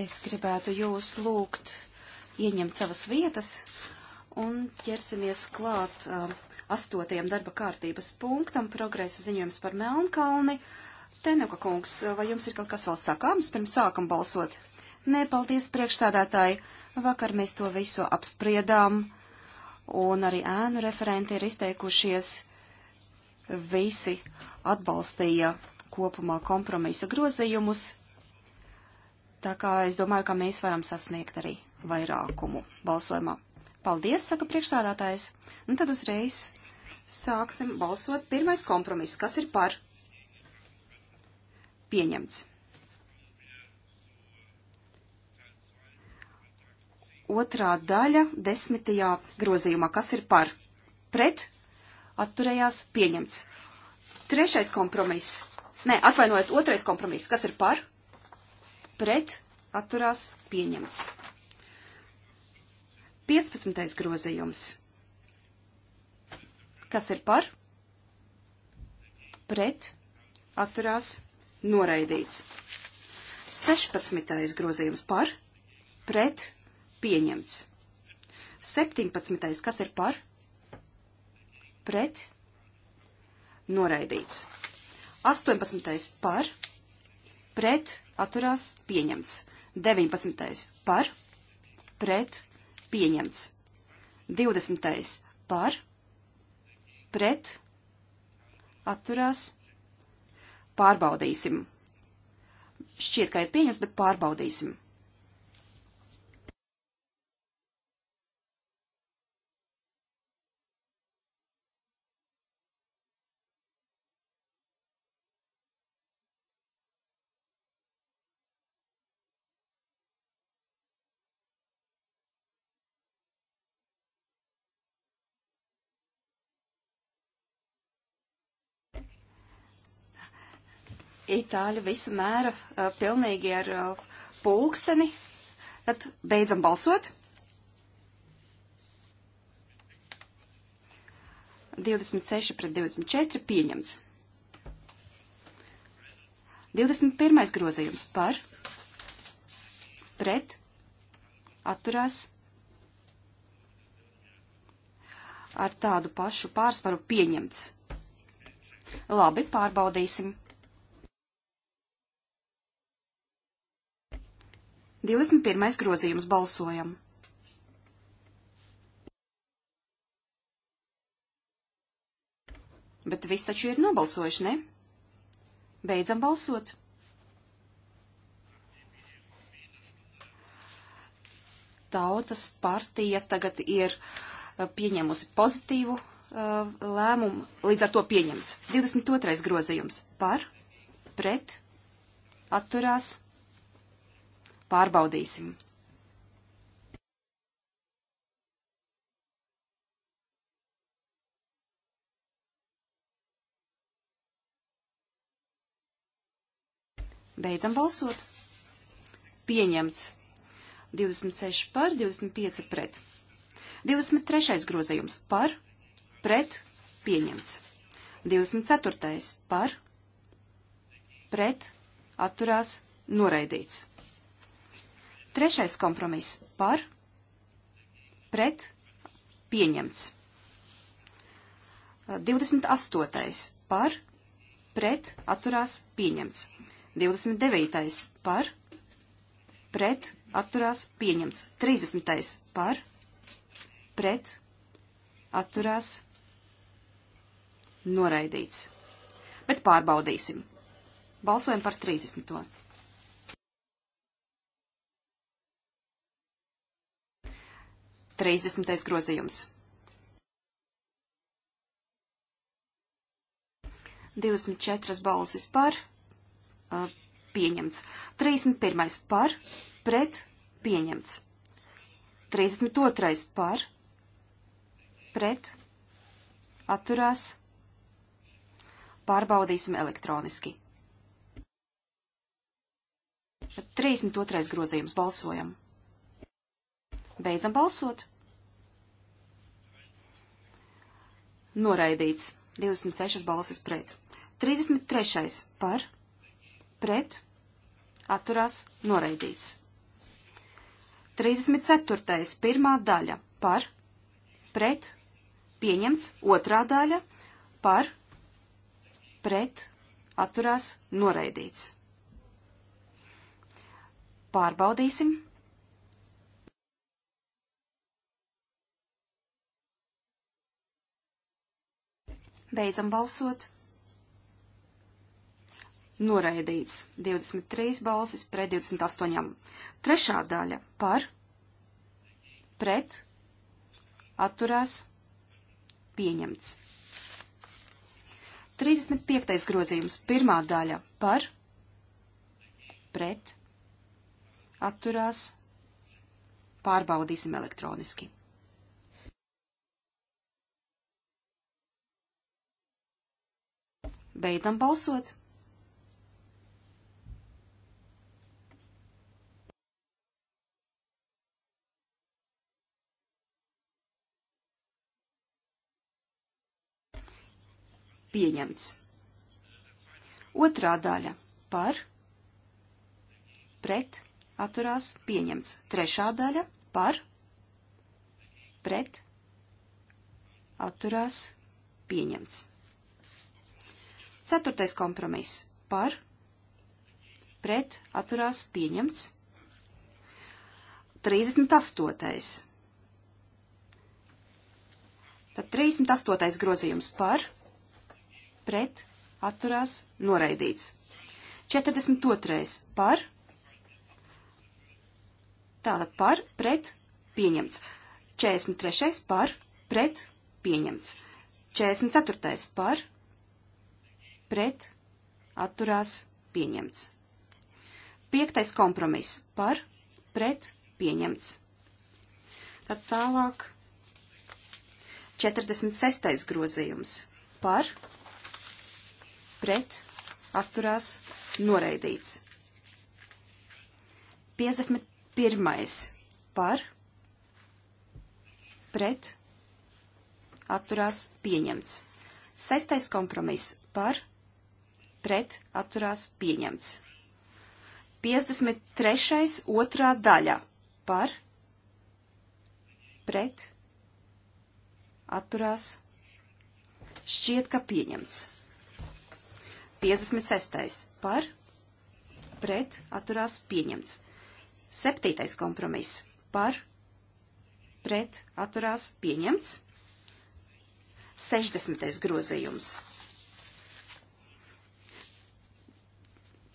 Es gribētu jūs lūgt ieņemt savas vietas un ķersimies klāt um, astotajam darba kārtības punktam progresa ziņojums par Melnkalni. Tenuka kungs, vai jums ir kaut kas vēl sakāms pirms sākam balsot? Nē, paldies priekšsādātāji. Vakar mēs to visu apspriedām un arī ēnu referenti ir izteikušies. Visi atbalstīja kopumā kompromisa grozījumus Tā kā es domāju, ka mēs varam sasniegt arī vairākumu balsojumā. Paldies, saka priekšsādātājs. Nu tad uzreiz sāksim balsot. Pirmais kompromiss, kas ir par pieņemts. Otrā daļa desmitajā grozījumā, kas ir par pret, atturējās pieņemts. Trešais kompromiss. Nē, atvainojiet, otrais kompromiss, kas ir par pret atturās pieņemts. 15. grozījums. Kas ir par? Pret atturās noraidīts. 16. grozījums par, pret, pieņemts. 17. kas ir par, pret, noraidīts. 18. par, pret atturās pieņemts. 19. par pret pieņemts. 20. par pret atturās pārbaudīsim. Šķiet, ka ir pieņems, bet pārbaudīsim. itāļi visu mēra uh, pilnīgi ar uh, pulksteni. Tad beidzam balsot. 26 pret 24 pieņemts. 21. grozījums par, pret, atturās ar tādu pašu pārsvaru pieņemts. Labi, pārbaudīsim. 21. grozījums balsojam. Bet viss taču ir nobalsojuši, ne? Beidzam balsot. Tautas partija tagad ir eh, pieņēmusi pozitīvu uh, lēmumu, līdz ar to pieņems. 22. grozījums par, pret, atturās Pārbaudīsim. Beidzam balsot. Pieņemts. 26 par, 25 pret. 23. grozējums par, pret, pieņemts. 24. par, pret, atturās, noraidīts. Trešais kompromiss par, pret, pieņemts. 28. par, pret, atturās, pieņemts. 29. par, pret, atturās, pieņemts. 30. par, pret, atturās, noraidīts. Bet pārbaudīsim. Balsojam par 30. 30. grozījums. Divdesmit četras balsis par, uh, pieņemts. Trīsdesmit pirmais par, pret, pieņemts. Trīsdesmit otrais par, pret, atturās. Pārbaudīsim elektroniski. 32. grozījums balsojam. Beidzam balsot. Noraidīts. 26 balsis pret. 33. par. Pret. Atturās. Noraidīts. 34. pirmā daļa. Par. Pret. Pieņemts. Otrā daļa. Par. Pret. Atturās. Noraidīts. Pārbaudīsim. Beidzam balsot. Noraidīts 23 balsis pret 28. Trešā daļa par, pret, atturās, pieņemts. 35. grozījums, pirmā daļa par, pret, atturās, pārbaudīsim elektroniski. Beidzam balsot. Pieņemts. Otrā daļa par, pret, atturās, pieņemts. Trešā daļa par, pret, atturās, pieņemts. Ceturtais kompromiss par, pret, atturās, pieņemts. 38. Tad 38. grozījums par, pret, atturās, noraidīts. 42. par, tātad par, pret, pieņemts. 43. par, pret, pieņemts. 44. par, pret, atturās, pieņemts. Piektais kompromiss par, pret, pieņemts. Tad tālāk 46. grozījums par, pret, atturās, noraidīts. 51. par, pret, atturās, pieņemts. Sestais kompromiss par, pret, pret atturās pieņemts. 53. otrā daļa par pret atturās šķiet, ka pieņemts. 56. par pret atturās pieņemts. 7. kompromiss par pret atturās pieņemts. 60. grozījums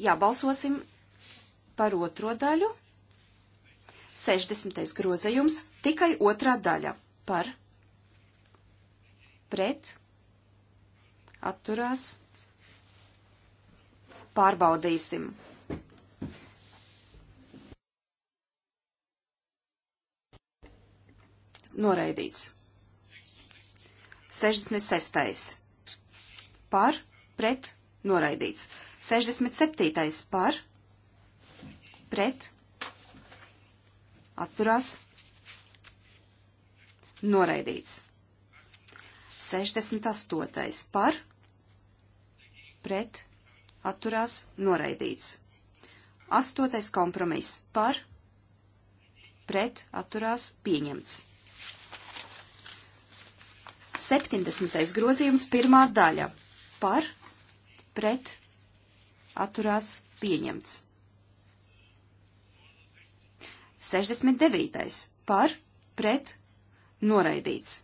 Jā, balsosim par otro daļu. 60. grozējums, tikai otrā daļa par pret atturās. Pārbaudīsim. Noraidīts. 66. Par, pret, noraidīts. 67. par, pret, atturās, noraidīts. 68. par, pret, atturās, noraidīts. 8. kompromiss par, pret, atturās, pieņemts. 70. grozījums pirmā daļa par, pret, atturās pieņemts. 69. par, pret, noraidīts.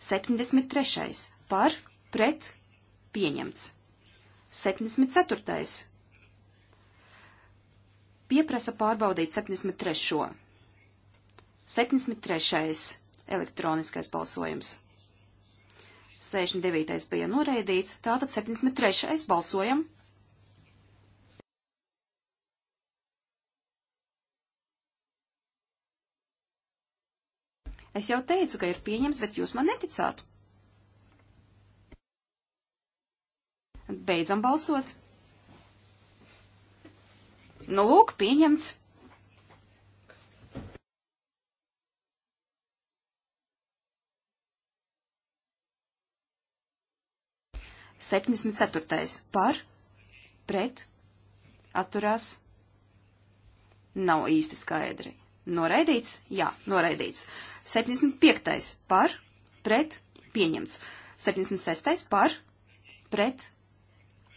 73. par, pret, pieņemts. 74. pieprasa pārbaudīt 73. 73. elektroniskais balsojums. 69. bija noraidīts, tātad 73. balsojam. Es jau teicu, ka ir pieņems, bet jūs man neticāt. Beidzam balsot. Nu, lūk, pieņemts. Septiņdesmit ceturtais par, pret, atturās, nav īsti skaidri. Noraidīts? Jā, noraidīts. 75. par, pret, pieņemts. 76. par, pret,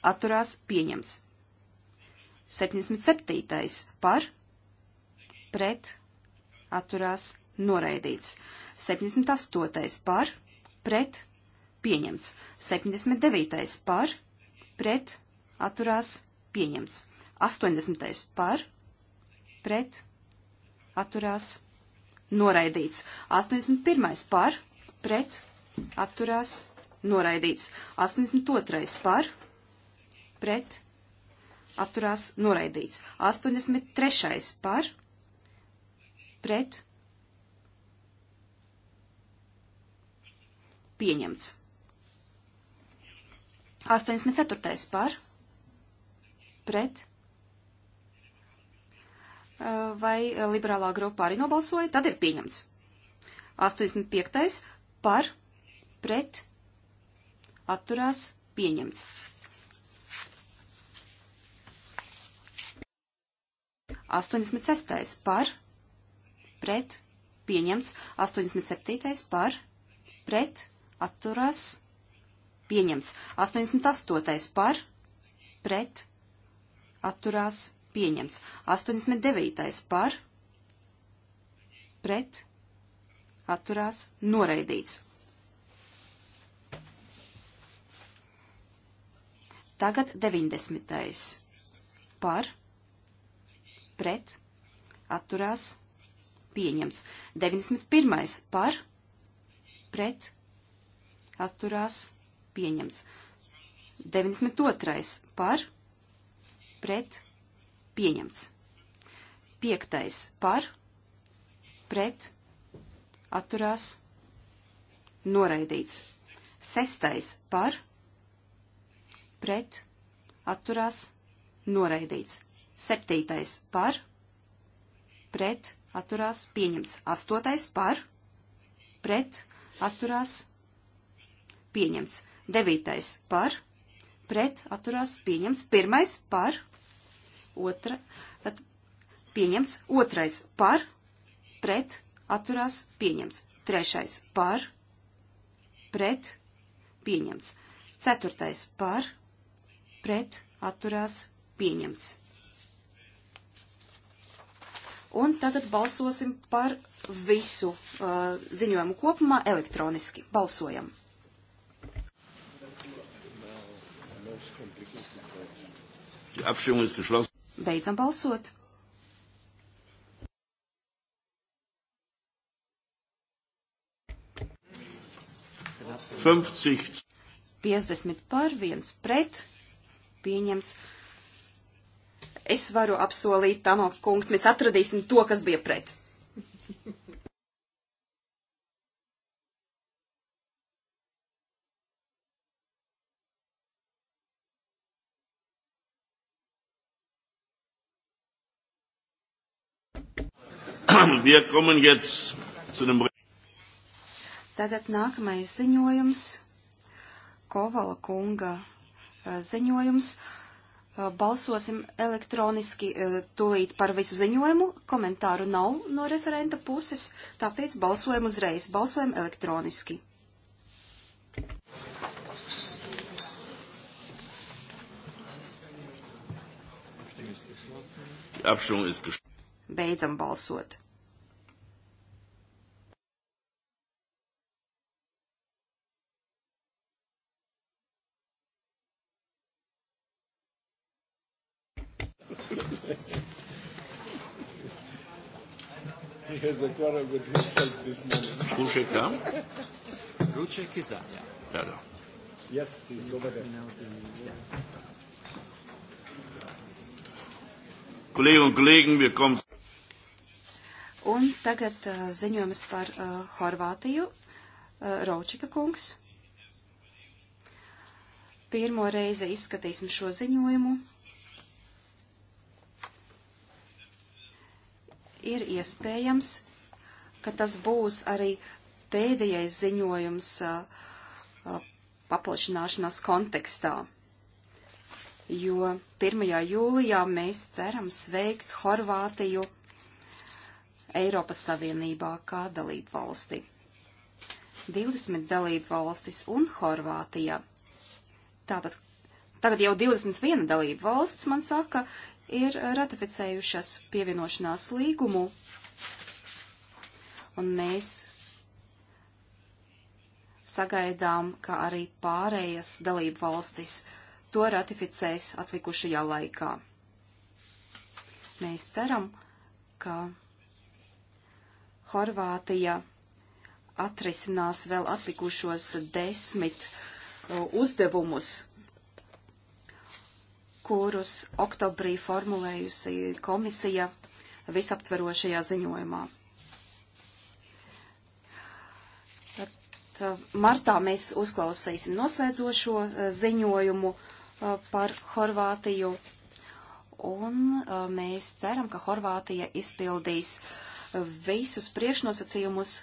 atturās, pieņemts. 77. par, pret, atturās, noraidīts. 78. par, pret, pieņemts. 79. par, pret, atturās, pieņemts. 80. par, pret, atturās, pieņemts noraidīts. 81. par, pret, atturās, noraidīts. 82. par, pret, atturās, noraidīts. 83. par, pret, pieņemts. 84. par, pret, vai liberālā grupa arī nobalsoja, tad ir pieņemts. 85. par pret atturās pieņemts. Astoņdesmit sestais par pret pieņemts. Astoņdesmit septītais par pret atturās pieņemts. Astoņdesmit astotais par pret atturās pieņemts pieņemts. 89. par, pret, atturās, noraidīts. Tagad 90. par, pret, atturās, pieņemts. 91. par, pret, atturās, pieņemts. 92. par, pret, pieņemts. Piektais par, pret, atturās, noraidīts. Sestais par, pret, atturās, noraidīts. Septītais par, pret, atturās, pieņemts. Astotais par, pret, atturās, pieņemts. Devītais par, pret, atturās, pieņemts. Pirmais par, pret Otra, tad pieņemts. Otrais par, pret, atturās, pieņemts. Trešais par, pret, pieņemts. Ceturtais par, pret, atturās, pieņemts. Un tagad balsosim par visu uh, ziņojumu kopumā elektroniski. Balsojam! Die Abstimmung ist geschlossen. Beidzam balsot. Fünfzig. 50 par 1 pret pieņemts. Es varu apsolīt, Tanok kungs, mēs atradīsim to, kas bija pret. wir kommen jetzt zu dem. Tagad nākamais ziņojums, Kovala kunga ziņojums. Balsosim elektroniski tūlīt par visu ziņojumu. Komentāru nav no referenta puses, tāpēc balsojam uzreiz. Balsojam elektroniski. Beidzam balsot. he has a quarrel with himself this morning. Ruček, da? Ruček is da, ja. Da, da. Yes, he's over there. Kolēģi un kolēģi, wir kommen. Un tagad uh, ziņojums par uh, Horvātiju. Uh, Raučika kungs. Pirmo reizi izskatīsim šo ziņojumu. ir iespējams, ka tas būs arī pēdējais ziņojums uh, uh, paplašināšanās kontekstā, jo 1. jūlijā mēs ceram sveikt Horvātiju Eiropas Savienībā kā dalību valsti. 20 dalību valstis un Horvātija. Tātad Tagad jau 21 dalību valsts man saka, ir ratificējušas pievienošanās līgumu, un mēs sagaidām, ka arī pārējas dalību valstis to ratificēs atlikušajā laikā. Mēs ceram, ka Horvātija atrisinās vēl atlikušos desmit uh, uzdevumus, kurus oktobrī formulējusi komisija visaptverošajā ziņojumā. Tad, uh, martā mēs uzklausīsim noslēdzošo uh, ziņojumu uh, par Horvātiju, un mēs ceram, ka Horvātija izpildīs visus priekšnosacījumus,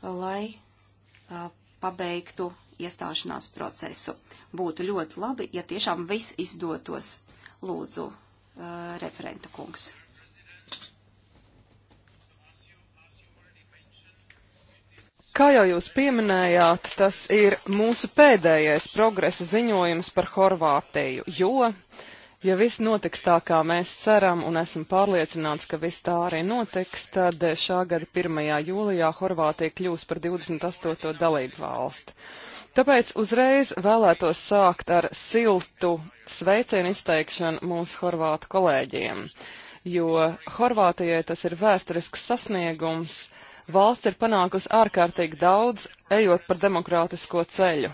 lai pabeigtu iestāšanās procesu. Būtu ļoti labi, ja tiešām viss izdotos. Lūdzu, uh, referenta kungs. Kā jau jūs pieminējāt, tas ir mūsu pēdējais progresa ziņojums par Horvātiju, jo, ja viss notiks tā, kā mēs ceram un esam pārliecināts, ka viss tā arī notiks, tad šā gada 1. jūlijā Horvātija kļūs par 28. dalību valsti. Tāpēc uzreiz vēlētos sākt ar siltu sveicienu izteikšanu mūsu horvātu kolēģiem, jo Horvātijai tas ir vēsturisks sasniegums. Valsts ir panākusi ārkārtīgi daudz, ejot par demokrātisko ceļu.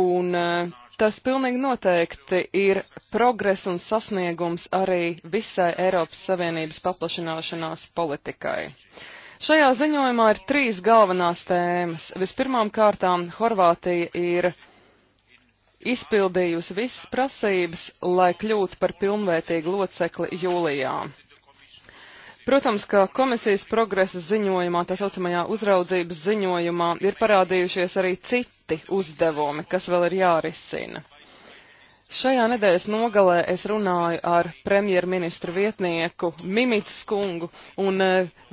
Un eh, tas pilnīgi noteikti ir progress un sasniegums arī visai Eiropas Savienības paplašināšanās politikai. Šajā ziņojumā ir trīs galvenās tēmas. Vispirmām kārtām Horvātija ir izpildījusi visas prasības, lai kļūtu par pilnvērtīgu locekli jūlijā. Protams, ka komisijas progresa ziņojumā, tā saucamajā uzraudzības ziņojumā, ir parādījušies arī citi uzdevumi, kas vēl ir jārisina. Šajā nedēļas nogalē es runāju ar premjerministru vietnieku Mimits kungu, un e,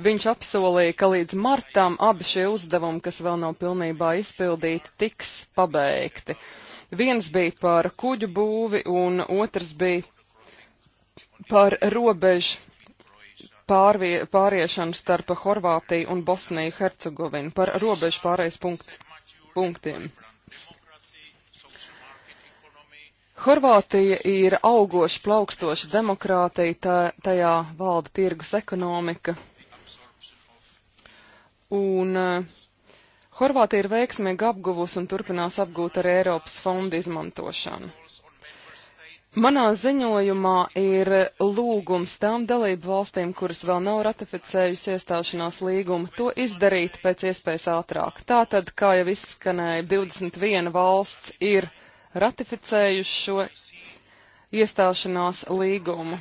viņš apsolīja, ka līdz martam abi šie uzdevumi, kas vēl nav pilnībā izpildīti, tiks pabeigti. Viens bija par kuģu būvi, un otrs bija par robežu pārvie, pāriešanu starp Horvātiju un Bosniju Hercegovinu, par robežu pārējais punkt, punktiem. Horvātija ir augoša, plaukstoša demokrātija, tā, tajā valda tirgus ekonomika. Un uh, Horvātija ir veiksmīgi apguvusi un turpinās apgūt arī Eiropas fondu izmantošanu. Manā ziņojumā ir lūgums tām dalību valstīm, kuras vēl nav ratificējusi iestāšanās līgumu, to izdarīt pēc iespējas ātrāk. Tātad, kā jau izskanēja, 21 valsts ir ratificējuši šo iestāšanās līgumu.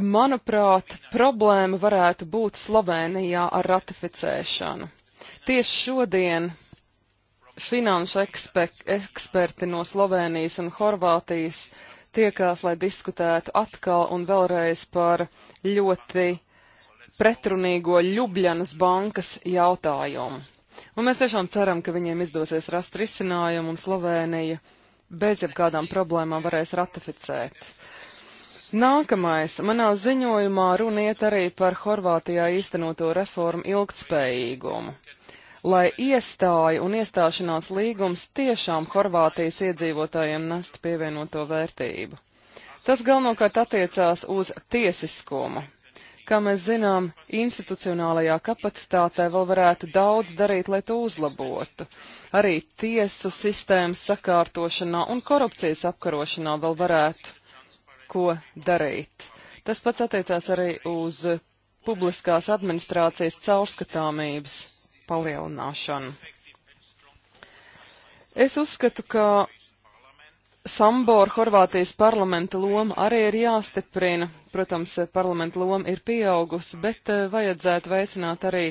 Manuprāt, problēma varētu būt Slovenijā ar ratificēšanu. Tieši šodien finanšu ekspek, eksperti no Slovenijas un Horvātijas tiekās, lai diskutētu atkal un vēlreiz par ļoti pretrunīgo Ljubljanas bankas jautājumu. Un mēs tiešām ceram, ka viņiem izdosies rast risinājumu un Slovēnija bez jebkādām problēmām varēs ratificēt. Nākamais. Manā ziņojumā runiet arī par Horvātijā īstenoto reformu ilgtspējīgumu. Lai iestāju un iestāšanās līgums tiešām Horvātijas iedzīvotājiem nest pievienoto vērtību. Tas galvenokārt attiecās uz tiesiskumu. Kā mēs zinām, institucionālajā kapacitātē vēl varētu daudz darīt, lai to uzlabotu. Arī tiesu sistēmas sakārtošanā un korupcijas apkarošanā vēl varētu ko darīt. Tas pats attiecās arī uz publiskās administrācijas caurskatāmības palielināšanu. Es uzskatu, ka Sambor Horvātijas parlamenta loma arī ir jāstiprina. Protams, parlamenta loma ir pieaugusi, bet eh, vajadzētu veicināt arī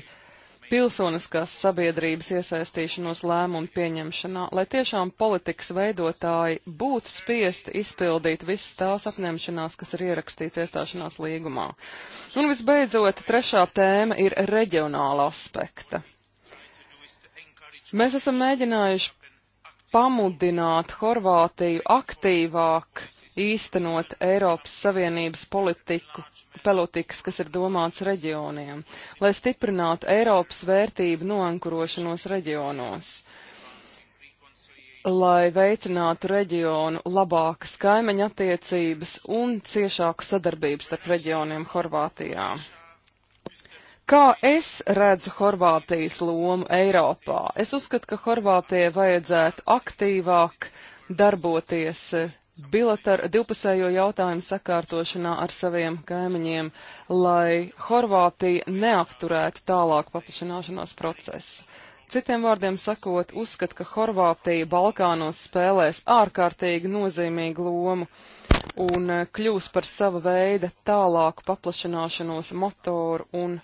pilsoniskās sabiedrības iesaistīšanos lēmumu pieņemšanā, lai tiešām politikas veidotāji būtu spiesti izpildīt visas tās apņemšanās, kas ir ierakstīts iestāšanās līgumā. Un visbeidzot, trešā tēma ir reģionāla aspekta. Mēs esam mēģinājuši pamudināt Horvātiju aktīvāk īstenot Eiropas Savienības politiku, politikas, kas ir domāts reģioniem, lai stiprinātu Eiropas vērtību noankurošanos reģionos, lai veicinātu reģionu labākas kaimiņa attiecības un ciešāku sadarbības starp reģioniem Horvātijā. Kā es redzu Horvātijas lomu Eiropā? Es uzskatu, ka Horvātijai vajadzētu aktīvāk darboties bilater, divpusējo jautājumu sakārtošanā ar saviem kaimiņiem, lai Horvātija neapturētu tālāk paplašanāšanās procesu. Citiem vārdiem sakot, uzskat, ka Horvātija Balkānos spēlēs ārkārtīgi nozīmīgu lomu un kļūs par sava veida tālāku paplašanāšanos motoru un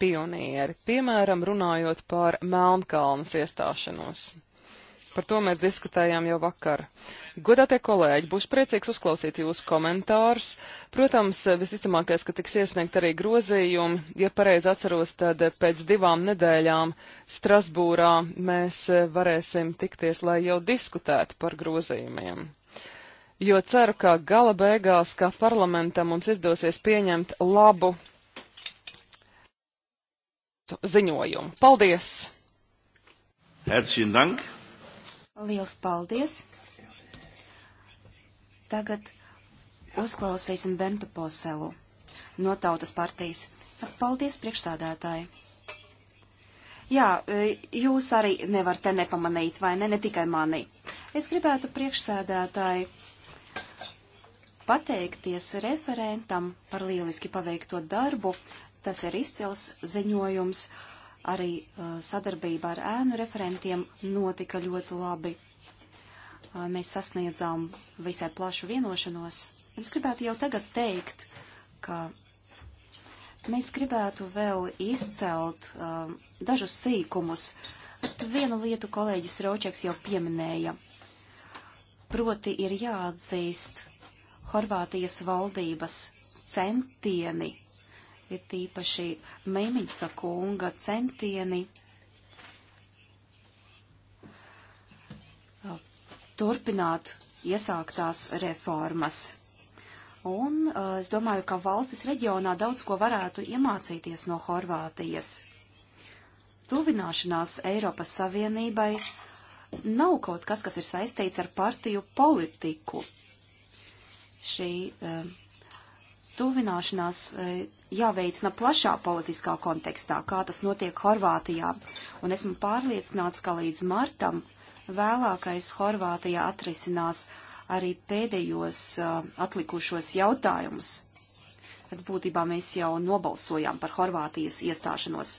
pionieri, piemēram, runājot par Melnkalnas iestāšanos. Par to mēs diskutējām jau vakar. Godātie kolēģi, būšu priecīgs uzklausīt jūsu komentārus. Protams, visticamākais, ka tiks iesniegt arī grozījumi. Ja pareizi atceros, tad pēc divām nedēļām Strasbūrā mēs varēsim tikties, lai jau diskutētu par grozījumiem. Jo ceru, ka gala beigās, ka parlamentam mums izdosies pieņemt labu ziņojumu. Paldies! Herzlichen Dank! Liels paldies! Tagad uzklausīsim Bentu Poselu no Tautas partijas. Paldies, priekšstādātāji! Jā, e, jūs arī nevar te nepamanīt, vai ne, ne tikai mani. Es gribētu priekšsēdētāji pateikties referentam par lieliski paveikto darbu, Tas ir izcils ziņojums. Arī uh, sadarbība ar ēnu referentiem notika ļoti labi. Uh, mēs sasniedzām visai plašu vienošanos. Es gribētu jau tagad teikt, ka mēs gribētu vēl izcelt uh, dažus sīkumus. Bet vienu lietu kolēģis Ročeks jau pieminēja. Proti ir jāatzīst Horvātijas valdības centieni ir tīpaši Mimica kunga centieni uh, turpināt iesāktās reformas. Un uh, es domāju, ka valstis reģionā daudz ko varētu iemācīties no Horvātijas. Tuvināšanās Eiropas Savienībai nav kaut kas, kas ir saistīts ar partiju politiku. Šī uh, tuvināšanās jāveicina plašā politiskā kontekstā, kā tas notiek Horvātijā, un esmu pārliecināts, ka līdz martam vēlākais Horvātijā atrisinās arī pēdējos uh, atlikušos jautājumus. Tad būtībā mēs jau nobalsojām par Horvātijas iestāšanos.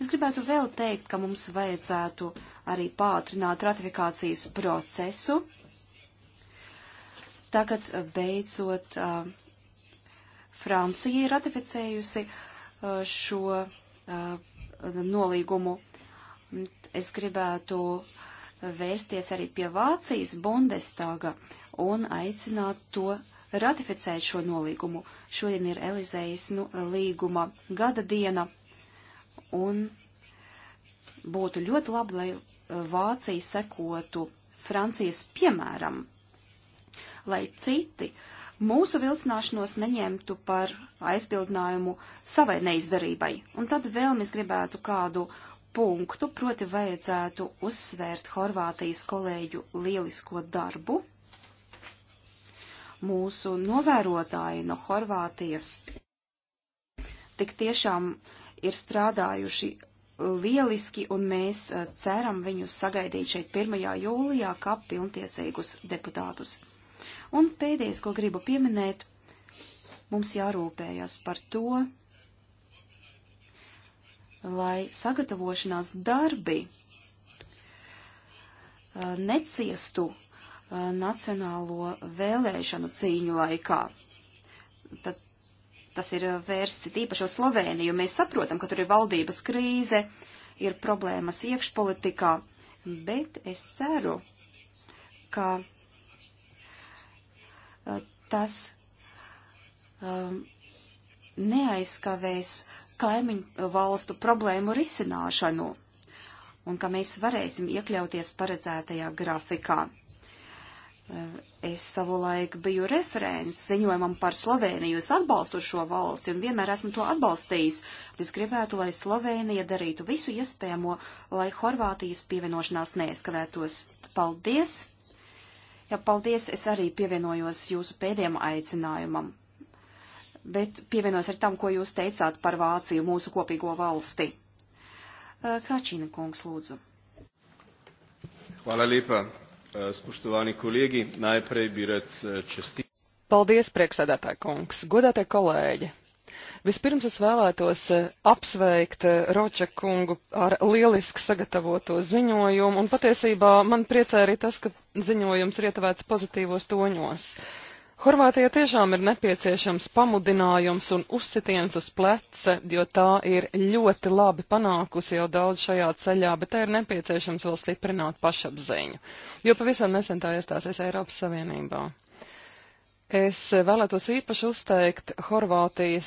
Es gribētu vēl teikt, ka mums vajadzētu arī pātrināt ratifikācijas procesu. Tagad uh, beidzot uh, Francija ir ratificējusi uh, šo uh, nolīgumu. Es gribētu vērsties arī pie Vācijas Bundestaga un aicināt to ratificēt šo nolīgumu. Šodien ir Elizējas nu, līguma gada diena, un būtu ļoti labi, lai uh, Vācija sekotu Francijas piemēram, lai citi uh, mūsu vilcināšanos neņemtu par aizbildinājumu savai neizdarībai. Un tad vēl mēs gribētu kādu punktu, proti vajadzētu uzsvērt Horvātijas kolēģu lielisko darbu. Mūsu novērotāji no Horvātijas tik tiešām ir strādājuši lieliski, un mēs eh, ceram viņus sagaidīt šeit 1. jūlijā kā pilntiesīgus deputātus. Un pēdējais, ko gribu pieminēt, mums jārūpējas par to, lai sagatavošanās darbi uh, neciestu uh, nacionālo vēlēšanu cīņu laikā. Tad tas ir uh, vērsts tīpaši uz Sloveniju. Mēs saprotam, ka tur ir valdības krīze, ir problēmas iekšpolitikā, bet es ceru, ka Eh, tas um, ehm, neaizskavēs kaimiņu valstu problēmu risināšanu un ka mēs varēsim iekļauties paredzētajā grafikā. Eh, es savulaik biju referents ziņojumam par Sloveniju. Es atbalstu šo valsti un vienmēr esmu to atbalstījis. Es gribētu, lai Slovenija darītu visu iespējamo, lai Horvātijas pievienošanās neieskavētos. Paldies! Jā, paldies, es arī pievienojos jūsu pēdējiem aicinājumam, bet pievienojos ar tam, ko jūs teicāt par Vāciju, mūsu kopīgo valsti. Kačina kungs, lūdzu. Hvala lepa, spoštovani kolegi. Najprej bi rad čestit. Paldies, prieksēdētāji kungs, godātie kolēģi. Vispirms es vēlētos eh, apsveikt eh, Roča kungu ar lieliski sagatavoto ziņojumu, un patiesībā man priecē arī tas, ka ziņojums ir ietavēts pozitīvos toņos. Horvātijai tiešām ir nepieciešams pamudinājums un uzsitiens uz pleca, jo tā ir ļoti labi panākusi jau daudz šajā ceļā, bet tai ir nepieciešams vēl stiprināt pašapziņu, jo pavisam nesen tā iestāsies Eiropas Savienībā. Es vēlētos īpaši uzteikt Horvātijas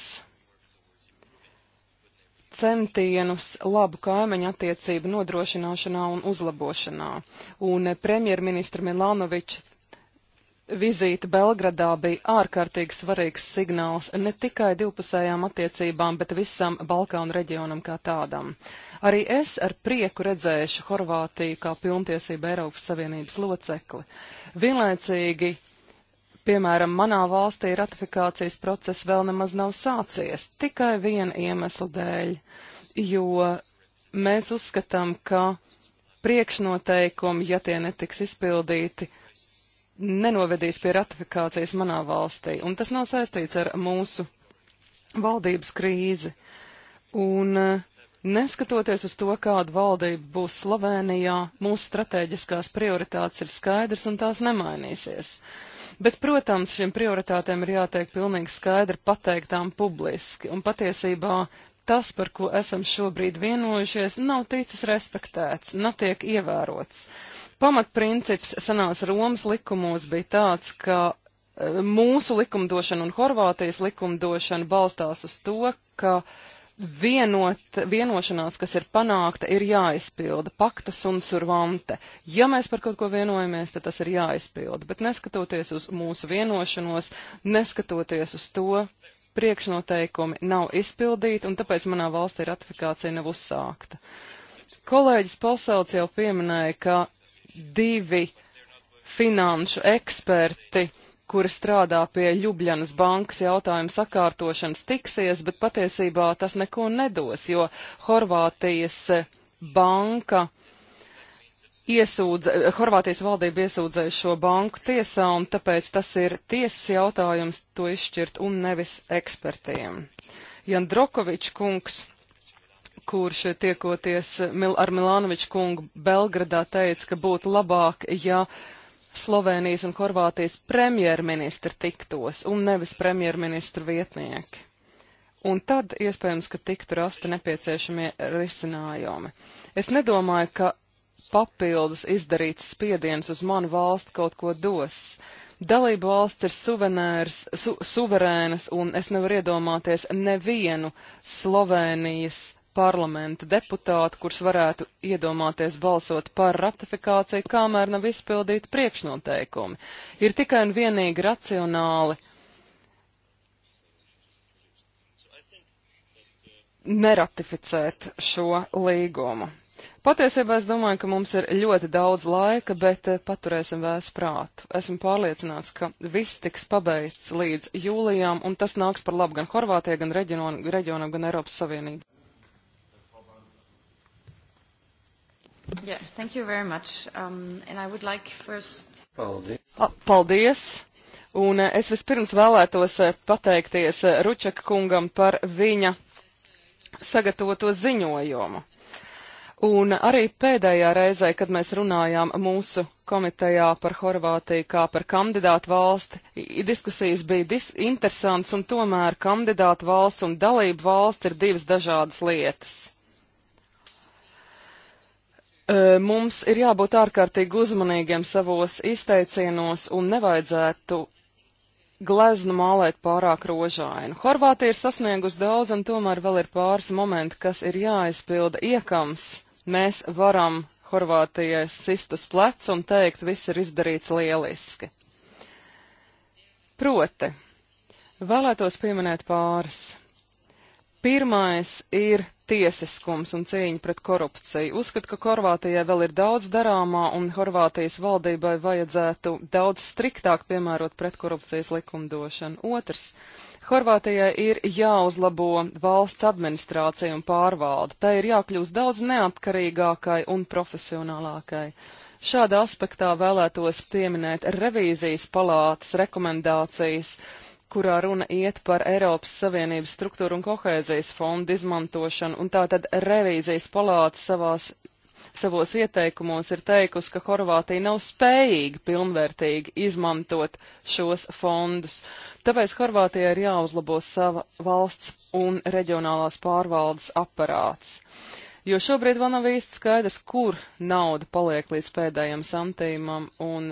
centienus labu kaimiņu attiecību nodrošināšanā un uzlabošanā. Un premjerministra Milanoviča vizīte Belgradā bija ārkārtīgi svarīgs signāls ne tikai divpusējām attiecībām, bet visam Balkānu reģionam kā tādam. Arī es ar prieku redzēšu Horvātiju kā pilntiesību Eiropas Savienības locekli. Vienlaicīgi Piemēram, manā valstī ratifikācijas process vēl nemaz nav sācies, tikai viena iemesla dēļ, jo mēs uzskatām, ka priekšnoteikumi, ja tie netiks izpildīti, nenovedīs pie ratifikācijas manā valstī, un tas nav saistīts ar mūsu valdības krīzi. Un eh, neskatoties uz to, kāda valdība būs Slovenijā, mūsu strateģiskās prioritātes ir skaidrs un tās nemainīsies. Uh, Bet, protams, šiem prioritātēm ir jātiek pilnīgi skaidri pateiktām publiski, un patiesībā tas, par ko esam šobrīd vienojušies, nav ticis respektēts, netiek ievērots. Pamatprincips senās Romas likumos bija tāds, ka e, mūsu likumdošana un Horvātijas likumdošana balstās uz to, ka uh, vienot, vienošanās, kas ir panākta, ir jāizpilda pakta un survante. Ja mēs par kaut ko vienojamies, tad tas ir jāizpilda, bet neskatoties uz mūsu vienošanos, neskatoties uz to, priekšnoteikumi nav izpildīti, un tāpēc manā valstī ratifikācija nav uzsākta. Kolēģis Posauts jau pieminēja, ka divi finanšu eksperti uh, kura strādā pie Ljubljanas bankas jautājuma sakārtošanas, tiksies, bet patiesībā tas neko nedos, jo Horvātijas eh, banka iesūdz, eh, Horvātijas valdība iesūdzēja šo banku tiesā, un tāpēc tas ir tiesas jautājums to izšķirt un nevis ekspertiem. Jan Drokovičs kungs, kurš tiekoties Mil ar Milānoviču kungu Belgradā teica, ka būtu labāk, ja Slovenijas un Horvātijas premjerministri tiktos un nevis premjerministru vietnieki. Un tad iespējams, ka tiktu rasti nepieciešamie risinājumi. Es nedomāju, ka papildus izdarīts spiediens uz manu valstu kaut ko dos. Dalību valsts ir suvenērs, su, suverēnas, un es nevaru iedomāties nevienu Slovenijas parlamenta deputātu, kurš varētu iedomāties balsot par ratifikāciju, kamēr nav izpildīti priekšnoteikumi. Ir tikai un vienīgi racionāli neratificēt šo līgumu. Patiesībā es domāju, ka mums ir ļoti daudz laika, bet eh, paturēsim vēstu prātu. Esmu pārliecināts, ka viss tiks pabeigts līdz jūlijām, un tas nāks par labu gan Horvātijai, gan reģionam, gan Eiropas Savienībai. Yeah, thank you very much. Um, and I would like first... Paldies. Paldies. Un eh, es vispirms vēlētos eh, pateikties eh, Ručaka kungam par viņa sagatavoto ziņojumu. Un arī pēdējā reizē, kad mēs runājām mūsu komitejā par Horvātiju kā par kandidātu valsti, diskusijas bija dis interesants un tomēr kandidātu valsts un dalību valsts ir divas dažādas lietas. Mums ir jābūt ārkārtīgi uzmanīgiem savos izteicienos un nevajadzētu gleznu mālēt pārāk rožainu. Horvātija ir sasniegusi daudz, un tomēr vēl ir pāris momenti, kas ir jāizpilda iekams. Mēs varam Horvātijai sist uz pleca un teikt, viss ir izdarīts lieliski. Proti, vēlētos pieminēt pāris. Pirmais ir tiesiskums un cīņa pret korupciju. Uzskatu, ka Horvātijai vēl ir daudz darāmā un Horvātijas valdībai vajadzētu daudz striktāk piemērot pretkorupcijas likumdošanu. Otrs. Horvātijai ir jāuzlabo valsts administrācija un pārvalde. Tai ir jākļūst daudz neatkarīgākai un profesionālākai. Šādā aspektā vēlētos pieminēt revīzijas palātas rekomendācijas kurā runa iet par Eiropas Savienības struktūru un kohēzijas fondu izmantošanu, un tātad revīzijas palāta savās, savos ieteikumos ir teikusi, ka Horvātija nav spējīga pilnvērtīgi izmantot šos fondus. Tāpēc Horvātijai ir jāuzlabo sava valsts un reģionālās pārvaldes aparāts. Jo šobrīd vēl nav īsti skaidrs, kur nauda paliek līdz pēdējiem santīmam, un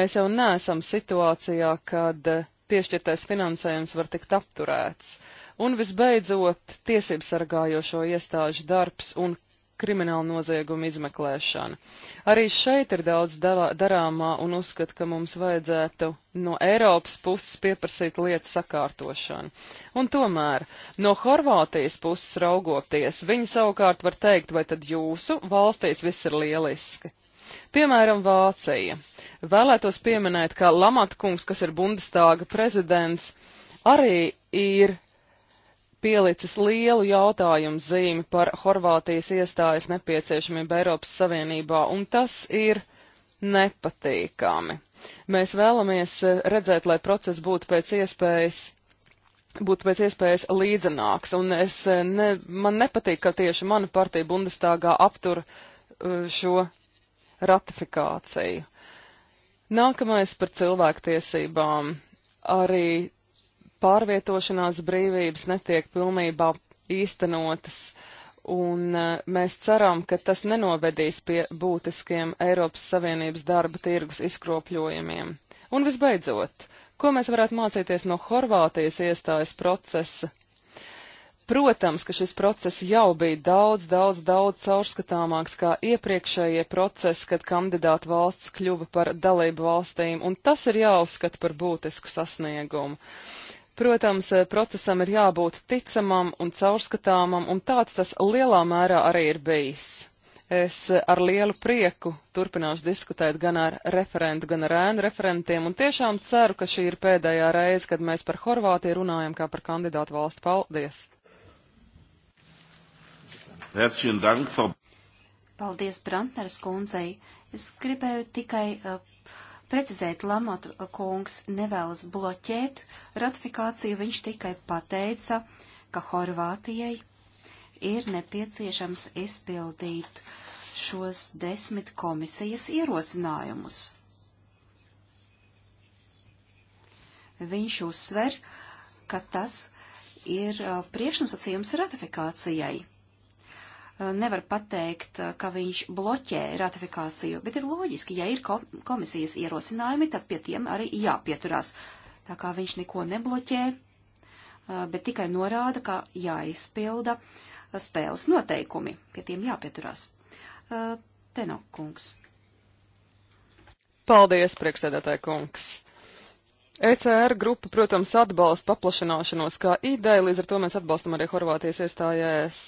mēs jau neesam situācijā, kad uh, piešķirtais finansējums var tikt apturēts. Un visbeidzot, tiesības sargājošo iestāžu darbs un krimināla nozieguma izmeklēšana. Arī šeit ir daudz darāmā un uzskat, ka mums vajadzētu no Eiropas puses pieprasīt lietu sakārtošanu. Un tomēr no Horvātijas puses raugoties, viņi savukārt var teikt, vai tad jūsu valstīs viss ir lieliski. Piemēram, Vācija. Vēlētos pieminēt, ka Lamatkungs, kas ir Bundestāga prezidents, arī ir pielicis lielu jautājumu zīmi par Horvātijas iestājas nepieciešamību Eiropas Savienībā, un tas ir nepatīkami. Mēs vēlamies eh, redzēt, lai process būtu pēc iespējas būtu pēc iespējas līdzenāks, un es eh, ne, man nepatīk, ka tieši mana partija Bundestāgā aptur eh, šo ratifikāciju. Nākamais par cilvēktiesībām. Arī pārvietošanās brīvības netiek pilnībā īstenotas, un e, mēs ceram, ka tas nenovedīs pie būtiskiem Eiropas Savienības darba tirgus izkropļojumiem. Un visbeidzot, ko mēs varētu mācīties no Horvātijas iestājas procesa Protams, ka šis process jau bija daudz, daudz, daudz caurskatāmāks kā iepriekšējie procesi, kad kandidāta valsts kļuva par dalību valstīm, un tas ir jāuzskata par būtisku sasniegumu. Protams, eh, procesam ir jābūt ticamam un caurskatāmam, un tāds tas lielā mērā arī ir bijis. Es eh, ar lielu prieku turpināšu diskutēt gan ar referentu, gan ar ēnu referentiem, un tiešām ceru, ka šī ir pēdējā reize, kad mēs par Horvātiju runājam kā par kandidātu valstu. Paldies! Herzlichen Dank, Frau. Paldies Brantneres kundzei. Es gribēju tikai uh, precizēt, Lamot uh, kungs nevēlas bloķēt ratifikāciju, viņš tikai pateica, ka Horvātijai ir nepieciešams izpildīt šos desmit komisijas ierosinājumus. Viņš uzsver, ka tas ir uh, priekšnosacījums ratifikācijai. Eh, nevar pateikt, eh, ka viņš bloķē ratifikāciju, bet ir loģiski, ja ir komisijas ierosinājumi, tad pie tiem arī jāpieturās. Tā kā viņš neko nebloķē, eh, bet tikai norāda, ka jāizpilda spēles noteikumi, pie tiem jāpieturās. Tenokungs. Paldies, priekšsēdētāji kungs. ECR grupa, protams, atbalsta paplašināšanos kā ideja, līdz ar to mēs atbalstam arī Horvātijas iestājēs.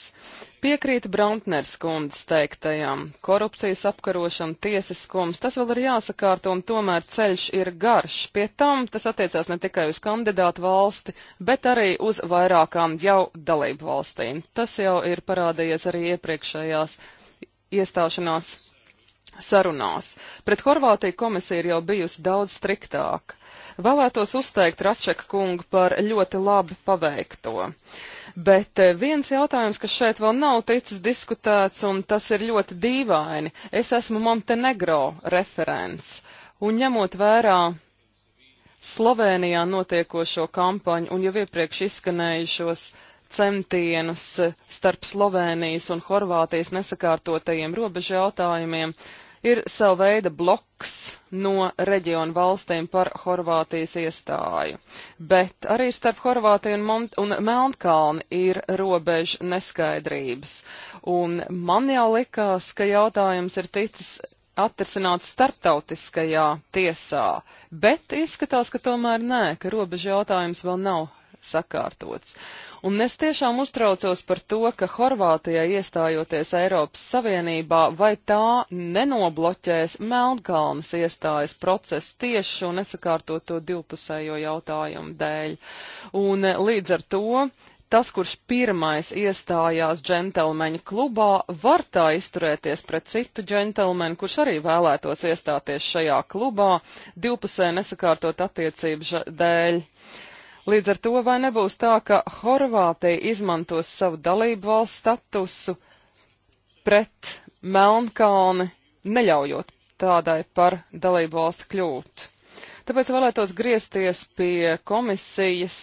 Piekrīt Brantners kundzes teiktajam, korupcijas apkarošana, tiesiskums, tas vēl ir jāsakārta un tomēr ceļš ir garš. Pie tam tas attiecās ne tikai uz kandidātu valsti, bet arī uz vairākām jau dalību valstīm. Tas jau ir parādījies arī iepriekšējās iestāšanās sarunās. Pret Horvātiju komisija ir jau bijusi daudz striktāka. Vēlētos uzteikt Račeka kungu par ļoti labi paveikto. Bet eh, viens jautājums, kas šeit vēl nav ticis diskutēts, un tas ir ļoti dīvaini, es esmu Montenegro referents, un ņemot vērā Slovenijā notiekošo kampaņu un jau iepriekš izskanējušos centienus eh, starp Slovenijas un Horvātijas nesakārtotajiem robežu jautājumiem, ir sava veida bloks no reģionu valstīm par Horvātijas iestāju. Bet arī starp Horvātiju un, Mont un Melnkalni ir robeža neskaidrības. Un man jau likās, ka jautājums ir ticis atrisināts starptautiskajā tiesā, bet izskatās, ka tomēr nē, ka robeža jautājums vēl nav sakārtots. Un es tiešām uztraucos par to, ka Horvātijai iestājoties Eiropas Savienībā, vai tā nenobloķēs Melnkalnas iestājas procesu tieši un nesakārtot to divpusējo jautājumu dēļ. Un eh, līdz ar to tas, kurš pirmais iestājās džentelmeņu klubā, var tā izturēties pret citu džentelmeni, kurš arī vēlētos iestāties šajā klubā divpusē nesakārtot attiecību dēļ. Uh, Līdz ar to vai nebūs tā, ka Horvātija izmantos savu dalību valsts statusu pret Melnkalni, neļaujot tādai par dalību valsti kļūt? Tāpēc vēlētos griezties pie komisijas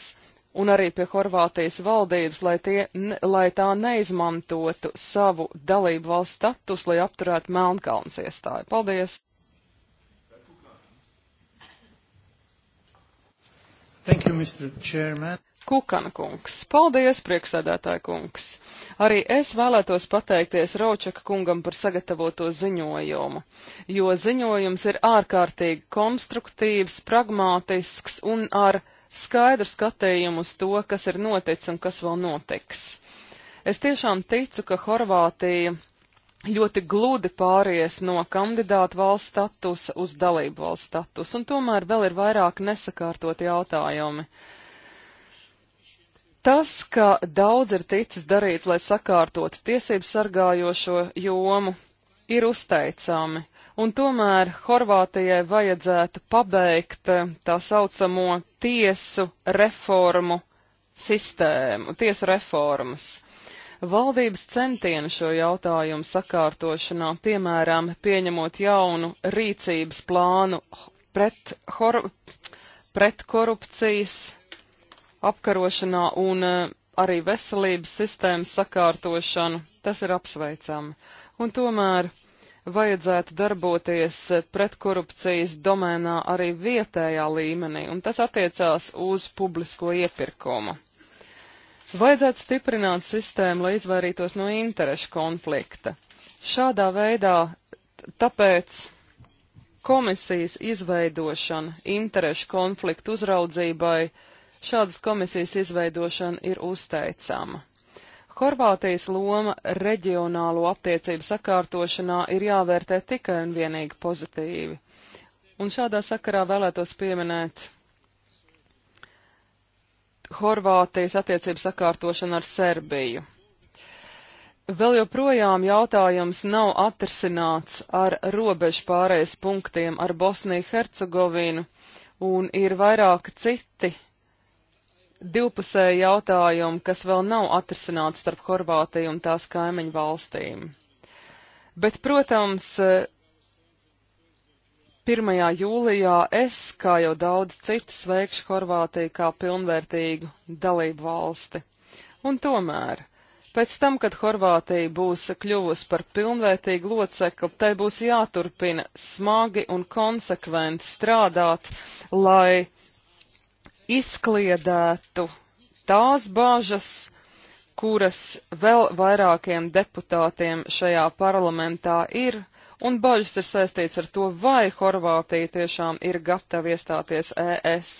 un arī pie Horvātijas valdības, lai, tie, ne, lai tā neizmantotu savu dalību valsts status, lai apturētu Melnkalnas iestāju. Paldies! Thank you, Mr. Chairman. Kukana kungs. Paldies, prieksēdētāja kungs. Arī es vēlētos pateikties Raučaka kungam par sagatavoto ziņojumu, jo ziņojums ir ārkārtīgi konstruktīvs, pragmātisks un ar skaidru skatījumu uz to, kas ir noticis un kas vēl notiks. Es tiešām ticu, ka Horvātija ļoti gludi pāries no kandidātu valsts statusa uz dalību valsts statusu, un tomēr vēl ir vairāk nesakārtot jautājumi. Tas, ka daudz ir ticis darīts, lai sakārtotu tiesību sargājošo jomu, ir uzteicami, un tomēr Horvātijai vajadzētu pabeigt eh, tā saucamo tiesu reformu sistēmu, tiesu reformas. Valdības centieni šo jautājumu sakārtošanā, piemēram, pieņemot jaunu rīcības plānu pret, hor, pret korupcijas apkarošanā un eh, arī veselības sistēmas sakārtošanu, tas ir apsveicami. Un tomēr vajadzētu darboties eh, pretkorupcijas domēnā arī vietējā līmenī, un tas attiecās uz publisko iepirkumu. Vajadzētu stiprināt sistēmu, lai izvairītos no interešu konflikta. Šādā veidā tāpēc komisijas izveidošana interešu konfliktu uzraudzībai, šādas komisijas izveidošana ir uzteicama. Horvātijas loma reģionālo attiecību sakārtošanā ir jāvērtē tikai un vienīgi pozitīvi. Un šādā sakarā vēlētos pieminēt Horvātijas attiecību sakārtošana ar Serbiju. Vēl joprojām jautājums nav atrisināts ar robežu pārējais punktiem ar Bosniju Hercegovinu, un ir vairāki citi divpusēji jautājumi, kas vēl nav atrisināts starp Horvātiju un tās kaimiņu valstīm. Bet, protams, 1. jūlijā es, kā jau daudz citas, veikšu Horvātiju kā pilnvērtīgu dalību valsti. Un tomēr, pēc tam, kad Horvātija būs kļuvusi par pilnvērtīgu locekli, tai būs jāturpina smagi un konsekventi strādāt, lai izkliedētu tās bāžas, kuras vēl vairākiem deputātiem šajā parlamentā ir, un bažas ir saistīts ar to, vai Horvātija tiešām ir gatava iestāties ES.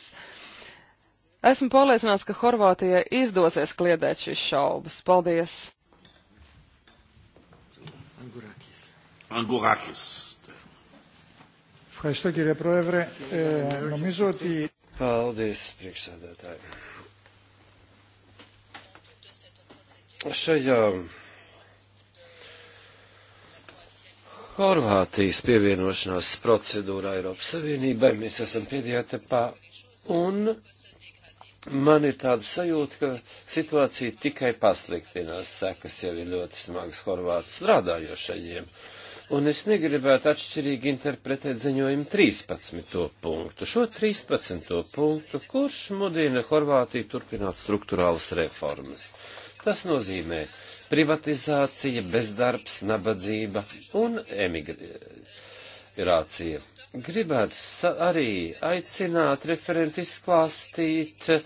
Esmu pārliecināts, ka Horvātijai izdosies kliedēt šīs šaubas. Paldies! Angurakis. Ευχαριστώ κύριε Πρόεδρε. Ε, νομίζω ότι... Paldies, priekšsēdētāji. Šajā Horvātijas pievienošanās procedūrā Eiropas Savienībai mēs esam pēdējā etapā, un man ir tāda sajūta, ka situācija tikai pasliktinās, sekas jau ir ļoti smagas Horvātu strādājošajiem, un es negribētu atšķirīgi interpretēt ziņojumu 13. punktu, šo 13. punktu, kurš mudina Horvātiju turpināt struktūrālas reformas. Tas nozīmē, privatizācija, bezdarbs, nabadzība un emigrācija. Gribētu arī aicināt referenti izklāstīt eh,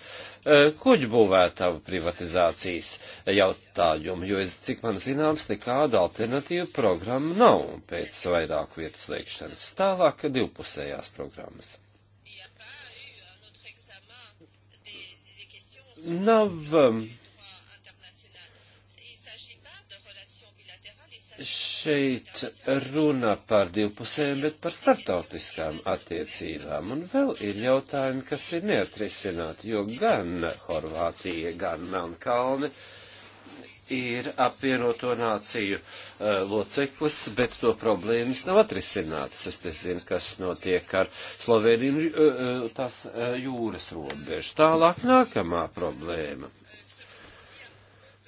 kuģbūvētavu privatizācijas jautājumu, jo, es, cik man zināms, nekādu alternatīvu programmu nav pēc vairāku vietu slēgšanas. Tālāk divpusējās programmas. Nav um, šeit runa par divpusēm, bet par starptautiskām attiecībām. Un vēl ir jautājumi, kas ir neatrisināti, jo gan Horvātija, gan Melnkalne ir apvienoto nāciju uh, loceklis, bet to problēmas nav atrisinātas. Es nezinu, kas notiek ar Sloveniju uh, tās uh, jūras robežu. Tālāk nākamā problēma.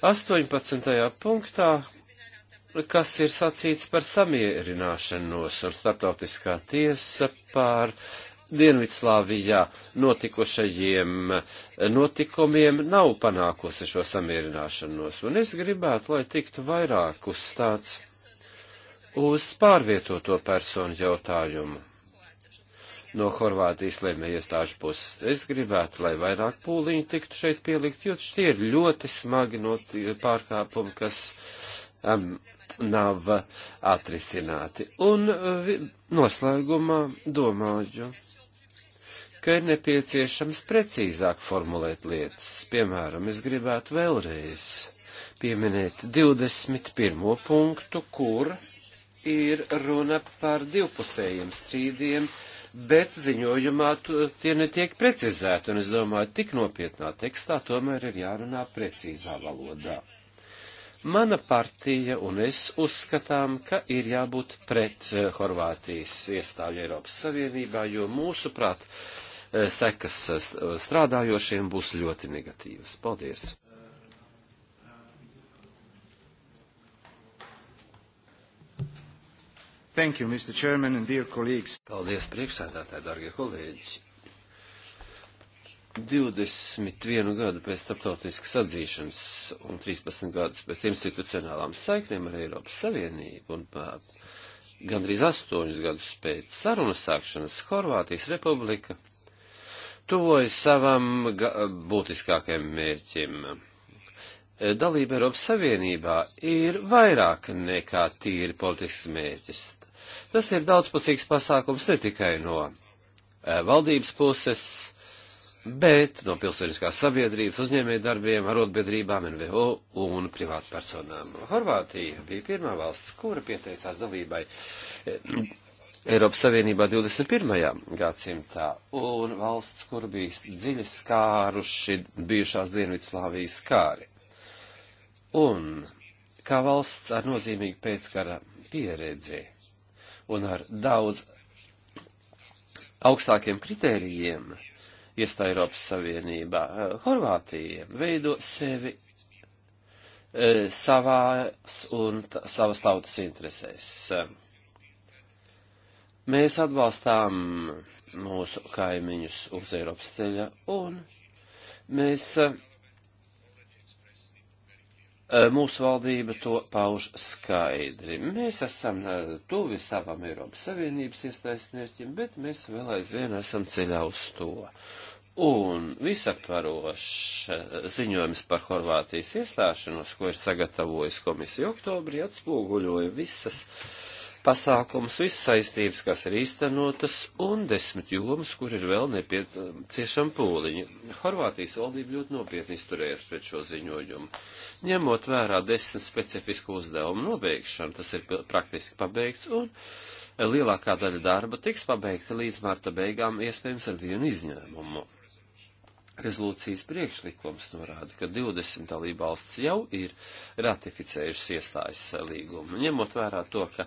18. punktā kas ir sacīts par samierināšanos un starptautiskā tiesa par Dienvidslāvijā notikušajiem notikumiem nav panākusi šo samierināšanos, un es gribētu, lai tiktu vairāk uzstāts uz pārvietoto personu jautājumu. No Horvātijas lēmē iestāžu puses es gribētu, lai vairāk pūliņu tiktu šeit pielikt, jo šie ir ļoti smagi pārkāpumi, kas um, nav atrisināti. Un uh, noslēgumā domāju, ka ir nepieciešams precīzāk formulēt lietas. Piemēram, es gribētu vēlreiz pieminēt 21. punktu, kur ir runa par divpusējiem strīdiem, bet ziņojumā tie netiek precizēti, un es domāju, tik nopietnā tekstā tomēr ir jārunā precīzā valodā. Mana partija un es uzskatām, ka ir jābūt pret eh, Horvātijas iestāju Eiropas Savienībā, jo mūsuprāt eh, sekas eh, strādājošiem būs ļoti negatīvas. Paldies! Thank you, Mr. Chairman and dear colleagues. Paldies priekšsēdētāji, dārgie kolēģi. 21 gadu pēc starptautiskas atzīšanas un 13 gadus pēc institucionālām saiknēm ar Eiropas Savienību un gandrīz 8 gadus pēc sarunas sākšanas Horvātijas Republika tuvojas savam būtiskākajam mērķim. Dalība Eiropas Savienībā ir vairāk nekā tīri politisks mērķis. Tas ir daudzpusīgs pasākums ne tikai no eh, valdības puses, bet no pilsoniskās sabiedrības, uzņēmēja darbiem, arotbiedrībām, NVO un privātpersonām. Horvātija bija pirmā valsts, kura pieteicās dalībai eh, Eiropas Savienībā 21. gadsimtā, un valsts, kur bija dziļi skāruši bijušās Dienvidslāvijas kāri. Un kā valsts ar nozīmīgu pēckara pieredzi un ar daudz augstākiem kritērijiem, iestāja Eiropas Savienībā. Eh, Horvātija veido sevi e, savās un tā, savas tautas interesēs. Mēs atbalstām mūsu kaimiņus uz Eiropas ceļa un mēs, eh, mūsu valdība to pauž skaidri. Mēs esam tuvi savam Eiropas Savienības iestājas mērķim, bet mēs vēl aizvien esam ceļā uz to. Uh, Un visaptvarošs ziņojums par Horvātijas iestāšanos, ko ir sagatavojis komisija oktobrī, atspoguļoja visas pasākums, visas saistības, kas ir īstenotas, un desmit jomas, kur ir vēl nepieciešama pūliņa. Horvātijas valdība ļoti nopietni izturējās pret šo ziņojumu. Ņemot vērā desmit specifisku uzdevumu nobeigšanu, tas ir praktiski pabeigts, un lielākā daļa darba tiks pabeigta līdz marta beigām, iespējams ar vienu izņēmumu Rezolūcijas priekšlikums norāda, ka 20 dalībvalsts jau ir ratificējušas iestājas līgumu, ņemot vērā to, ka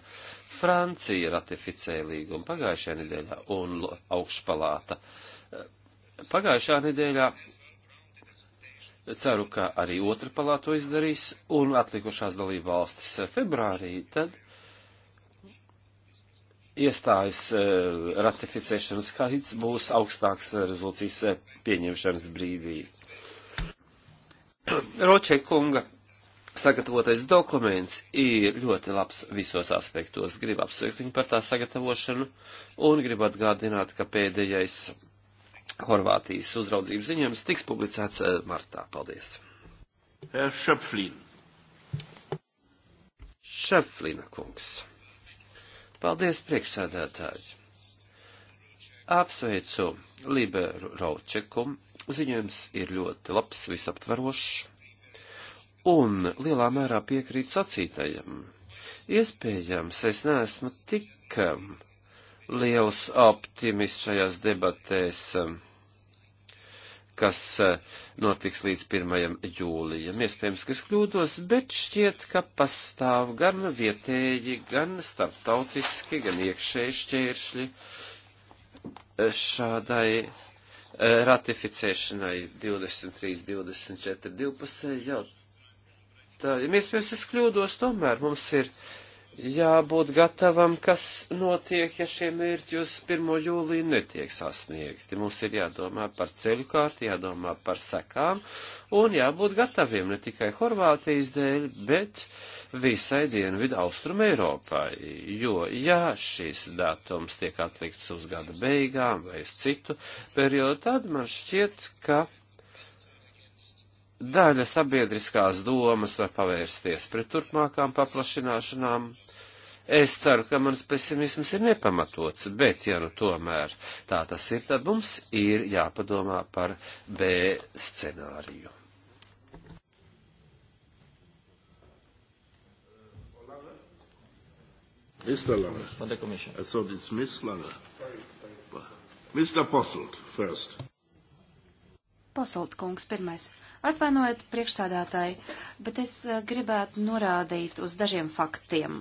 Francija ratificēja līgumu pagājušajā nedēļā un augšpalāta. Eh, pagājušā nedēļā ceru, ka arī otra palāta to izdarīs un atlikušās dalībvalstis februārī, tad iestājas e, ratificēšanas skaits būs augstāks e, rezolūcijas e, pieņemšanas brīdī. Roče kunga sagatavotais dokuments ir ļoti labs visos aspektos. Gribu apsveikt viņu par tā sagatavošanu un gribu atgādināt, ka pēdējais Horvātijas uzraudzības ziņojums tiks publicēts martā. Paldies! Šepflīna. Šepflīna kungs. Paldies, priekšsēdētāji! Apsveicu Liberu Raučeku. Ziņojums ir ļoti labs, visaptvarošs un lielā mērā piekrīt sacītajam. Iespējams, es neesmu tik um, liels optimists šajās debatēs. Um, kas eh, notiks līdz 1. jūlijam. Iespējams, ka es kļūdos, bet šķiet, ka pastāv gan vietēji, gan starptautiski, gan iekšēji šķēršļi eh, šādai eh, ratificēšanai 23, 24, 12. Jau tā, ja iespējams, es kļūdos, tomēr mums ir jābūt gatavam, kas notiek, ja šie mērķi uz 1. jūliju netiek sasniegti. Mums ir jādomā par ceļu kārtu, jādomā par sekām un jābūt gataviem ne tikai Horvātijas dēļ, bet visai Dienvidu Austrum Eiropai. Jo, ja šis datums tiek atlikts uz gada beigām vai uz citu periodu, tad man šķiet, ka daļa sabiedriskās domas var pavērsties pret turpmākām paplašināšanām. Es ceru, ka mans pesimisms ir nepamatots, bet, ja nu tomēr tā tas ir, tad mums ir jāpadomā par B scenāriju. Mr. Lange. From the Commission. I thought it's Ms. Lange. Mr. Posselt, first. Pasulta kungs pirmais. Atvainojiet priekšsādātāji, bet es eh, gribētu norādīt uz dažiem faktiem.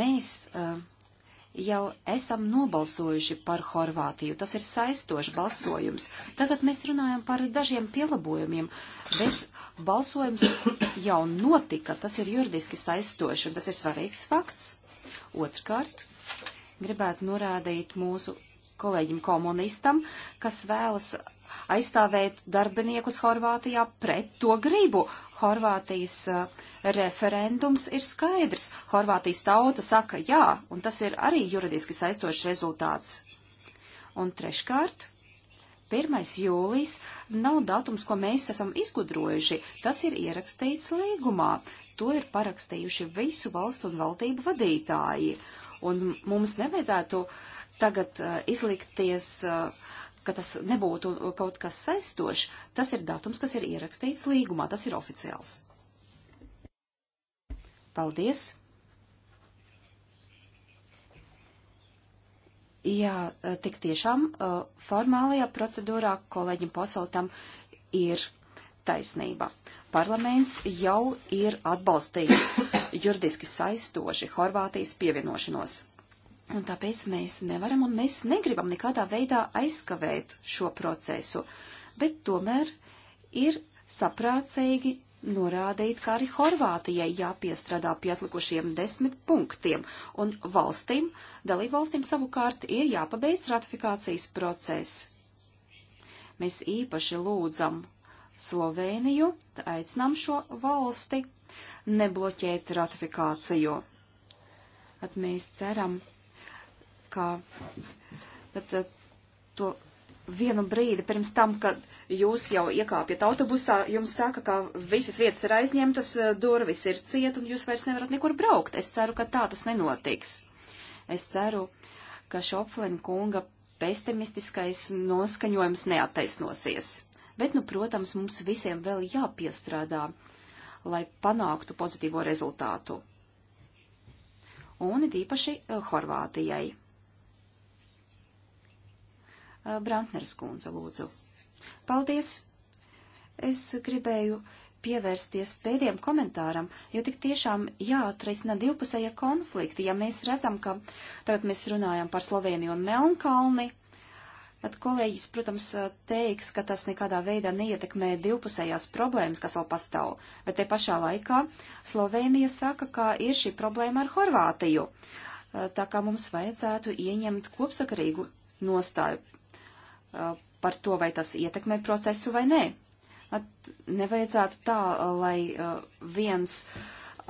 Mēs eh, jau esam nobalsojuši par Horvātiju. Tas ir saistošs balsojums. Tagad mēs runājam par dažiem pielabojumiem, bet balsojums jau notika. Tas ir juridiski saistošs un tas ir svarīgs fakts. Otrkārt, gribētu norādīt mūsu kolēģim komunistam, kas vēlas aizstāvēt darbiniekus Horvātijā pret to gribu. Horvātijas uh, referendums ir skaidrs. Horvātijas tauta saka jā, un tas ir arī juridiski saistošs rezultāts. Un treškārt, 1. jūlijs nav datums, ko mēs esam izgudrojuši. Tas ir ierakstīts līgumā. To ir parakstījuši visu valstu un valdību vadītāji. Un mums nevajadzētu tagad uh, izlikties uh, ka tas nebūtu kaut kas saistošs, tas ir datums, kas ir ierakstīts līgumā, tas ir oficiāls. Paldies! Jā, tik tiešām formālajā procedūrā kolēģim Posaltam ir taisnība. Parlaments jau ir atbalstījis juridiski saistoši Horvātijas pievienošanos. Un tāpēc mēs nevaram un mēs negribam nekādā veidā aizskavēt šo procesu, bet tomēr ir saprācīgi norādīt, kā arī Horvātijai jāpiestrādā pie atlikušiem desmit punktiem, un valstīm, dalībvalstīm savukārt ir jāpabeidz ratifikācijas process. Mēs īpaši lūdzam Slovēniju, aicinām šo valsti nebloķēt ratifikāciju. At mēs ceram, kā bet, eh, to vienu brīdi pirms tam, kad jūs jau iekāpjat autobusā, jums saka, ka visas vietas ir aizņemtas, eh, durvis ir ciet un jūs vairs nevarat nekur braukt. Es ceru, ka tā tas nenotiks. Es ceru, ka Šopflina kunga pesimistiskais noskaņojums neattaisnosies. Bet, nu, protams, mums visiem vēl jāpiestrādā, lai panāktu pozitīvo rezultātu. Un it īpaši eh, Horvātijai. Uh, Brantneres kundze, lūdzu. Paldies! Es gribēju pievērsties pēdējiem komentāram, jo tik tiešām jāatrisina divpusēja konflikti. Ja mēs redzam, ka tagad mēs runājam par Sloveniju un Melnkalni, tad kolēģis, protams, teiks, ka tas nekādā veidā neietekmē divpusējās problēmas, kas vēl pastāv. Bet te pašā laikā Slovenija saka, ka ir šī problēma ar Horvātiju. Tā kā mums vajadzētu ieņemt kopsakarīgu nostāju par to, vai tas ietekmē procesu vai nē. At, nevajadzētu tā, lai uh, viens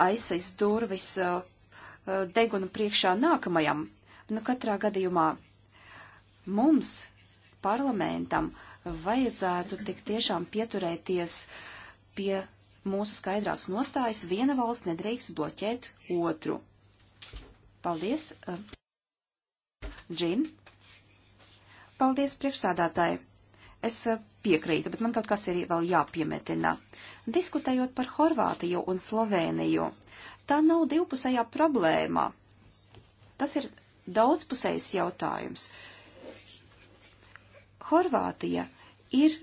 aizsais durvis uh, uh, deguna priekšā nākamajam. Nu, katrā gadījumā mums, parlamentam, vajadzētu tik tiešām pieturēties pie mūsu skaidrās nostājas. Viena valsts nedrīkst bloķēt otru. Paldies, Džin! Uh, Paldies priekšsādātāji. Es eh, piekrītu, bet man kaut kas ir vēl jāpiemetina. Diskutējot par Horvātiju un Slovēniju, tā nav divpusējā problēma. Tas ir daudzpusējs jautājums. Horvātija ir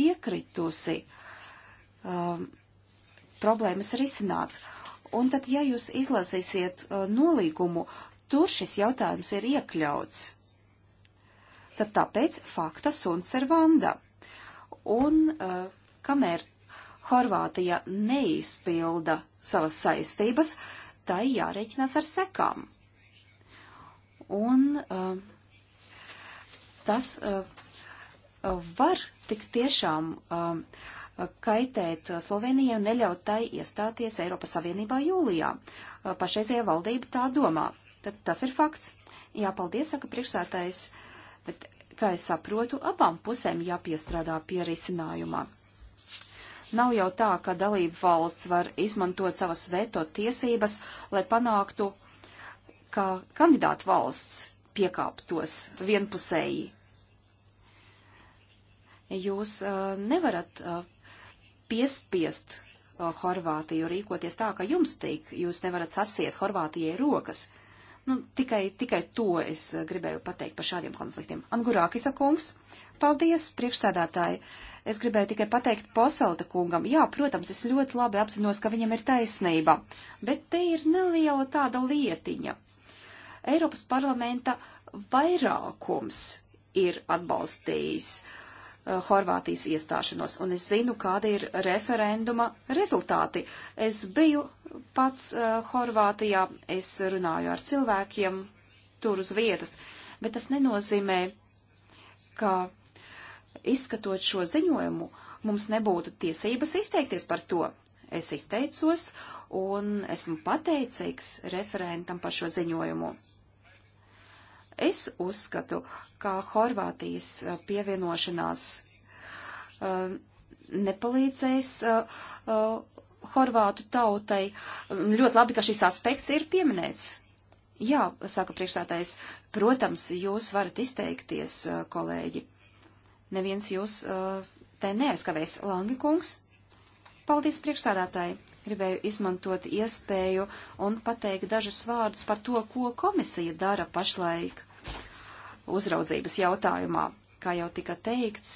piekritusi um, problēmas risināt. Un tad, ja jūs izlasīsiet uh, nolīgumu, tur šis jautājums ir iekļauts. Tad tāpēc fakta sunt servanda. Un uh, kamēr Horvātija neizpilda savas saistības, tai jārēķinās ar sekām. Un uh, tas uh, var tik tiešām uh, kaitēt Slovenijai un neļaut tai iestāties Eiropas Savienībā jūlijā. Pašreizējā valdība tā domā. Tad tas ir fakts. Jā, paldies, saka priekšsētājs. Uh, Bet, kā es saprotu, abām pusēm jāpiestrādā pie risinājumā. Nav jau tā, ka dalību valsts var izmantot savas veto tiesības, lai panāktu, ka kandidātu valsts piekāptos vienpusēji. Jūs uh, nevarat uh, piespiest uh, Horvātiju rīkoties tā, ka jums teik, jūs nevarat sasiet Horvātijai rokas. Uh, Nu, tikai, tikai to es eh, gribēju pateikt par šādiem konfliktiem. Angurākis kungs, paldies, priekšsēdētāji. Es gribēju tikai pateikt Poselta kungam, jā, protams, es ļoti labi apzinos, ka viņam ir taisnība, bet te ir neliela tāda lietiņa. Eiropas parlamenta vairākums ir atbalstījis uh, Eh, Horvātijas iestāšanos, un es zinu, kāda ir referenduma rezultāti. Es biju pats uh, Horvātijā, es runāju ar cilvēkiem tur uz vietas, bet tas nenozīmē, ka izskatot šo ziņojumu, mums nebūtu tiesības izteikties par to. Es izteicos un esmu pateicīgs referentam par šo ziņojumu. Es uzskatu, ka Horvātijas eh, pievienošanās uh, nepalīdzēs uh, uh, Horvātu tautai. Ļoti labi, ka šis aspekts ir pieminēts. Jā, saka priekšstātais, protams, jūs varat izteikties, kolēģi. Neviens jūs te neaizkavēs, Langi kungs. Paldies priekšstādātāji. Gribēju izmantot iespēju un pateikt dažus vārdus par to, ko komisija dara pašlaik uzraudzības jautājumā. Kā jau tika teikts,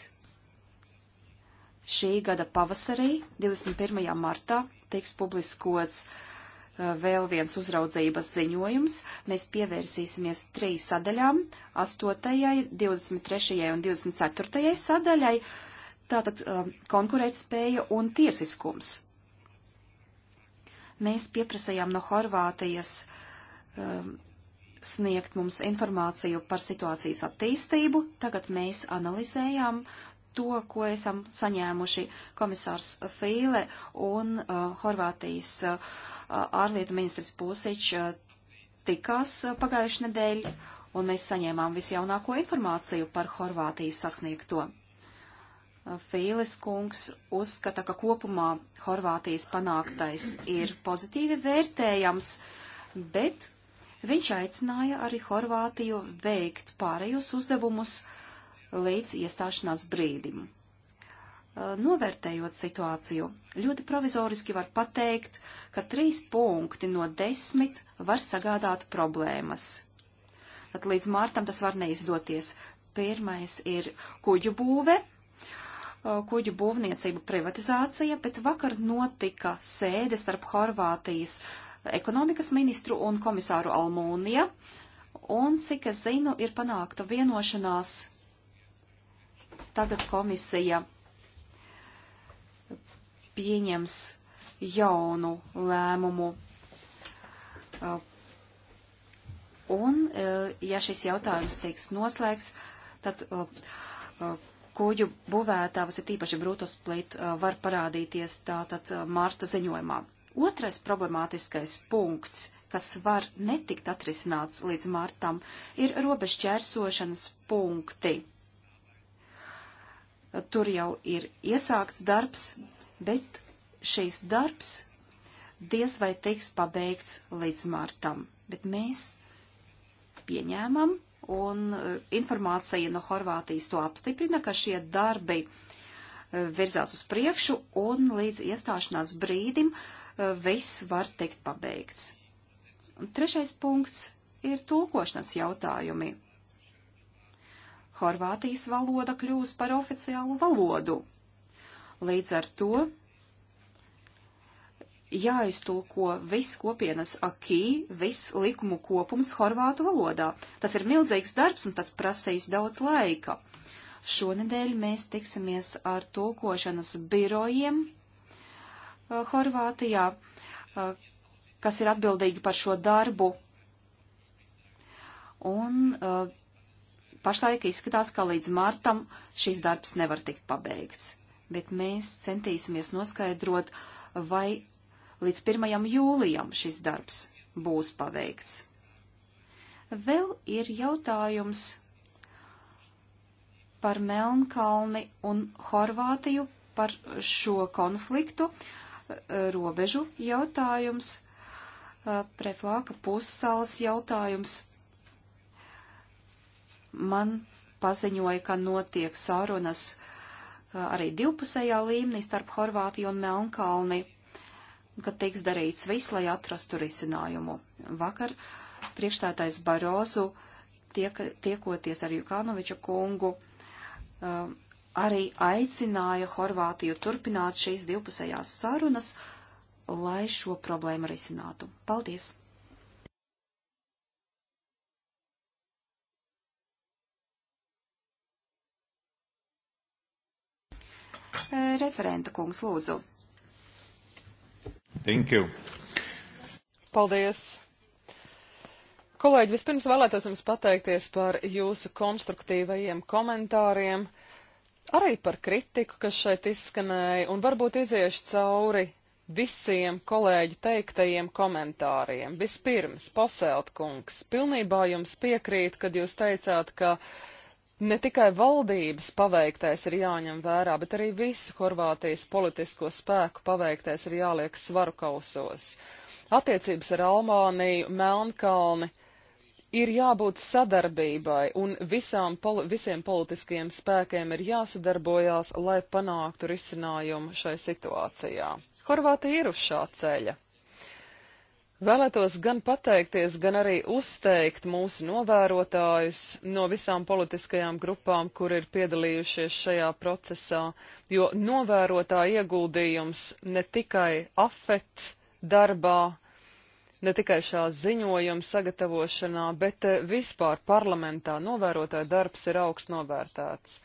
šī gada pavasarī, 21. martā, tiks publiskots uh, vēl viens uzraudzības ziņojums. Mēs pievērsīsimies trīs sadaļām - 8., 23. un 24. sadaļai - tātad um, konkurētspēja un tiesiskums. Mēs pieprasījām no Horvātijas um, sniegt mums informāciju par situācijas attīstību. Tagad mēs analizējām to, ko esam saņēmuši komisārs Fīle un uh, Horvātijas uh, ārlietu ministrs Pusiņš uh, tikās uh, pagājušajā nedēļā, un mēs saņēmām visjaunāko informāciju par Horvātijas sasniegto. Fīles kungs uzskata, ka kopumā Horvātijas panāktais ir pozitīvi vērtējams, bet viņš aicināja arī Horvātiju veikt pārējos uzdevumus līdz iestāšanās brīdim. Novērtējot situāciju, ļoti provizoriski var pateikt, ka trīs punkti no desmit var sagādāt problēmas. Tad līdz mārtam tas var neizdoties. Pirmais ir kuģu būve, Uh, kuģu būvniecību privatizācija, bet vakar notika sēde starp Horvātijas ekonomikas ministru un komisāru Almūnija, un, cik es zinu, ir panākta vienošanās. Tagad komisija pieņems jaunu lēmumu. Uh, un, uh, ja šis jautājums tiks noslēgts, tad kuģu būvētāvas, ir tīpaši brūtosplit, uh, var parādīties tātad uh, Marta ziņojumā. Otrais problemātiskais punkts, kas var netikt atrisināts līdz Martam, ir robežķērsošanas punkti. Tur jau ir iesākts darbs, bet šīs darbs diez vai tiks pabeigts līdz Martam. Bet mēs pieņēmam, un eh, informācija no Horvātijas to apstiprina, ka šie darbi eh, virzās uz priekšu un līdz iestāšanās brīdim eh, viss var tikt pabeigts. Trešais punkts ir tulkošanas jautājumi. Horvātijas valoda kļūs par oficiālu valodu. Līdz ar to jāiztulko viss kopienas akī, viss likumu kopums horvātu valodā. Tas ir milzīgs darbs un tas prasīs daudz laika. Šonedēļ mēs tiksimies ar tulkošanas birojiem uh, Horvātijā, uh, kas ir atbildīgi par šo darbu. Un uh, pašlaik izskatās, ka līdz martam šīs darbs nevar tikt pabeigts. Bet mēs centīsimies noskaidrot, vai Līdz 1. jūlijam šis darbs būs paveikts. Vēl ir jautājums par Melnkalni un Horvātiju par šo konfliktu. Eh, robežu jautājums, eh, preflāka pussalas jautājums. Man paziņoja, ka notiek sarunas eh, arī divpusējā līmenī starp Horvātiju un Melnkalni ka tiks darīts viss, lai atrastu risinājumu. Vakar priekšstādājs Barozu tiek, tiekoties ar Jukanoviča kungu um, arī aicināja Horvātiju turpināt šīs divpusējās sarunas, lai šo problēmu risinātu. Paldies! Referenta kungs lūdzu. Thank you. Paldies. Kolēģi, vispirms vēlētos jums pateikties par jūsu konstruktīvajiem komentāriem, arī par kritiku, kas šeit izskanēja, un varbūt iziešu cauri visiem kolēģu teiktajiem komentāriem. Vispirms, Poselt kungs, pilnībā jums piekrīt, kad jūs teicāt, ka uh, Ne tikai valdības paveiktais ir jāņem vērā, bet arī visu Horvātijas politisko spēku paveiktais ir jāliek svaru kausos. Attiecības ar Almāniju, Melnkalni ir jābūt sadarbībai, un visām, poli visiem politiskajiem spēkiem ir jāsadarbojās, lai panāktu risinājumu šai situācijā. Horvātija ir uz šā ceļa. Vēlētos gan pateikties, gan arī uzteikt mūsu novērotājus no visām politiskajām grupām, kur ir piedalījušies šajā procesā, jo novērotāja ieguldījums ne tikai afet darbā, ne tikai šā ziņojuma sagatavošanā, bet eh, vispār parlamentā novērotāja darbs ir augsts novērtēts.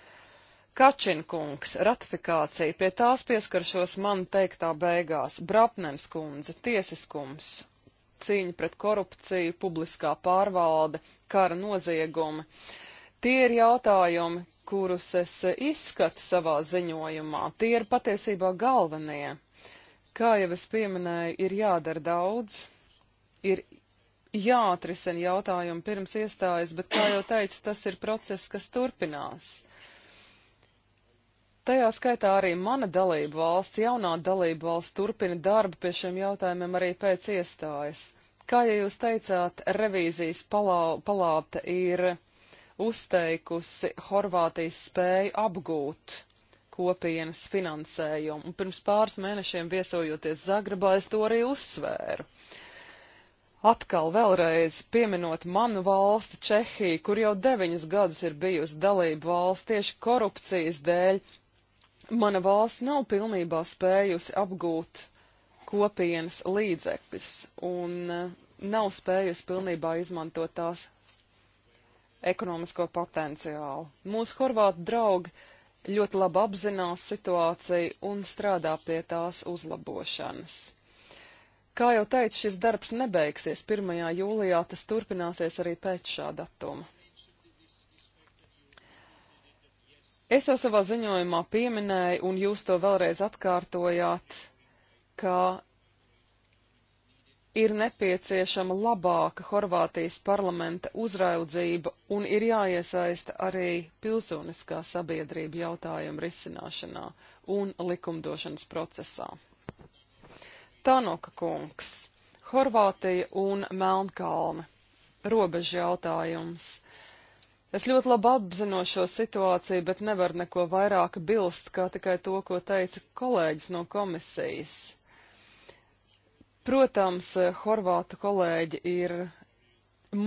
Kačinkungs, ratifikācija, pie tās pieskaršos man teiktā beigās, Brapnens kundze, tiesiskums, cīņa pret korupciju, publiskā pārvalde, kara noziegumi. Tie ir jautājumi, kurus es izskatu savā ziņojumā. Tie ir patiesībā galvenie. Kā jau es pieminēju, ir jādara daudz, ir jāatrisina jautājumi pirms iestājas, bet, kā jau teicu, tas ir process, kas turpinās. Tajā skaitā arī mana dalība valsts, jaunā dalība valsts turpina darbu pie šiem jautājumiem arī pēc iestājas. Kā ja jūs teicāt, revīzijas palā, palāta ir uzteikusi Horvātijas spēju apgūt kopienas finansējumu, un pirms pāris mēnešiem viesojoties Zagrebā es to arī uzsvēru. Atkal vēlreiz pieminot manu valsti Čehiju, kur jau deviņus gadus ir bijusi dalība valsts tieši korupcijas dēļ, mana valsts nav pilnībā spējusi apgūt kopienas līdzekļus un eh, nav spējusi pilnībā izmantot tās ekonomisko potenciālu. Mūsu horvātu draugi ļoti labi apzinās situāciju un strādā pie tās uzlabošanas. Kā jau teicu, šis darbs nebeigsies 1. jūlijā, tas turpināsies arī pēc šā datuma. Es jau savā ziņojumā pieminēju, un jūs to vēlreiz atkārtojāt, ka ir nepieciešama labāka Horvātijas parlamenta uzraudzība un ir jāiesaista arī pilsoniskā sabiedrība jautājumu risināšanā un likumdošanas procesā. Tanoka kungs, Horvātija un Melnkalne, robeža jautājums. Es ļoti labi apzinos šo situāciju, bet nevaru neko vairāk bilst, kā tikai to, ko teica kolēģis no komisijas. Protams, horvātu kolēģi ir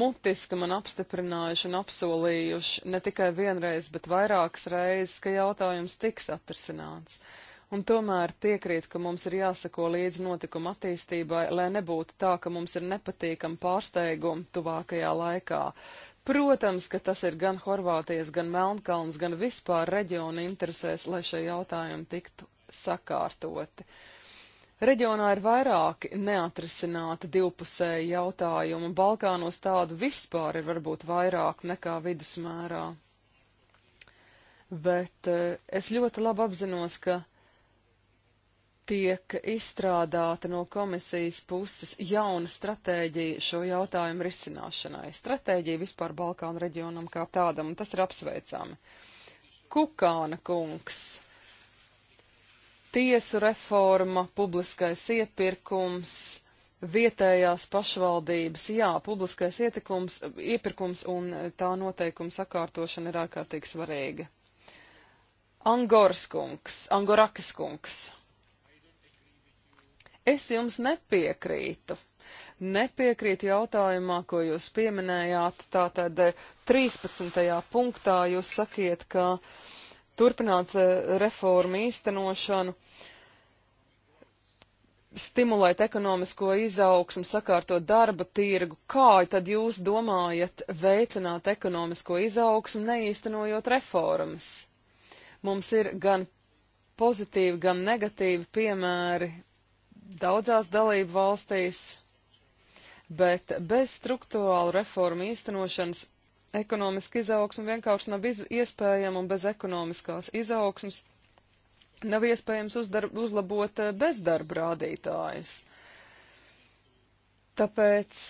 mutiski man apstiprinājuši un apsolījuši ne tikai vienreiz, bet vairākas reizes, ka jautājums tiks atrisināts. Un tomēr piekrīt, ka mums ir jāsako līdz notikuma attīstībai, lai nebūtu tā, ka mums ir nepatīkam pārsteigumi tuvākajā laikā. Protams, ka tas ir gan Horvātijas, gan Melnkalns, gan vispār reģiona interesēs, lai šie jautājumi tiktu sakārtoti. Reģionā ir vairāki neatrisināti divpusēji jautājumi, un Balkānos tādu vispār ir varbūt vairāk nekā vidusmērā. Bet eh, es ļoti labi apzinos, ka tiek izstrādāta no komisijas puses jauna stratēģija šo jautājumu risināšanai. Stratēģija vispār Balkānu reģionam kā tādam, un tas ir apsveicami. Kukāna kungs, tiesu reforma, publiskais iepirkums, vietējās pašvaldības, jā, publiskais ietikums, iepirkums un tā noteikuma sakārtošana ir ārkārtīgi svarīga. Angoras kungs, Angorakas kungs. Es jums nepiekrītu. Nepiekrītu jautājumā, ko jūs pieminējāt. Tātad 13. Eh, punktā jūs sakiet, ka turpināt eh, reformu īstenošanu, stimulēt ekonomisko izaugsmu, sakārtot darba tirgu. Kā tad jūs domājat veicināt ekonomisko izaugsmu, neīstenojot reformas? Mums ir gan pozitīvi, gan negatīvi piemēri daudzās dalību valstīs, bet bez struktūrālu reformu īstenošanas ekonomiska izaugsme vienkārši nav iespējama un bez ekonomiskās izaugsmes nav iespējams uzdarb, uzlabot eh, bezdarba rādītājus. Tāpēc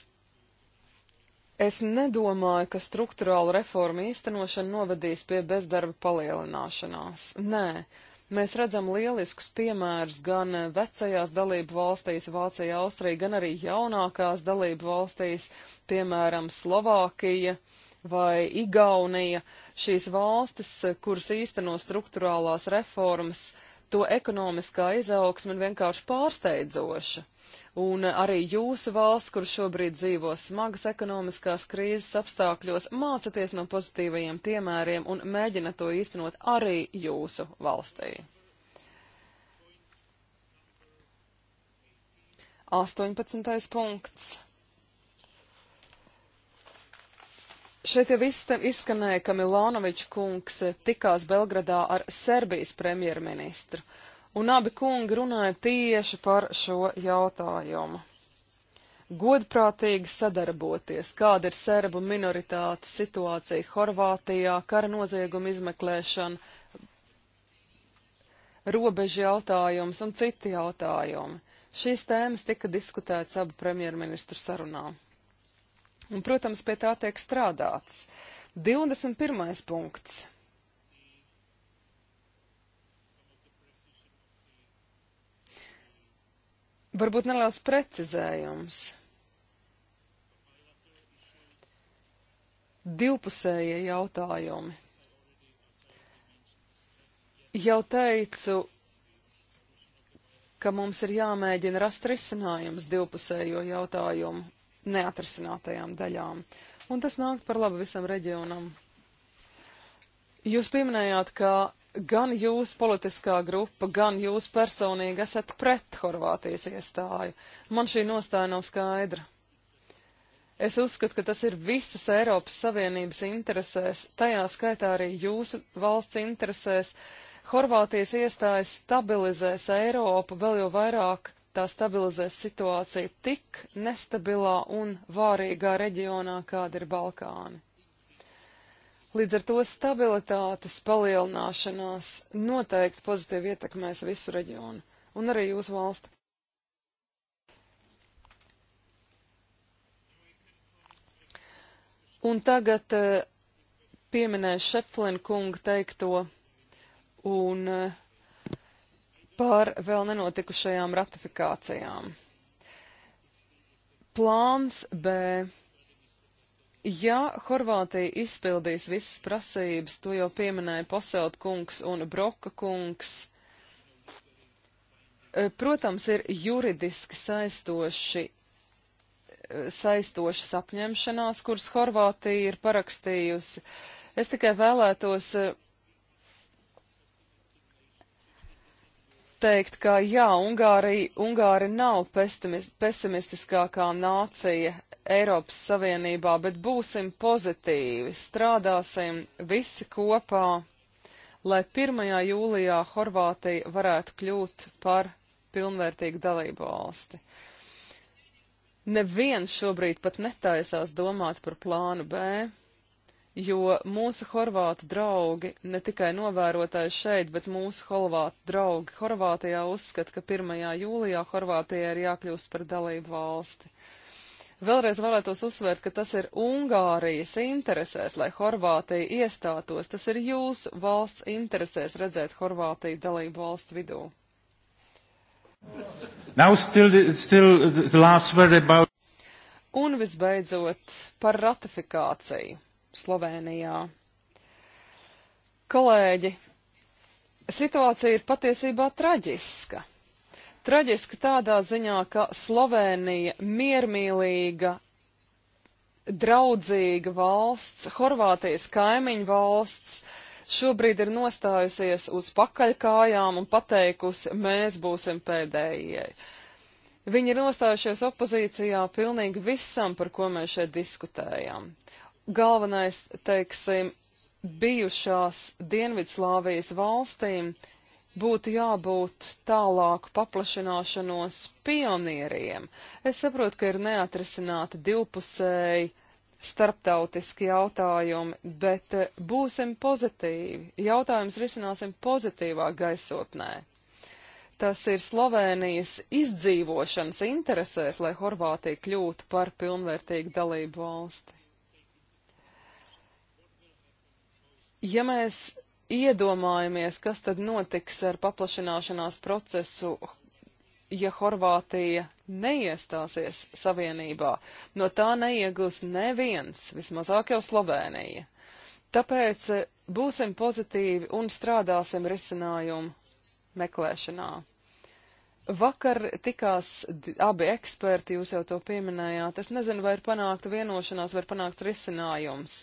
es nedomāju, ka struktūrāla reforma īstenošana novedīs pie bezdarba palielināšanās. Nē, Mēs redzam lieliskus piemērus gan vecajās dalību valstīs, Vācija, Austrija, gan arī jaunākās dalību valstīs, piemēram, Slovākija vai Igaunija, šīs valstis, kuras īsteno struktūrālās reformas, to ekonomiskā izaugsme ir vienkārši pārsteidzoša. Un arī jūsu valsts, kur šobrīd dzīvo smagas ekonomiskās krīzes apstākļos, mācaties no pozitīvajiem piemēriem un mēģinat to īstenot arī jūsu valstī. 18. punkts. Šeit jau izskanēja, ka Milānovičs kungs tikās Belgradā ar Serbijas premjerministru un abi kungi runāja tieši par šo jautājumu. Godprātīgi sadarboties, kāda ir serbu minoritātes situācija Horvātijā, kara nozieguma izmeklēšana, robežu jautājums un citi jautājumi. Šīs tēmas tika diskutētas abu premjerministru sarunā. Un, protams, pie tā tiek strādāts. 21. punkts Varbūt neliels precizējums. Divpusējie jautājumi. Jau teicu, ka mums ir jāmēģina rast risinājums divpusējo jautājumu neatrisinātajām daļām, un tas nāk par labu visam reģionam. Jūs pieminējāt, ka gan jūs politiskā grupa, gan jūs personīgi esat pret Horvātijas iestāju. Man šī nostāja nav skaidra. Es uzskatu, ka tas ir visas Eiropas Savienības interesēs, tajā skaitā arī jūsu valsts interesēs. Horvātijas iestājas stabilizēs Eiropu vēl jau vairāk, tā stabilizēs situāciju tik nestabilā un vārīgā reģionā, kāda ir Balkāni. Līdz ar to stabilitātes palielināšanās noteikti pozitīvi ietekmēs visu reģionu un arī jūsu valsti. Un tagad eh, pieminēšu Šeflina kunga teikto un eh, par vēl nenotikušajām ratifikācijām. Plāns B Ja Horvātija izpildīs visas prasības, to jau pieminēja Poselt kungs un Broka kungs, eh, protams, ir juridiski saistoši eh, saistošas apņemšanās, kuras Horvātija ir parakstījusi. Es tikai vēlētos eh, teikt, ka jā, Ungārija, Ungāri nav pesimistiskākā nācija Eiropas Savienībā, bet būsim pozitīvi, strādāsim visi kopā, lai 1. jūlijā Horvātija varētu kļūt par pilnvērtīgu dalību valsti. Neviens šobrīd pat netaisās domāt par plānu B, jo mūsu horvātu draugi, ne tikai novērotāji šeit, bet mūsu horvātu draugi Horvātijā uzskata, ka 1. jūlijā Horvātija ir jākļūst par dalību valsti. Vēlreiz vēlētos uzsvērt, ka tas ir Ungārijas interesēs, lai Horvātija iestātos. Tas ir jūsu valsts interesēs redzēt Horvātiju dalību valstu vidū. Now still the, still the last word about... Un visbeidzot par ratifikāciju Slovenijā. Kolēģi, situācija ir patiesībā traģiska. Traģiski tādā ziņā, ka Slovēnija miermīlīga, draudzīga valsts, Horvātijas kaimiņu valsts, šobrīd ir nostājusies uz pakaļkājām un pateikusi, mēs būsim pēdējie. Viņi ir nostājušies opozīcijā pilnīgi visam, par ko mēs šeit diskutējam. Galvenais, teiksim, bijušās Dienvidslāvijas valstīm būtu jābūt tālāku paplašināšanos pionieriem. Es saprotu, ka ir neatrisināti divpusēji starptautiski jautājumi, bet eh, būsim pozitīvi. Jautājums risināsim pozitīvā gaisotnē. Tas ir Slovēnijas izdzīvošanas interesēs, lai Horvātija kļūtu par pilnvērtīgu dalību valsti. Ja mēs iedomājamies, kas tad notiks ar paplašināšanās procesu, ja Horvātija neiestāsies savienībā. No tā neiegūs neviens, vismazāk jau Slovēnija. Tāpēc eh, būsim pozitīvi un strādāsim risinājumu meklēšanā. Vakar tikās abi eksperti, jūs jau to pieminējāt. Es nezinu, vai ir panākta vienošanās, vai ir panākts risinājums.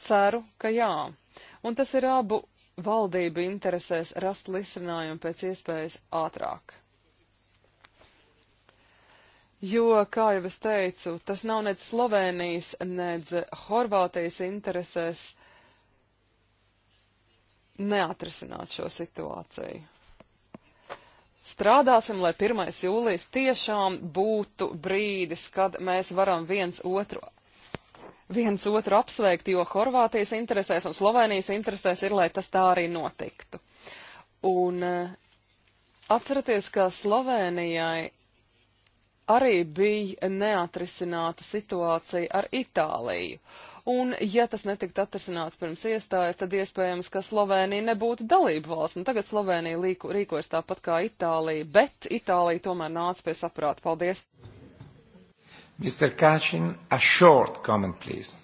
Ceru, ka jā. Un tas ir abu valdību interesēs rast risinājumu pēc iespējas ātrāk. Jo, kā jau es teicu, tas nav nec Slovenijas, nec Horvātijas interesēs neatrisināt šo situāciju. Strādāsim, lai 1. jūlijas tiešām būtu brīdis, kad mēs varam viens otru viens otru apsveikt, jo Horvātijas interesēs un Slovenijas interesēs ir, lai tas tā arī notiktu. Un eh, atceraties, ka Slovenijai arī bija neatrisināta situācija ar Itāliju. Un, ja tas netiktu atrisināts pirms iestājas, tad iespējams, ka Slovenija nebūtu dalību valsts. Un tagad Slovenija rīkojas tāpat kā Itālija, bet Itālija tomēr nāca pie saprāta. Paldies! Mr. Kachin, a short comment, please.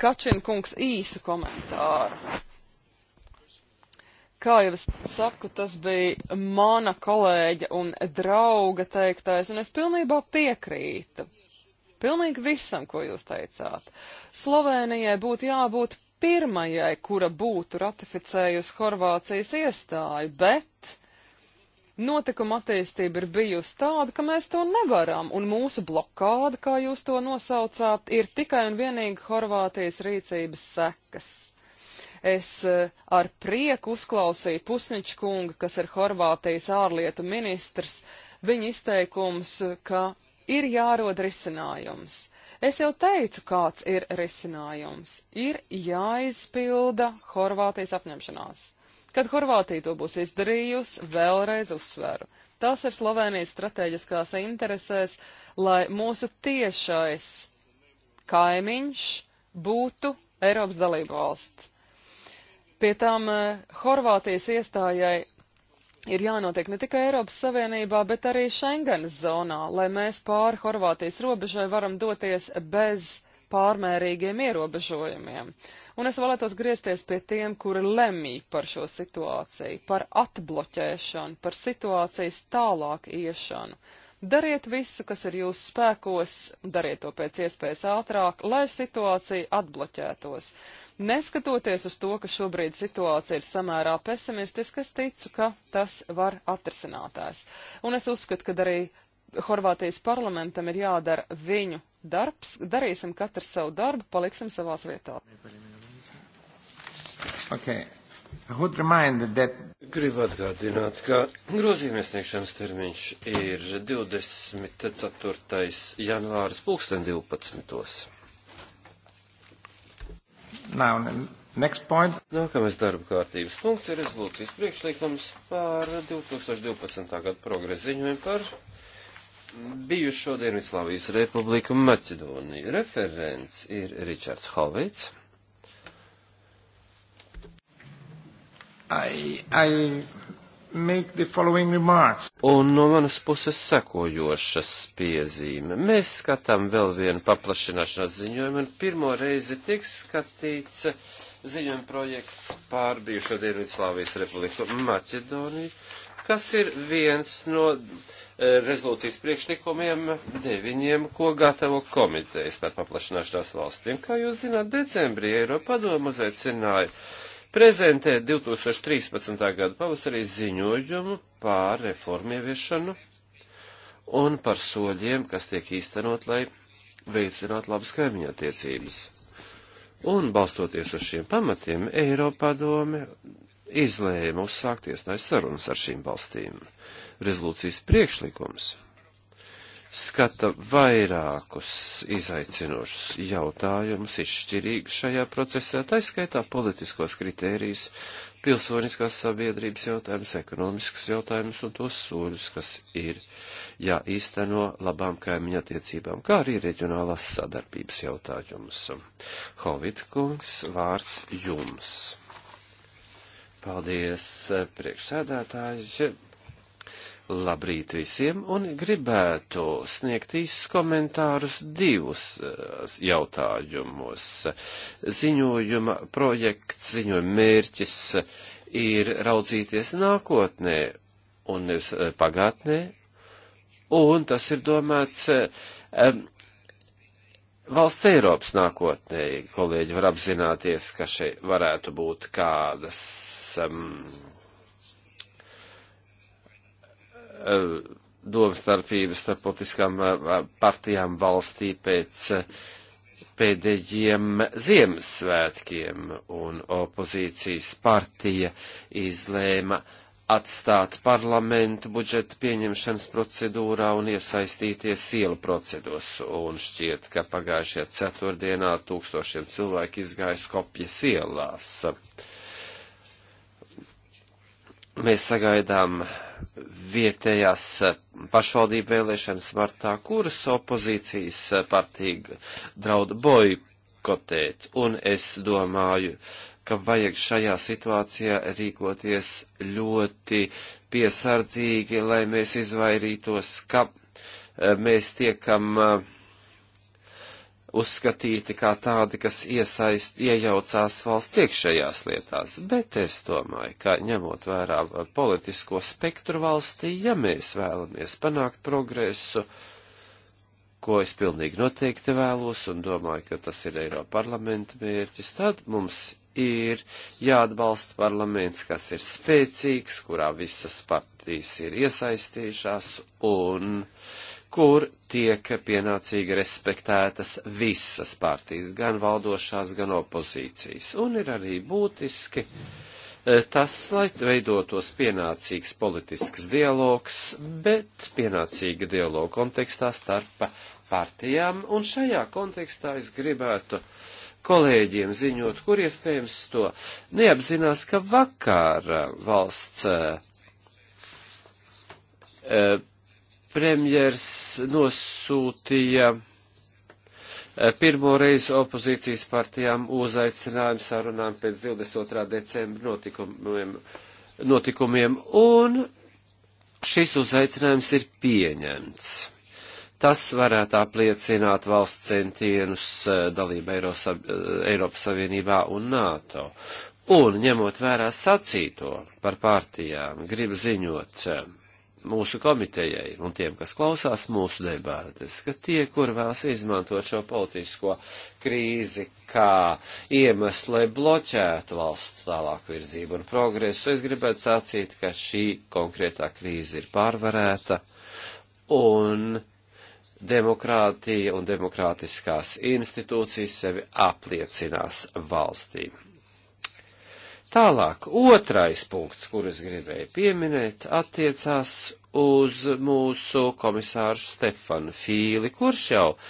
Kačina kungs īsu komentāru. Kā jau es saku, tas bija mana kolēģa un drauga teiktais, un es pilnībā piekrītu. Pilnīgi visam, ko jūs teicāt. Slovenijai būtu jābūt pirmajai, kura būtu ratificējusi Horvācijas iestāju, bet Notikuma attīstība ir bijusi tāda, ka mēs to nevaram, un mūsu blokāda, kā jūs to nosaucāt, ir tikai un vienīgi Horvātijas rīcības sekas. Es eh, ar prieku uzklausīju Pusniņš kunga, kas ir Horvātijas ārlietu ministrs, viņa izteikums, ka ir jārod risinājums. Es jau teicu, kāds ir risinājums. Ir jāizpilda Horvātijas apņemšanās. Kad Horvātija to būs izdarījusi, vēlreiz uzsveru. Tas ir Slovenijas strateģiskās interesēs, lai mūsu tiešais kaimiņš būtu Eiropas dalību valsts. Pie tām eh, Horvātijas iestājai ir jānotiek ne tikai Eiropas Savienībā, bet arī Schengenas zonā, lai mēs pāri Horvātijas robežai varam doties bez pārmērīgiem ierobežojumiem. Un es vēlētos griezties pie tiem, kuri lemj par šo situāciju, par atbloķēšanu, par situācijas tālāk iešanu. Dariet visu, kas ir jūsu spēkos, dariet to pēc iespējas ātrāk, lai situācija atbloķētos. Neskatoties uz to, ka šobrīd situācija ir samērā pesimistiska, es ticu, ka tas var atrisinātās. Un es uzskatu, ka arī Horvātijas parlamentam ir jādara viņu darbs, darīsim katrs savu darbu, paliksim savās vietā. Nepalīmē. Okay. That... Gribu atgādināt, ka grozījuma iesniegšanas termiņš ir 24. janvāris 2012. Now, Nākamais darba kārtības punkts ir rezolūcijas priekšlikums par 2012. gadu progreziņojumu par bijušo Dienvidslāvijas republiku Maķedoniju. Referents ir Ričards Hovits. I, I Un no manas puses sekojošas piezīme. Mēs skatām vēl vienu paplašināšanās ziņojumu, un pirmo reizi tiks skatīts ziņojuma projekts pār bijušo Dienvidslāvijas republiku Maķedoniju, kas ir viens no eh, rezolūcijas priekšlikumiem deviņiem, ko gatavo komitejas par paplašināšanās valstīm. Kā jūs zināt, decembrī Eiropa padomu uzaicināja prezentēt 2013. gada pavasarī ziņojumu pār reformieviešanu un par soļiem, kas tiek īstenot, lai veicinātu labas kaimiņa attiecības. Un balstoties uz šiem pamatiem, Eiropadome izlēma uzsākt iestājas sarunas ar šīm valstīm. Rezolūcijas priekšlikums skata vairākus izaicinošus jautājumus, izšķirīgus šajā procesā, taiskaitā politiskos kritērijus, pilsoniskās sabiedrības jautājumus, ekonomiskus jautājumus un tos soļus, kas ir jāīsteno labām kaimiņa attiecībām, kā arī reģionālās sadarbības jautājumus. Hovitkungs, vārds jums. Paldies, priekšsēdētāji Labrīt visiem un gribētu sniegt īsts komentārus divus eh, jautājumus. Ziņojuma projekts, ziņojuma mērķis ir raudzīties nākotnē un nevis eh, pagātnē, un tas ir domāts um, valsts Eiropas nākotnē. Kolēģi var apzināties, ka šeit varētu būt kādas. Um, Eh, domstarpības starp politiskām eh, partijām valstī pēc eh, pēdējiem Ziemassvētkiem, un opozīcijas partija izlēma atstāt parlamentu budžeta pieņemšanas procedūrā un iesaistīties ielu procedos, un šķiet, ka pagājušajā ceturtdienā tūkstošiem cilvēku izgāja Skopjas ielās. Mēs sagaidām vietējās eh, pašvaldību vēlēšanas martā, kuras opozīcijas eh, partija draud boikotēt. Un es domāju, ka vajag šajā situācijā rīkoties ļoti piesardzīgi, lai mēs izvairītos, ka eh, mēs tiekam uh, uzskatīti kā tādi, kas iesaist, iejaucās valsts iekšējās lietās, bet es domāju, ka ņemot vērā politisko spektru valstī, ja mēs vēlamies panākt progresu, ko es pilnīgi noteikti vēlos un domāju, ka tas ir Eiropa parlamenta mērķis, tad mums ir jāatbalsta parlaments, kas ir spēcīgs, kurā visas partijas ir iesaistījušās un uh, kur tiek pienācīgi respektētas visas partijas, gan valdošās, gan opozīcijas. Un ir arī būtiski e, tas, lai veidotos pienācīgs politisks dialogs, bet pienācīga dialoga kontekstā starp partijām. Un šajā kontekstā es gribētu kolēģiem ziņot, kur iespējams to neapzinās, ka vakar valsts. Uh, uh, premjers nosūtīja eh, pirmo reizi opozīcijas partijām uzaicinājumu sarunām pēc 22. decembra notikumiem, notikumiem un šis uzaicinājums ir pieņemts. Tas varētu apliecināt valsts centienus eh, dalību eh, Eiropas Savienībā un NATO. Un, ņemot vērā sacīto par partijām, gribu ziņot, mūsu komitejai un tiem, kas klausās mūsu debātes, ka tie, kur vēlas izmantot šo politisko krīzi kā iemeslu, lai bloķētu valsts tālāku virzību un progresu, es gribētu sacīt, ka šī konkrētā krīze ir pārvarēta un demokrātija un demokrātiskās institūcijas sevi apliecinās valstīm. Tālāk, otrais punkts, kur es gribēju pieminēt, attiecās uz mūsu komisāru Stefanu Fīli, kurš jau uh,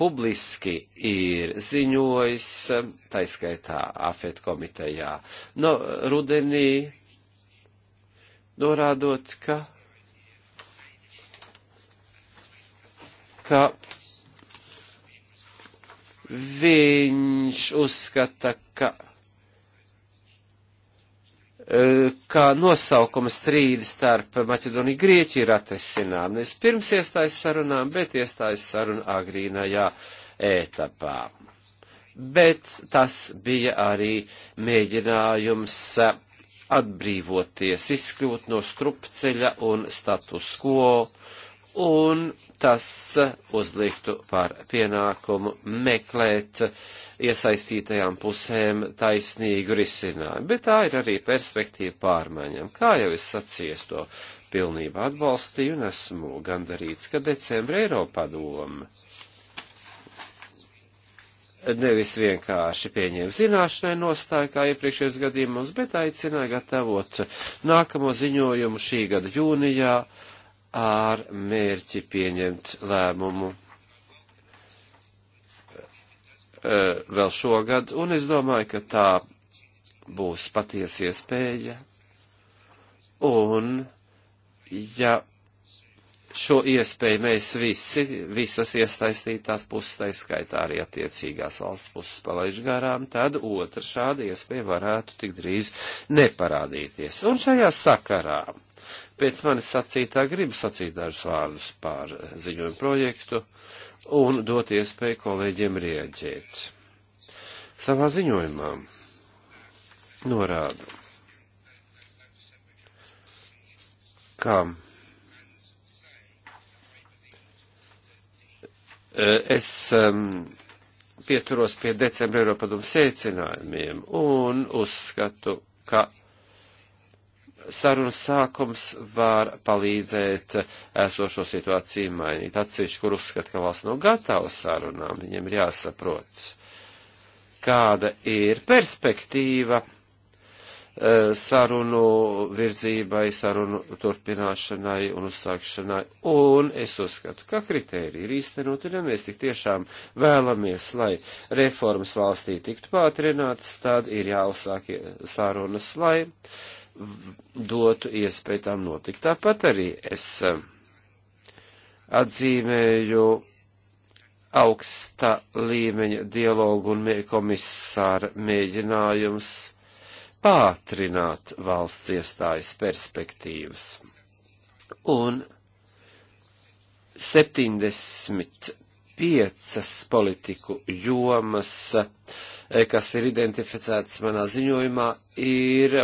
publiski ir ziņojis, uh, eh, taiskaitā AFET komitejā, no nu, rudenī, norādot, ka, ka viņš uzskata, ka kā nosaukuma strīdi starp Maķedoniju un Grieķiju ir atrisinām. Nevis pirms iestājas sarunām, bet iestājas saruna agrīnajā etapā. Bet tas bija arī mēģinājums atbrīvoties, izkļūt no strupceļa un status quo un tas uzliktu par pienākumu meklēt iesaistītajām pusēm taisnīgu risinājumu. Bet tā ir arī perspektīva pārmaiņam. Kā jau es sacīju, es to pilnībā atbalstīju un esmu gandarīts, ka decembra Eiropa doma nevis vienkārši pieņēma zināšanai nostāju, kā iepriekšējos gadījumos, bet aicināja gatavot nākamo ziņojumu šī gada jūnijā ar mērķi pieņemt lēmumu e, vēl šogad, un es domāju, ka tā būs patiesi iespēja. Un, ja šo iespēju mēs visi, visas iesaistītās puses, tā skaitā arī attiecīgās valsts puses palaiž garām, tad otra šāda iespēja varētu tik drīz neparādīties. Un šajā sakarā pēc manis sacītā gribu sacīt dažus vārdus pār ziņojumu projektu un dot iespēju kolēģiem rieģēt. Savā ziņojumā norādu, ka e, es um, pieturos pie decembra Eiropadomu secinājumiem un uzskatu, ka sarunas sākums var palīdzēt esošo situāciju mainīt. Atsevišķi, kur uzskata, ka valsts nav gatava sarunām, viņiem ir jāsaprot, kāda ir perspektīva e, sarunu virzībai, sarunu turpināšanai un uzsākšanai. Un es uzskatu, ka kritērija ir īstenot, un ja mēs tik tiešām vēlamies, lai reformas valstī tiktu pātrinātas, tad ir jāuzsāk sarunas, lai uh, dotu iespēju tām notikt. Tāpat arī es eh, atzīmēju augsta līmeņa dialogu un komisāra mēģinājums pātrināt valsts iestājas perspektīvas. Un 75 piecas politiku jomas, eh, kas ir identificētas manā ziņojumā, ir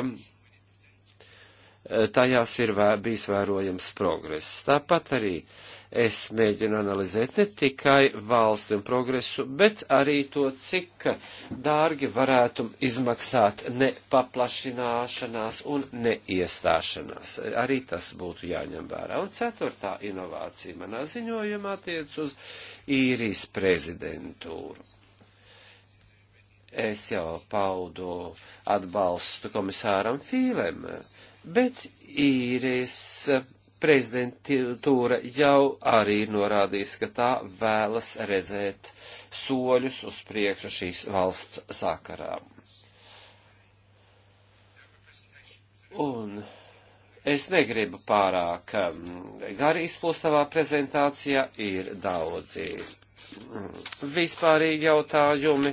Eh, tajās ir vē, bijis vērojams progress. Tāpat arī es mēģinu analizēt ne tikai valsti un progresu, bet arī to, cik dārgi varētu izmaksāt nepaplašināšanās un neiestāšanās. Arī tas būtu jāņem vērā. Un ceturtā inovācija manā ziņojumā tiec uz īrijas prezidentūru es jau paudu atbalstu komisāram Fīlēm bet īrijas prezidentūra jau arī norādījis, ka tā vēlas redzēt soļus uz priekšu šīs valsts sakarā. Un es negribu pārāk um, gari izplūst tavā prezentācijā, ir daudzi mm, vispārīgi jautājumi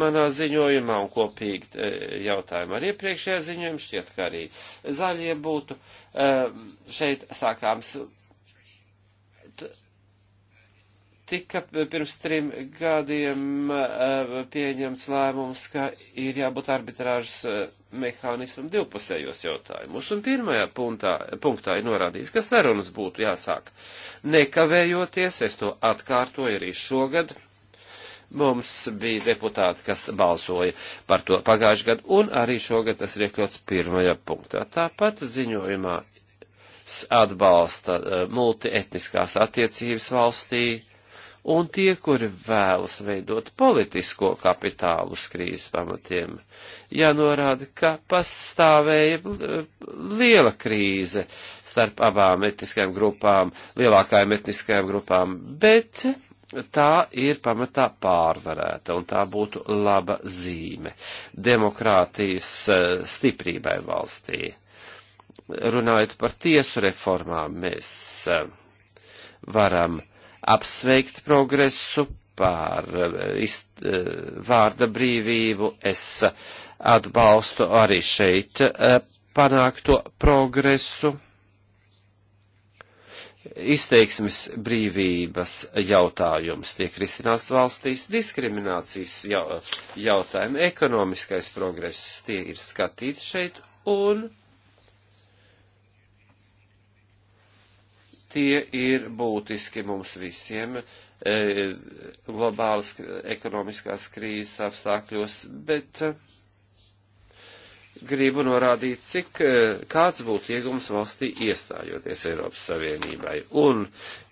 manā ziņojumā un kopīgi e, jautājumu ar iepriekšējā ziņojumu. Šķiet, ka arī zaļie būtu e, šeit sākāms. Tika pirms trim gadiem e, pieņemts lēmums, ka ir jābūt arbitrāžas mehānismam divpusējos jautājumus. Un pirmajā puntā, punktā ir norādīts, ka sarunas būtu jāsāk nekavējoties. Es to atkārtoju arī šogad Mums bija deputāti, kas balsoja par to pagājušajā gadu, un arī šogad tas ir iekļauts pirmajā punktā. Tāpat ziņojumā atbalsta eh, multietniskās attiecības valstī, un tie, kuri vēlas veidot politisko kapitālu uz krīzes pamatiem, jānorāda, ka pastāvēja eh, liela krīze starp abām etniskajām grupām, lielākajām etniskajām grupām, bet tā ir pamatā pārvarēta, un tā būtu laba zīme demokrātijas eh, stiprībai valstī. Runājot par tiesu reformām, mēs eh, varam apsveikt progresu par eh, vārda brīvību. Es atbalstu arī šeit panākto progresu izteiksmes brīvības jautājums tiek risināts valstīs, diskriminācijas jautājumi, ekonomiskais progress tie ir skatīti šeit un tie ir būtiski mums visiem e, globālas ekonomiskās krīzes apstākļos, bet uh, gribu norādīt, cik eh, kāds būtu iegums valstī iestājoties Eiropas Savienībai. Un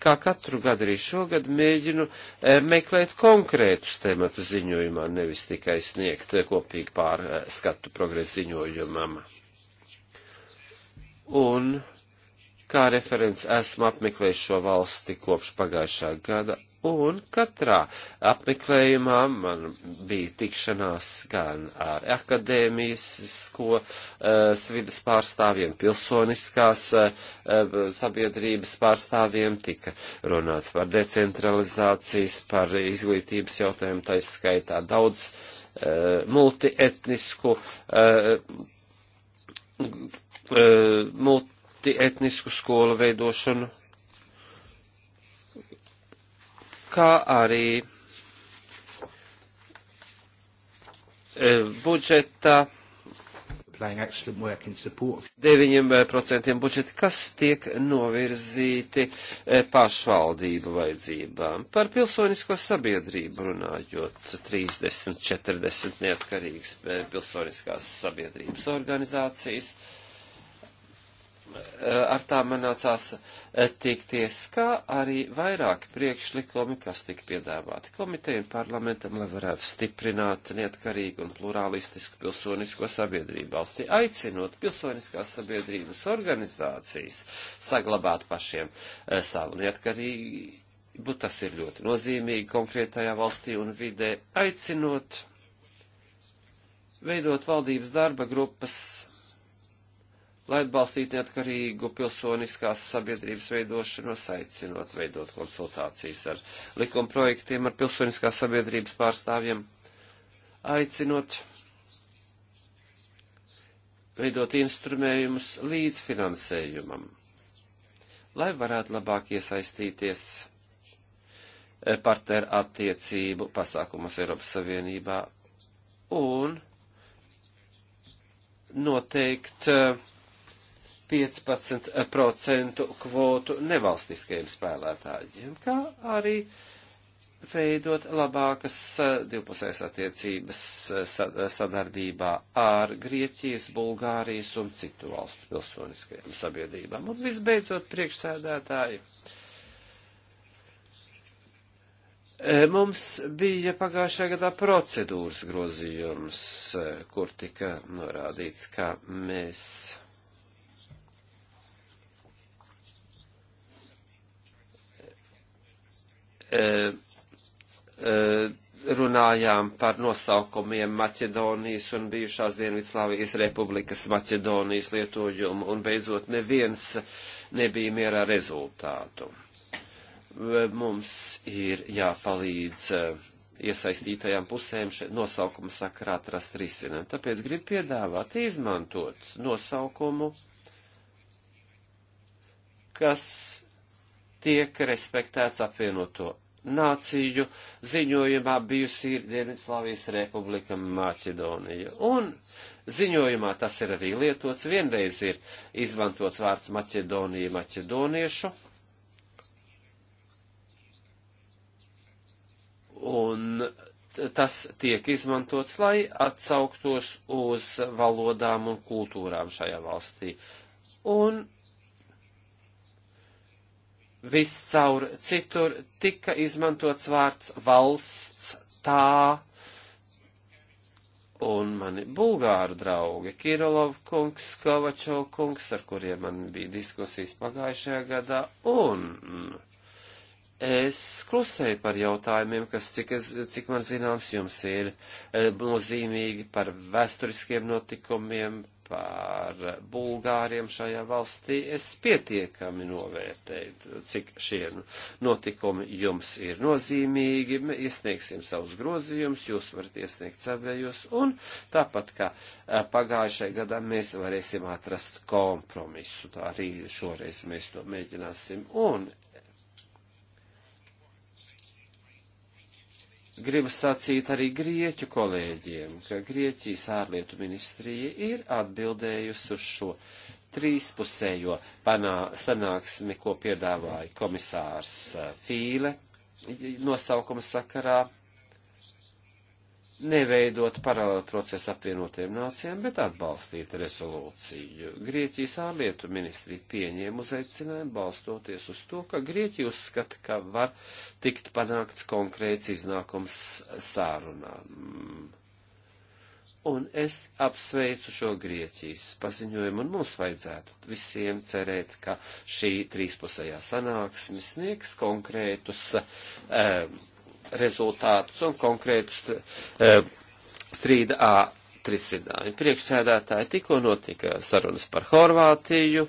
kā katru gadu arī šogad mēģinu eh, meklēt konkrētus tematu ziņojumā, nevis tikai sniegt eh, kopīgi pārskatu progresu ziņojumam. Un kā referents esmu apmeklējis šo valsti kopš pagājušā gada Un katrā apmeklējumā man bija tikšanās gan ar akadēmisko uh, svidas pārstāvjiem, pilsoniskās uh, sabiedrības pārstāvjiem, tika runāts par decentralizācijas, par izglītības jautājumu, taiskaitā daudz uh, multietnisku, uh, uh, multietnisku skolu veidošanu kā arī e, budžeta 9% e, budžeti, kas tiek novirzīti e, pašvaldību vajadzībām. Par pilsonisko sabiedrību runājot, 30, 40 neatkarīgas pilsoniskās sabiedrības organizācijas Eh, ar tām man nācās eh, tikties, kā arī vairāki priekšlikumi, kas tika piedāvāti komiteju un parlamentam, lai varētu stiprināt neatkarīgu un plurālistisku pilsonisko sabiedrību valstī, aicinot pilsoniskās sabiedrības organizācijas saglabāt pašiem eh, savu neatkarību, tas ir ļoti nozīmīgi konkrētajā valstī un vidē, aicinot veidot valdības darba grupas lai atbalstītu neatkarīgu pilsoniskās sabiedrības veidošanos, aicinot veidot konsultācijas ar likuma projektiem, ar pilsoniskās sabiedrības pārstāvjiem, aicinot veidot instrumējumus līdz finansējumam, lai varētu labāk iesaistīties eh, partneru attiecību pasākumos Eiropas Savienībā un noteikt uh, 15% kvotu nevalstiskajiem spēlētājiem, kā arī veidot labākas eh, divpusējas attiecības eh, sadarbībā ar Grieķijas, Bulgārijas un citu valstu pilsoniskajām sabiedrībām. Un visbeidzot, priekšsēdētāji, eh, mums bija pagājušā gadā procedūras grozījums, kur tika norādīts, ka mēs E, e, runājām par nosaukumiem Maķedonijas un bijušās Dienvidslāvijas republikas Maķedonijas lietojumu, un beidzot neviens nebija mierā rezultātu. Mums ir jāpalīdz e, iesaistītajām pusēm nosaukuma sakarā atrast risinājumu. Tāpēc grib piedāvāt izmantot nosaukumu, kas tiek respektēts apvienoto nāciju ziņojumā bijusi Dienvidslāvijas republika Maķedonija. Un ziņojumā tas ir arī lietots, vienreiz ir izmantots vārds Maķedonija maķedoniešu. Un tas tiek izmantots, lai atsauktos uz valodām un kultūrām šajā valstī. Un viscaur citur tika izmantots vārds valsts tā. Un mani bulgāru draugi Kirilov kungs, Kovačo kungs, ar kuriem man bija diskusijas pagājušajā gadā, un es klusēju par jautājumiem, kas, cik, es, cik man zināms, jums ir e, nozīmīgi par vēsturiskiem notikumiem, par bulgāriem šajā valstī, es pietiekami novērtēju, cik šie notikumi jums ir nozīmīgi. Mēs iesniegsim savus grozījumus, jūs varat iesniegt savējos, un tāpat kā pagājušajā gadā mēs varēsim atrast kompromisu. Tā arī šoreiz mēs to mēģināsim. Un gribu sacīt arī grieķu kolēģiem, ka Grieķijas ārlietu ministrija ir atbildējusi uz šo trīspusējo panā, sanāksmi, ko piedāvāja komisārs eh, Fīle nosaukuma sakarā neveidot paralēlu procesu apvienotiem nācijām, bet atbalstīt rezolūciju. Grieķijas ārlietu ministri pieņēma uzaicinājumu balstoties uz to, ka Grieķija uzskata, ka var tikt panākts konkrēts iznākums sārunām. Un es apsveicu šo Grieķijas paziņojumu, un mums vajadzētu visiem cerēt, ka šī trīspusējā sanāksme sniegs konkrētus um, rezultātus un konkrētus e, strīda A atrisinājumu. Priekšsēdētāji tikko notika sarunas par Horvātiju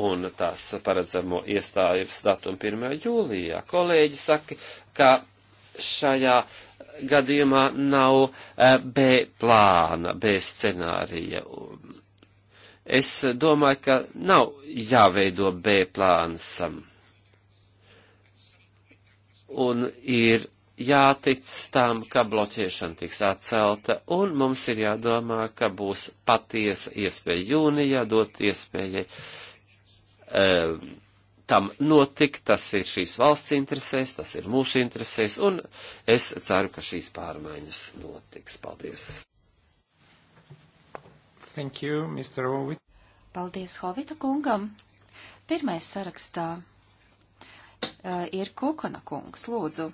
un tās paredzamo iestāju datumu 1. jūlijā. Kolēģi saka, ka šajā gadījumā nav e, B plāna, B scenārija. Es domāju, ka nav jāveido B plāns. Un ir jātic tam, ka bloķēšana tiks atcelta, un mums ir jādomā, ka būs patiesa iespēja jūnijā dot iespējai um, eh, tam notikt. Tas ir šīs valsts interesēs, tas ir mūsu interesēs, un es ceru, ka šīs pārmaiņas notiks. Paldies! Thank you, Mr. Hovitt. Paldies Hovita kungam. Pirmais sarakstā uh, ir Kukona kungs, lūdzu.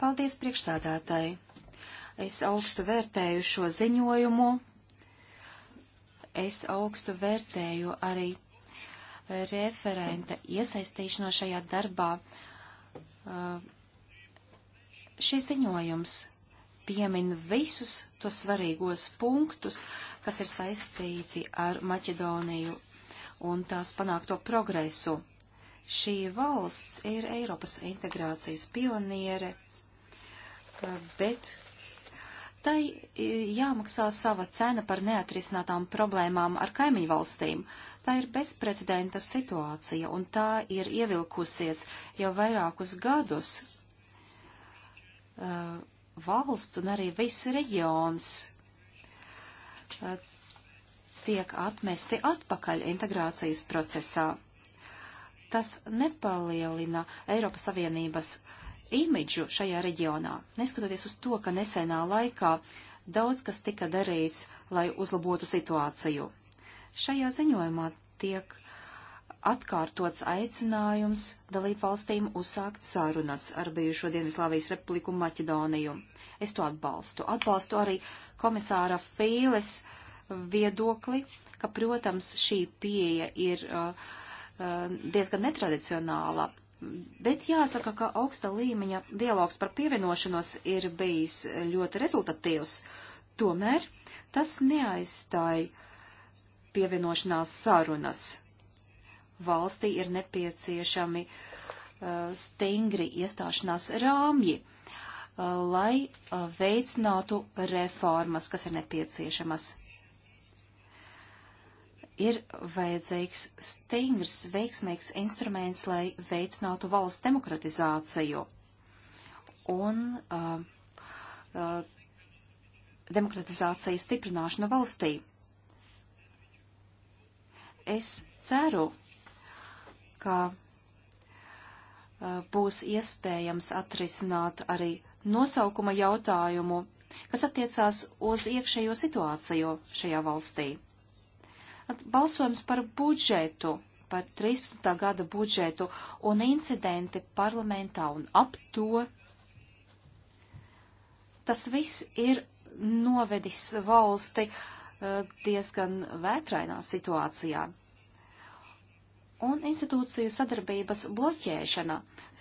Paldies priekšsādātāji! Es augstu vērtēju šo ziņojumu. Es augstu vērtēju arī referenta iesaistīšanos šajā darbā. Uh, šis ziņojums piemin visus tos svarīgos punktus, kas ir saistīti ar Maķedoniju un tās panākto progresu. Šī valsts ir Eiropas integrācijas pioniere bet tai e, jāmaksā sava cena par neatrisinātām problēmām ar kaimiņu valstīm. Tā ir bezprecedenta situācija, un tā ir ievilkusies jau vairākus gadus. Uh, valsts un arī viss reģions uh, tiek atmesti atpakaļ integrācijas procesā. Tas nepalielina Eiropas Savienības uh, imidžu šajā reģionā, neskatoties uz to, ka nesenā laikā daudz kas tika darīts, lai uzlabotu situāciju. Šajā ziņojumā tiek atkārtots aicinājums dalību valstīm uzsākt sarunas ar bijušo Dienvidslāvijas republiku Maķedoniju. Es to atbalstu. Atbalstu arī komisāra Fīles viedokli, ka, protams, šī pieeja ir uh, uh diezgan netradicionāla. Bet jāsaka, ka augsta līmeņa dialogs par pievienošanos ir bijis ļoti rezultatīvs. Tomēr tas neaizstāja pievienošanās sarunas. Valstī ir nepieciešami uh, stingri iestāšanās rāmji, uh, lai uh, veicinātu reformas, kas ir nepieciešamas ir vajadzīgs stingrs, veiksmīgs instruments, lai veicinātu valsts demokratizāciju. Un uh, uh, demokratizācijas stiprināšanu valstī. Es ceru, ka uh, būs iespējams atrisināt arī nosaukuma jautājumu, kas attiecās uz iekšējo situāciju šajā valstī balsojums par budžetu, par 13. gada budžetu un incidenti parlamentā un ap to. Tas viss ir novedis valsti eh, diezgan vētrainā situācijā. Un institūciju sadarbības bloķēšana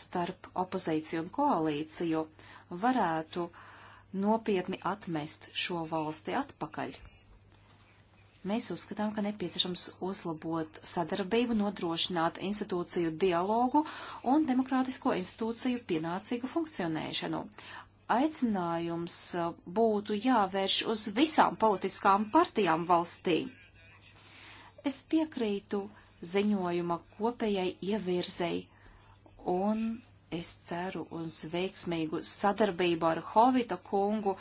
starp opozīciju un koalīciju varētu nopietni atmest šo valsti atpakaļ. Mēs uzskatām, ka nepieciešams uzlabot sadarbību, nodrošināt institūciju dialogu un demokrātisko institūciju pienācīgu funkcionēšanu. Aicinājums uh, būtu jāvērš uz visām politiskām partijām valstī. Es piekrītu ziņojuma kopējai ievirzei un es ceru uz veiksmīgu sadarbību ar Hovita kungu,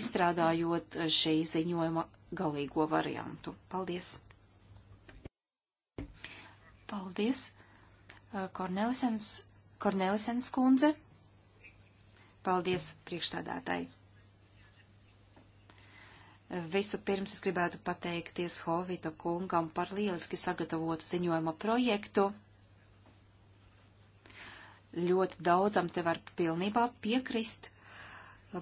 izstrādājot šī ziņojuma galīgo variantu. Paldies! Paldies! Uh, Kornelisens, Kornelisens kundze. Paldies priekšstādātāji! Visu pirms es gribētu pateikties Hovita kungam par lieliski sagatavotu ziņojuma projektu. Ļoti daudzam te var pilnībā piekrist.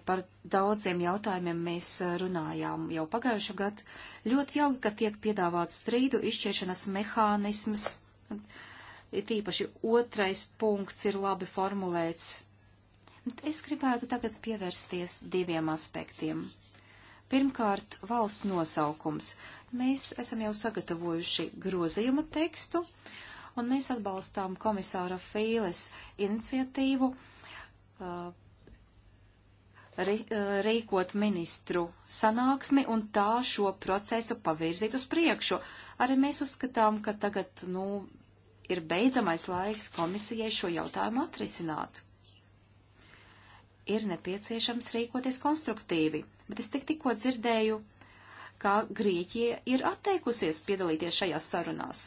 Par daudziem jautājumiem mēs eh, runājām jau pagājušu gadu. Ļoti jauki, ka tiek piedāvāts strīdu izšķiešanas mehānisms. Tīpaši otrais punkts ir labi formulēts. Es gribētu tagad pievērsties diviem aspektiem. Pirmkārt, valsts nosaukums. Mēs esam jau sagatavojuši grozījuma tekstu, un mēs atbalstām komisāra Fīles iniciatīvu uh, Eh, rīkot ministru sanāksmi un tā šo procesu pavirzīt uz priekšu. Arī mēs uzskatām, ka tagad nu, ir beidzamais laiks komisijai šo jautājumu atrisināt. Ir nepieciešams rīkoties konstruktīvi, bet es tik tikko dzirdēju, ka Grieķija ir atteikusies piedalīties šajās sarunās.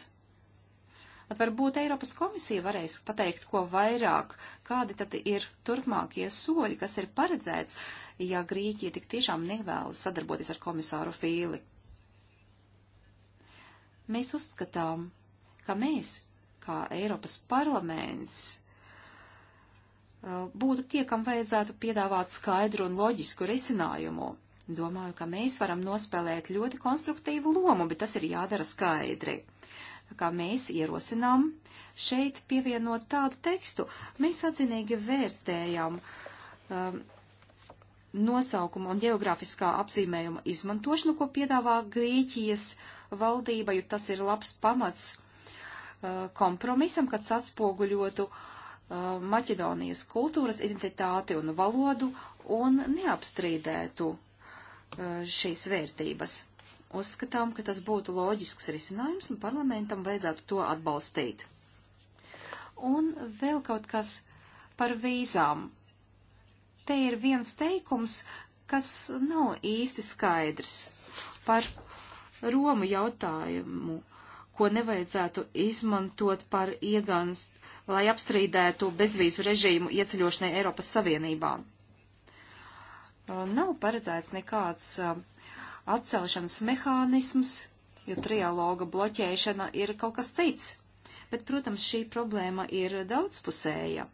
Bet varbūt Eiropas komisija varēs pateikt, ko vairāk, kādi tad ir turpmākie soļi, kas ir paredzēts, ja Grīķija tik tiešām nevēlas sadarboties ar komisāru Fīli. Mēs uzskatām, ka mēs, kā Eiropas parlaments, uh, būtu tie, kam vajadzētu piedāvāt skaidru un loģisku risinājumu. Domāju, ka mēs varam nospēlēt ļoti konstruktīvu lomu, bet tas ir jādara skaidri kā mēs ierosinām, šeit pievienot tādu tekstu. Mēs atzinīgi vērtējam um, nosaukuma un geogrāfiskā apzīmējuma izmantošanu, ko piedāvā Grieķijas valdība, jo tas ir labs pamats uh, kompromisam, kas atspoguļotu uh, Maķedonijas kultūras identitāti un valodu un neapstrīdētu uh, šīs vērtības uzskatām, ka tas būtu loģisks risinājums un parlamentam vajadzētu to atbalstīt. Un vēl kaut kas par vīzām. Te ir viens teikums, kas nav īsti skaidrs par Romu jautājumu, ko nevajadzētu izmantot par iegans, lai apstrīdētu bezvīzu režīmu ieceļošanai Eiropas Savienībā. Nav paredzēts nekāds uh, atcelšanas mehānisms, jo trialoga bloķēšana ir kaut kas cits. Bet, protams, šī problēma ir daudzpusēja.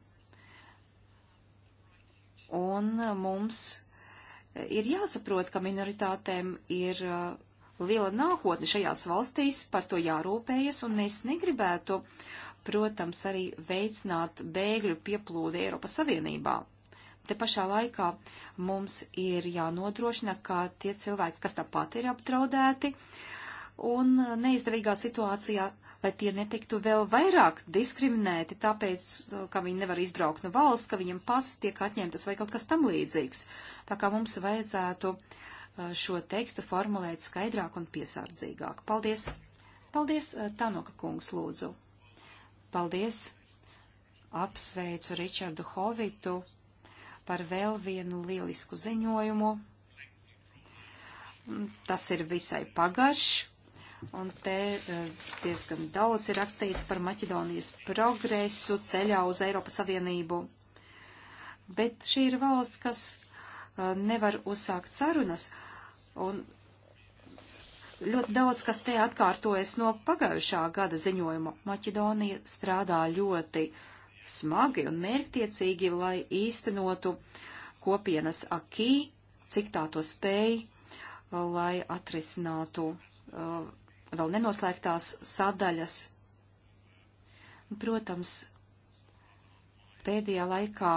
Un mums ir jāsaprot, ka minoritātēm ir liela uh, nākotne šajās valstīs, par to jārūpējas, un mēs negribētu, protams, arī veicināt bēgļu pieplūdi Eiropas Savienībā. Te pašā laikā mums ir jānodrošina, ka tie cilvēki, kas tāpat ir apdraudēti un neizdevīgā situācijā, lai tie netiktu vēl vairāk diskriminēti, tāpēc, ka viņi nevar izbraukt no valsts, ka viņam pasis tiek atņemtas vai kaut kas tam līdzīgs. Tā kā mums vajadzētu uh, šo tekstu formulēt skaidrāk un piesardzīgāk. Paldies! Paldies, uh, Tanoka kungs, lūdzu! Paldies! Apsveicu Ričardu Hovitu par vēl vienu lielisku ziņojumu. Tas ir visai pagarš, un te eh, diezgan daudz ir rakstīts par Maķedonijas progresu ceļā uz Eiropas Savienību. Bet šī ir valsts, kas eh, nevar uzsākt sarunas, un ļoti daudz, kas te atkārtojas no pagājušā gada ziņojuma. Maķedonija strādā ļoti uh, smagi un mērķtiecīgi, lai īstenotu kopienas akī, cik tā to spēj, lai atrisinātu uh, vēl nenoslēgtās sadaļas. Protams, pēdējā laikā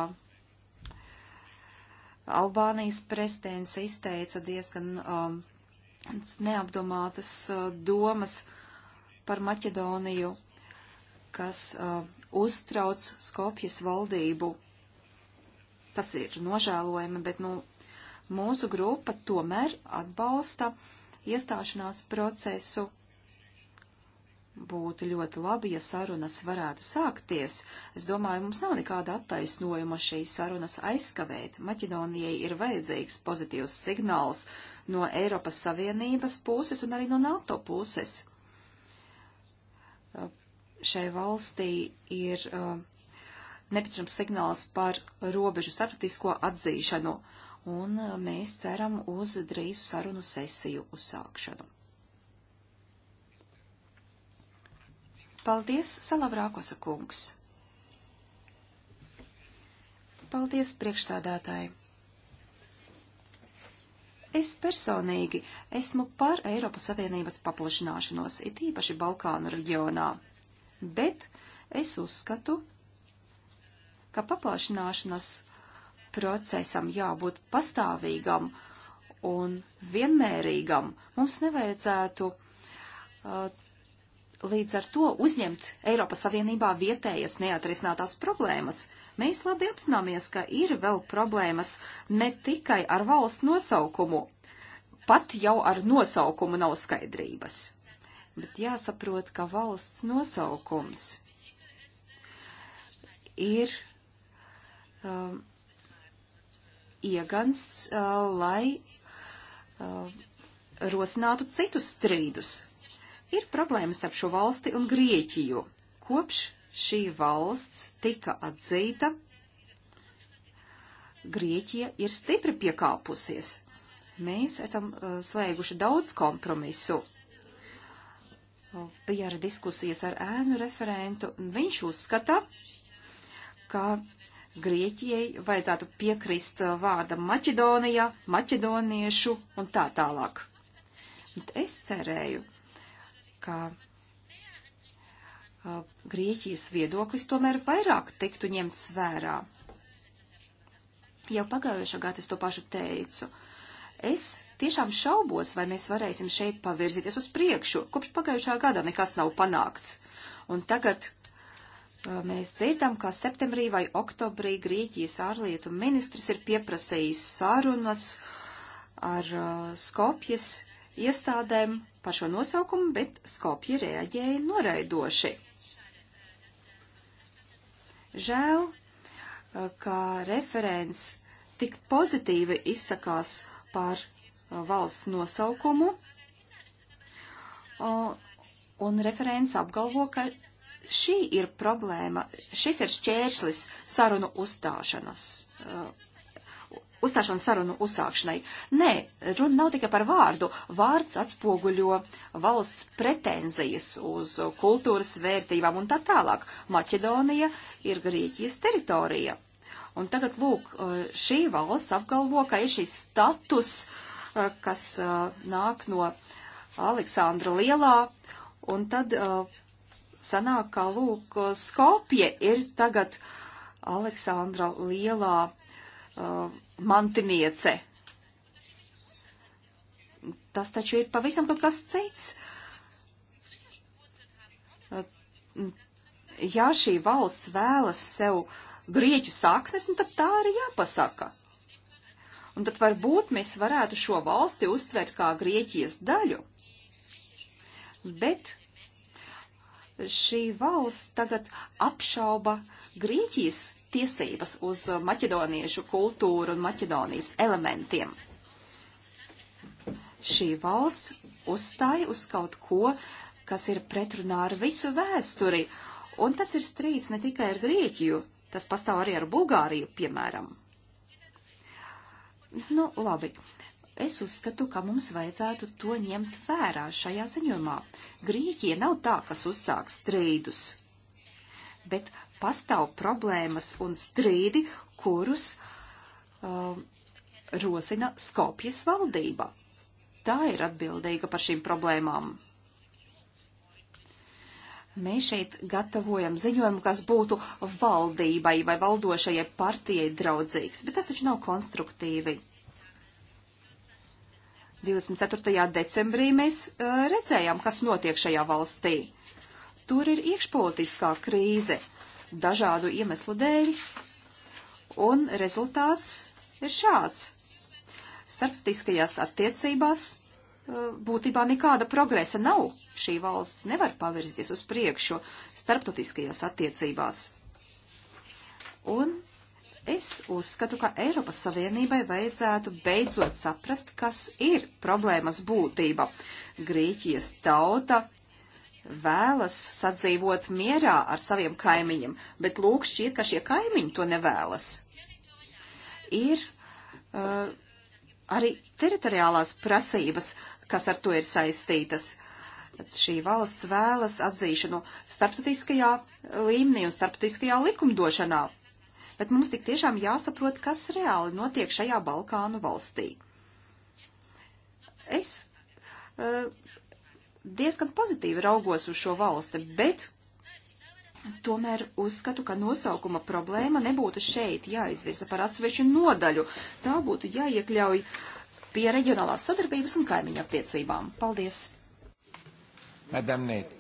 Albānijas prezidents izteica diezgan um, neapdomātas uh, domas par Maķedoniju, kas uh, uztrauc Skopjas valdību. Tas ir nožēlojami, bet nu, mūsu grupa tomēr atbalsta iestāšanās procesu. Būtu ļoti labi, ja sarunas varētu sākties. Es domāju, mums nav nekāda attaisnojuma šīs sarunas aizskavēt. Maķedonijai ir vajadzīgs pozitīvs signāls no Eiropas Savienības puses un arī no NATO puses šai valstī ir uh, nepieciešams signāls par robežu starptautisko atzīšanu, un uh, mēs ceram uz drīzu sarunu sesiju uzsākšanu. Paldies, Salavrākosa kungs! Paldies, priekšsādātāji! Es personīgi esmu par Eiropas Savienības paplašināšanos, it īpaši Balkānu reģionā bet es uzskatu, ka paplašināšanas procesam jābūt pastāvīgam un vienmērīgam. Mums nevajadzētu uh, līdz ar to uzņemt Eiropas Savienībā vietējas neatrisinātās problēmas. Mēs labi apzināmies, ka ir vēl problēmas ne tikai ar valsts nosaukumu, pat jau ar nosaukumu nav skaidrības bet jāsaprot, ka valsts nosaukums ir um, iegansts, uh, lai uh, rosinātu citus strīdus. Ir problēmas starp šo valsti un Grieķiju. Kopš šī valsts tika atzīta, Grieķija ir stipri piekāpusies. Mēs esam uh, slēguši daudz kompromisu. Uh, bija arī diskusijas ar ēnu referentu, un viņš uzskata, ka Grieķijai vajadzētu piekrist vārda Maķedonija, maķedoniešu un tā tālāk. Bet es cerēju, ka uh, Grieķijas viedoklis tomēr vairāk tiktu ņemts vērā. Jau pagājušā gada es to pašu teicu. Uh, Es tiešām šaubos, vai mēs varēsim šeit pavirzīties uz priekšu. Kopš pagājušā gada nekas nav panākts. Un tagad uh, mēs dzirdam, ka septembrī vai oktobrī Grieķijas ārlietu ministrs ir pieprasījis sarunas ar uh, Skopjas iestādēm par šo nosaukumu, bet Skopja reaģēja noraidoši. Žēl, uh, ka referents tik pozitīvi izsakās par valsts nosaukumu, un referents apgalvo, ka šī ir problēma, šis ir šķēršlis sarunu uzstāšanas, uzstāšanas sarunu uzsākšanai. Nē, runa nav tikai par vārdu. Vārds atspoguļo valsts pretenzijas uz kultūras vērtībām un tā tālāk. Maķedonija ir Grieķijas teritorija. Un tagad, lūk, šī valsts apgalvo, ka ir šis status, kas nāk no Aleksandra Lielā, un tad sanāk, ka, lūk, Skopje ir tagad Aleksandra Lielā mantiniece. Tas taču ir pavisam kaut kas cits. Ja šī valsts vēlas sev uh, grieķu saknes, un nu, tad tā arī jāpasaka. Un tad varbūt mēs varētu šo valsti uztvert kā Grieķijas daļu. Bet šī valsts tagad apšauba Grieķijas tiesības uz maķedoniešu kultūru un maķedonijas elementiem. Šī valsts uzstāja uz kaut ko, kas ir pretrunā ar visu vēsturi, un tas ir strīds ne tikai ar Grieķiju, Tas pastāv arī ar Bulgāriju, piemēram. Nu, labi. Es uzskatu, ka mums vajadzētu to ņemt vērā šajā ziņojumā. Grieķija nav tā, kas uzsāk strīdus, bet pastāv problēmas un strīdi, kurus uh, rosina Skopjas valdība. Tā ir atbildīga par šīm problēmām. Mēs šeit gatavojam ziņojumu, kas būtu valdībai vai valdošajai partijai draudzīgs, bet tas taču nav konstruktīvi. 24. decembrī mēs uh, redzējām, kas notiek šajā valstī. Tur ir iekšpolitiskā krīze dažādu iemeslu dēļ, un rezultāts ir šāds. Starptautiskajās attiecībās būtībā nekāda progresa nav. Šī valsts nevar pavirzīties uz priekšu starptautiskajās attiecībās. Un es uzskatu, ka Eiropas Savienībai vajadzētu beidzot saprast, kas ir problēmas būtība. Grieķijas tauta vēlas sadzīvot mierā ar saviem kaimiņiem, bet lūk šķiet, ka šie kaimiņi to nevēlas. Ir uh, arī teritoriālās prasības, kas ar to ir saistītas. Šī valsts vēlas atzīšanu starptautiskajā līmenī un starptautiskajā likumdošanā. Bet mums tik tiešām jāsaprot, kas reāli notiek šajā Balkānu valstī. Es uh, diezgan pozitīvi raugos uz šo valsti, bet Tomēr uzskatu, ka nosaukuma problēma nebūtu šeit jāizvirza par atsevišķu nodaļu. Tā būtu jāiekļauj uh, pie reģionālās sadarbības un kaimiņa attiecībām. Paldies! Madam Nēt.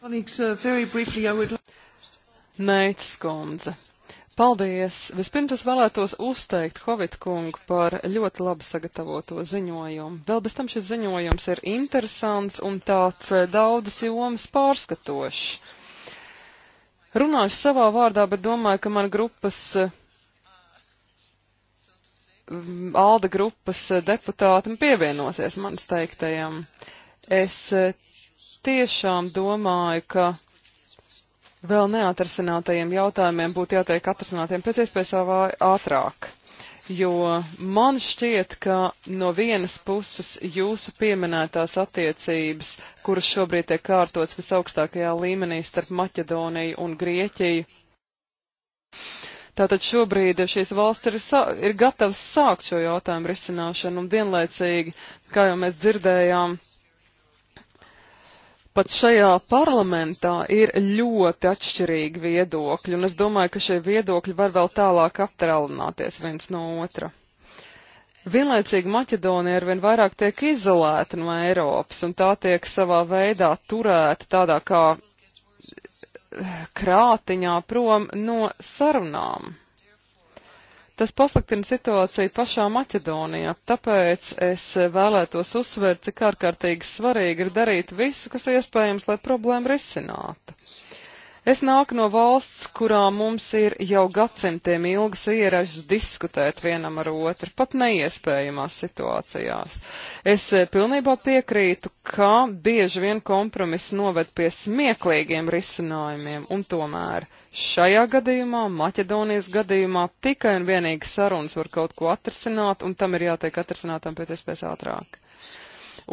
Uh, Neits kundze. Paldies! Vispirms es vēlētos uzteikt Hovitkungu par ļoti labi sagatavoto ziņojumu. Vēl bez tam šis ziņojums ir interesants un tāds eh, daudzas jomas pārskatošs. Runāšu savā vārdā, bet domāju, ka man grupas eh, Mm, Alda grupas eh, deputātam pievienosies manis teiktajam. Es eh, tiešām domāju, ka vēl neatrasinātajiem jautājumiem būtu jātiek atrasinātiem pēc iespējas ātrāk. Jo man šķiet, ka no vienas puses jūsu pieminētās attiecības, kuras šobrīd tiek kārtots visaugstākajā līmenī starp Maķedoniju un Grieķiju, Tātad šobrīd šīs valsts ir, ir gatavas sākt šo jautājumu risināšanu un vienlaicīgi, kā jau mēs dzirdējām, pat šajā parlamentā ir ļoti atšķirīgi viedokļi, un es domāju, ka šie viedokļi var vēl tālāk aptrēlināties viens no otra. Vienlaicīgi Maķedonija arvien vairāk tiek izolēta no Eiropas, un tā tiek savā veidā turēta tādā kā krātiņā prom no sarunām. Tas pasliktina situāciju pašā Maķedonijā, tāpēc es vēlētos uzsvērt, cik ārkārtīgi svarīgi ir darīt visu, kas iespējams, lai problēmu risinātu. Es nāku no valsts, kurā mums ir jau gadsimtiem ilgas ierašas diskutēt vienam ar otru, pat neiespējamās situācijās. Es eh, pilnībā piekrītu, ka bieži vien kompromiss noved pie smieklīgiem risinājumiem, un tomēr šajā gadījumā, Maķedonijas gadījumā, tikai un vienīgi sarunas var kaut ko atrasināt, un tam ir jātiek atrasinātam pēc iespējas ātrāk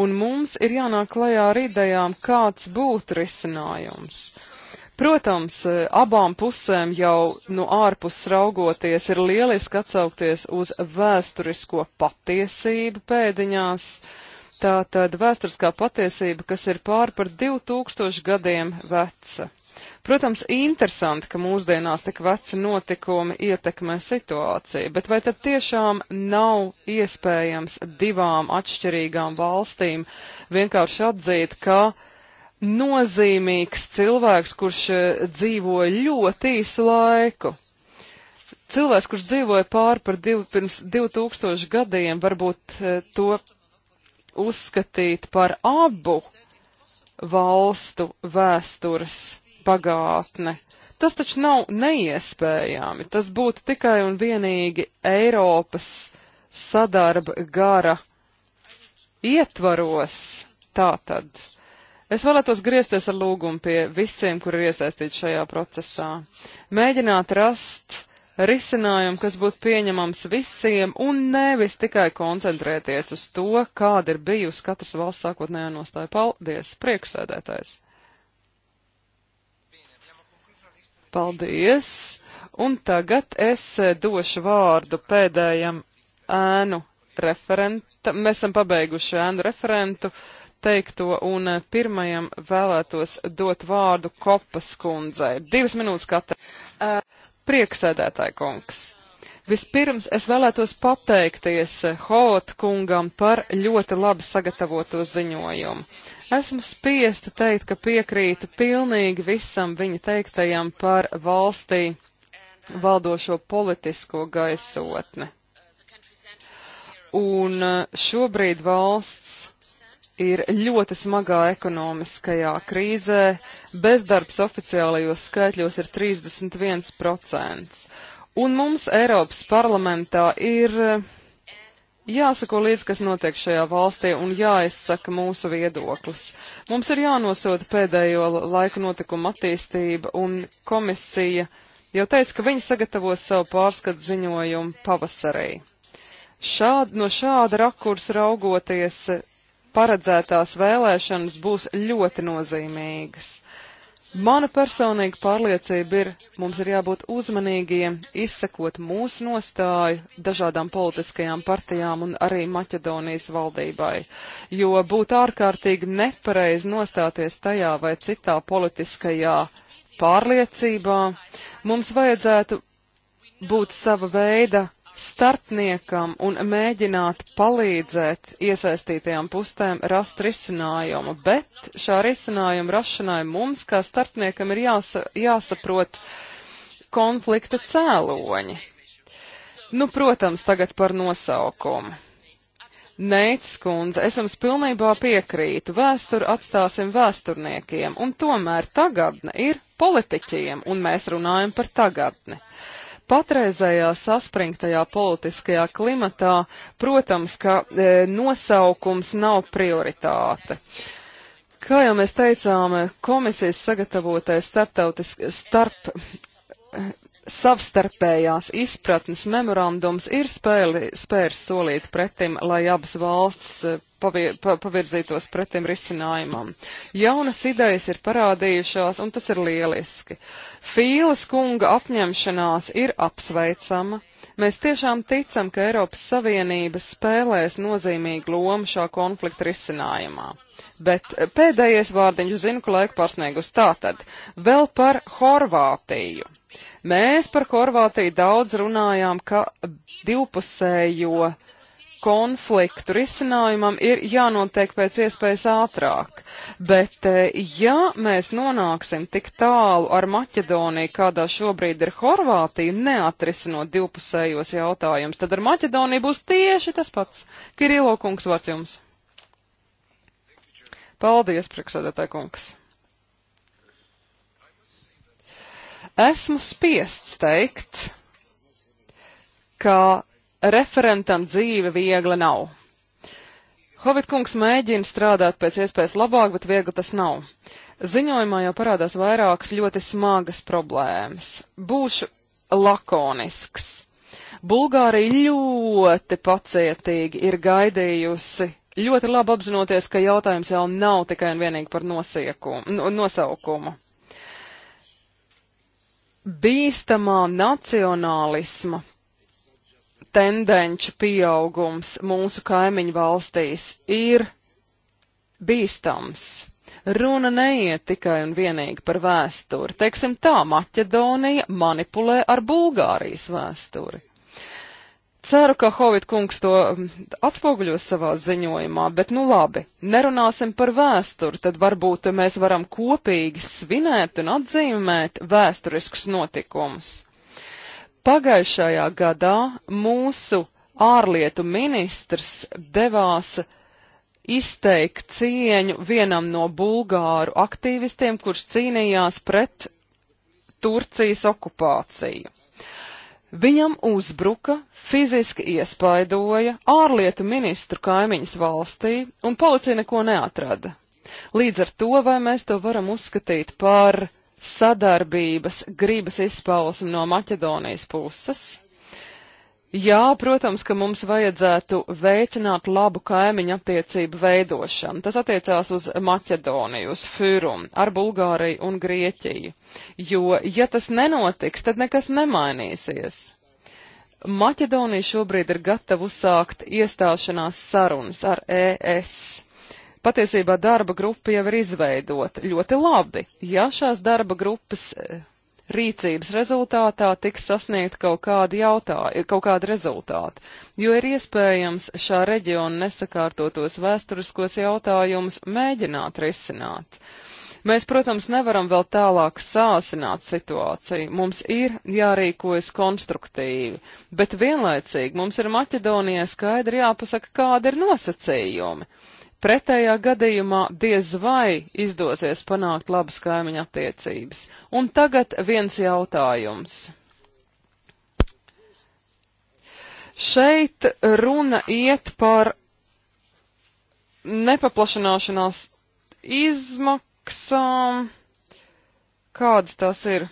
un mums ir jānāk klajā ar idejām, kāds būtu risinājums. Protams, e, abām pusēm jau no ārpus raugoties ir lieliski atsaukties uz vēsturisko patiesību pēdiņās. Tātad vēsturiskā patiesība, kas ir pār par 2000 gadiem veca. Protams, interesanti, ka mūsdienās tik veci notikumi ietekmē situāciju, bet vai tad tiešām nav iespējams divām atšķirīgām valstīm vienkārši atzīt, ka uh, nozīmīgs cilvēks, kurš eh, dzīvo ļoti īsu laiku. Cilvēks, kurš dzīvoja pāri par div, pirms 2000 gadiem, varbūt eh, to uzskatīt par abu valstu vēstures pagātne. Tas taču nav neiespējami. Tas būtu tikai un vienīgi Eiropas sadarba gara ietvaros. Tātad. Es vēlētos griezties ar lūgumu pie visiem, kuri ir iesaistīti šajā procesā. Mēģināt rast risinājumu, kas būtu pieņemams visiem un nevis tikai koncentrēties uz to, kāda ir bijusi katras valsts sākotnējā nostāja. Paldies, priekšsēdētājs! Paldies! Un tagad es došu vārdu pēdējam ēnu referentam. Mēs esam pabeiguši ēnu referentu. Uh, teikto un eh, pirmajam vēlētos dot vārdu Kopas kundzei. Divas minūtes katra. Eh, prieksēdētāji kungs. Vispirms es vēlētos pateikties eh, Hot kungam par ļoti labi sagatavoto ziņojumu. Esmu spiesta teikt, ka piekrītu pilnīgi visam viņa teiktajam par valstī valdošo politisko gaisotni. Un šobrīd valsts ir ļoti smagā ekonomiskajā krīzē, bezdarbs oficiālajos skaitļos ir 31%. Un mums Eiropas parlamentā ir eh, jāsako līdz, kas notiek šajā valstī un jāizsaka mūsu viedoklis. Mums ir jānosoda pēdējo laiku notikuma attīstība un komisija jau teica, ka viņi sagatavos savu pārskatu ziņojumu pavasarī. Šād, no šāda rakurs raugoties paredzētās vēlēšanas būs ļoti nozīmīgas. Mana personīga pārliecība ir, mums ir jābūt uzmanīgiem, izsekot mūsu nostāju dažādām politiskajām partijām un arī Maķedonijas valdībai, jo būtu ārkārtīgi nepareizi nostāties tajā vai citā politiskajā pārliecībā. Mums vajadzētu būt sava veida starpniekam un mēģināt palīdzēt iesaistītajām pustēm rast risinājumu, bet šā risinājuma rašanai mums, kā starpniekam, ir jāsa, jāsaprot konflikta cēloņi. Nu, protams, tagad par nosaukumu. Neits kundze, es jums pilnībā piekrītu, vēsturi atstāsim vēsturniekiem, un tomēr tagadne ir politiķiem, un mēs runājam par tagadni. Uh, Patreizējā saspringtajā politiskajā klimatā, protams, ka e, nosaukums nav prioritāte. Kā jau mēs teicām, komisijas sagatavotais starptautiskais starp savstarpējās izpratnes memorandums ir spēli, spērs solīt pretim, lai abas valsts eh, pavie, pa, pavirzītos pretim risinājumam. Jaunas idejas ir parādījušās, un tas ir lieliski. Fīles kunga apņemšanās ir apsveicama. Mēs tiešām ticam, ka Eiropas Savienība spēlēs nozīmīgu lomu šā konflikta risinājumā bet pēdējais vārdiņš zinu, ka laiku pārsniegus. Tātad vēl par Horvātiju. Mēs par Horvātiju daudz runājām, ka divpusējo konfliktu risinājumam ir jānotiek pēc iespējas ātrāk. Bet e, ja mēs nonāksim tik tālu ar Maķedoniju, kādā šobrīd ir Horvātija, neatrisinot divpusējos jautājumus, tad ar Maķedoniju būs tieši tas pats. Kirilo kungs vārds jums. Paldies, priekšsēdētāj kungs. Esmu spiests teikt, ka referentam dzīve viegla nav. Hovid kungs mēģina strādāt pēc iespējas labāk, bet viegli tas nav. Ziņojumā jau parādās vairākas ļoti smagas problēmas. Būšu lakonisks. Bulgārija ļoti pacietīgi ir gaidījusi, ļoti labi apzinoties, ka jautājums jau nav tikai un vienīgi par nosieku, nosaukumu bīstamā nacionālisma tendenču pieaugums mūsu kaimiņu valstīs ir bīstams. Runa neiet tikai un vienīgi par vēsturi. Teiksim tā, Maķedonija manipulē ar Bulgārijas vēsturi. Ceru, ka Hovid kungs to mm, atspoguļos savā ziņojumā, bet nu labi, nerunāsim par vēsturi, tad varbūt mēs varam kopīgi svinēt un atzīmēt vēsturiskus notikumus. Pagājušajā gadā mūsu ārlietu ministrs devās izteikt cieņu vienam no bulgāru aktīvistiem, kurš cīnījās pret Turcijas okupāciju. Viņam uzbruka, fiziski iespaidoja ārlietu ministru kaimiņas valstī, un policija neko neatrada. Līdz ar to, vai mēs to varam uzskatīt par sadarbības gribas izpausmi no Maķedonijas puses? Jā, protams, ka mums vajadzētu veicināt labu kaimiņu attiecību veidošanu. Tas attiecās uz Maķedoniju, uz Fyrumu, ar Bulgāriju un Grieķiju. Jo, ja tas nenotiks, tad nekas nemainīsies. Maķedonija šobrīd ir gatava uzsākt iestāšanās sarunas ar ES patiesībā darba grupa jau ir izveidota ļoti labi. Ja šās darba grupas rīcības rezultātā tiks sasniegt kaut kādi, jautā, kaut kādi rezultāti, jo ir iespējams šā reģiona nesakārtotos vēsturiskos jautājumus mēģināt risināt. Mēs, protams, nevaram vēl tālāk sāsināt situāciju. Mums ir jārīkojas konstruktīvi, bet vienlaicīgi mums ir Maķedonijai skaidri jāpasaka, kāda ir nosacījumi. Pretējā gadījumā diez vai izdosies panākt labas kaimiņa attiecības. Un tagad viens jautājums. Šeit runa iet par nepaplašanāšanās izmaksām. Kādas tas ir?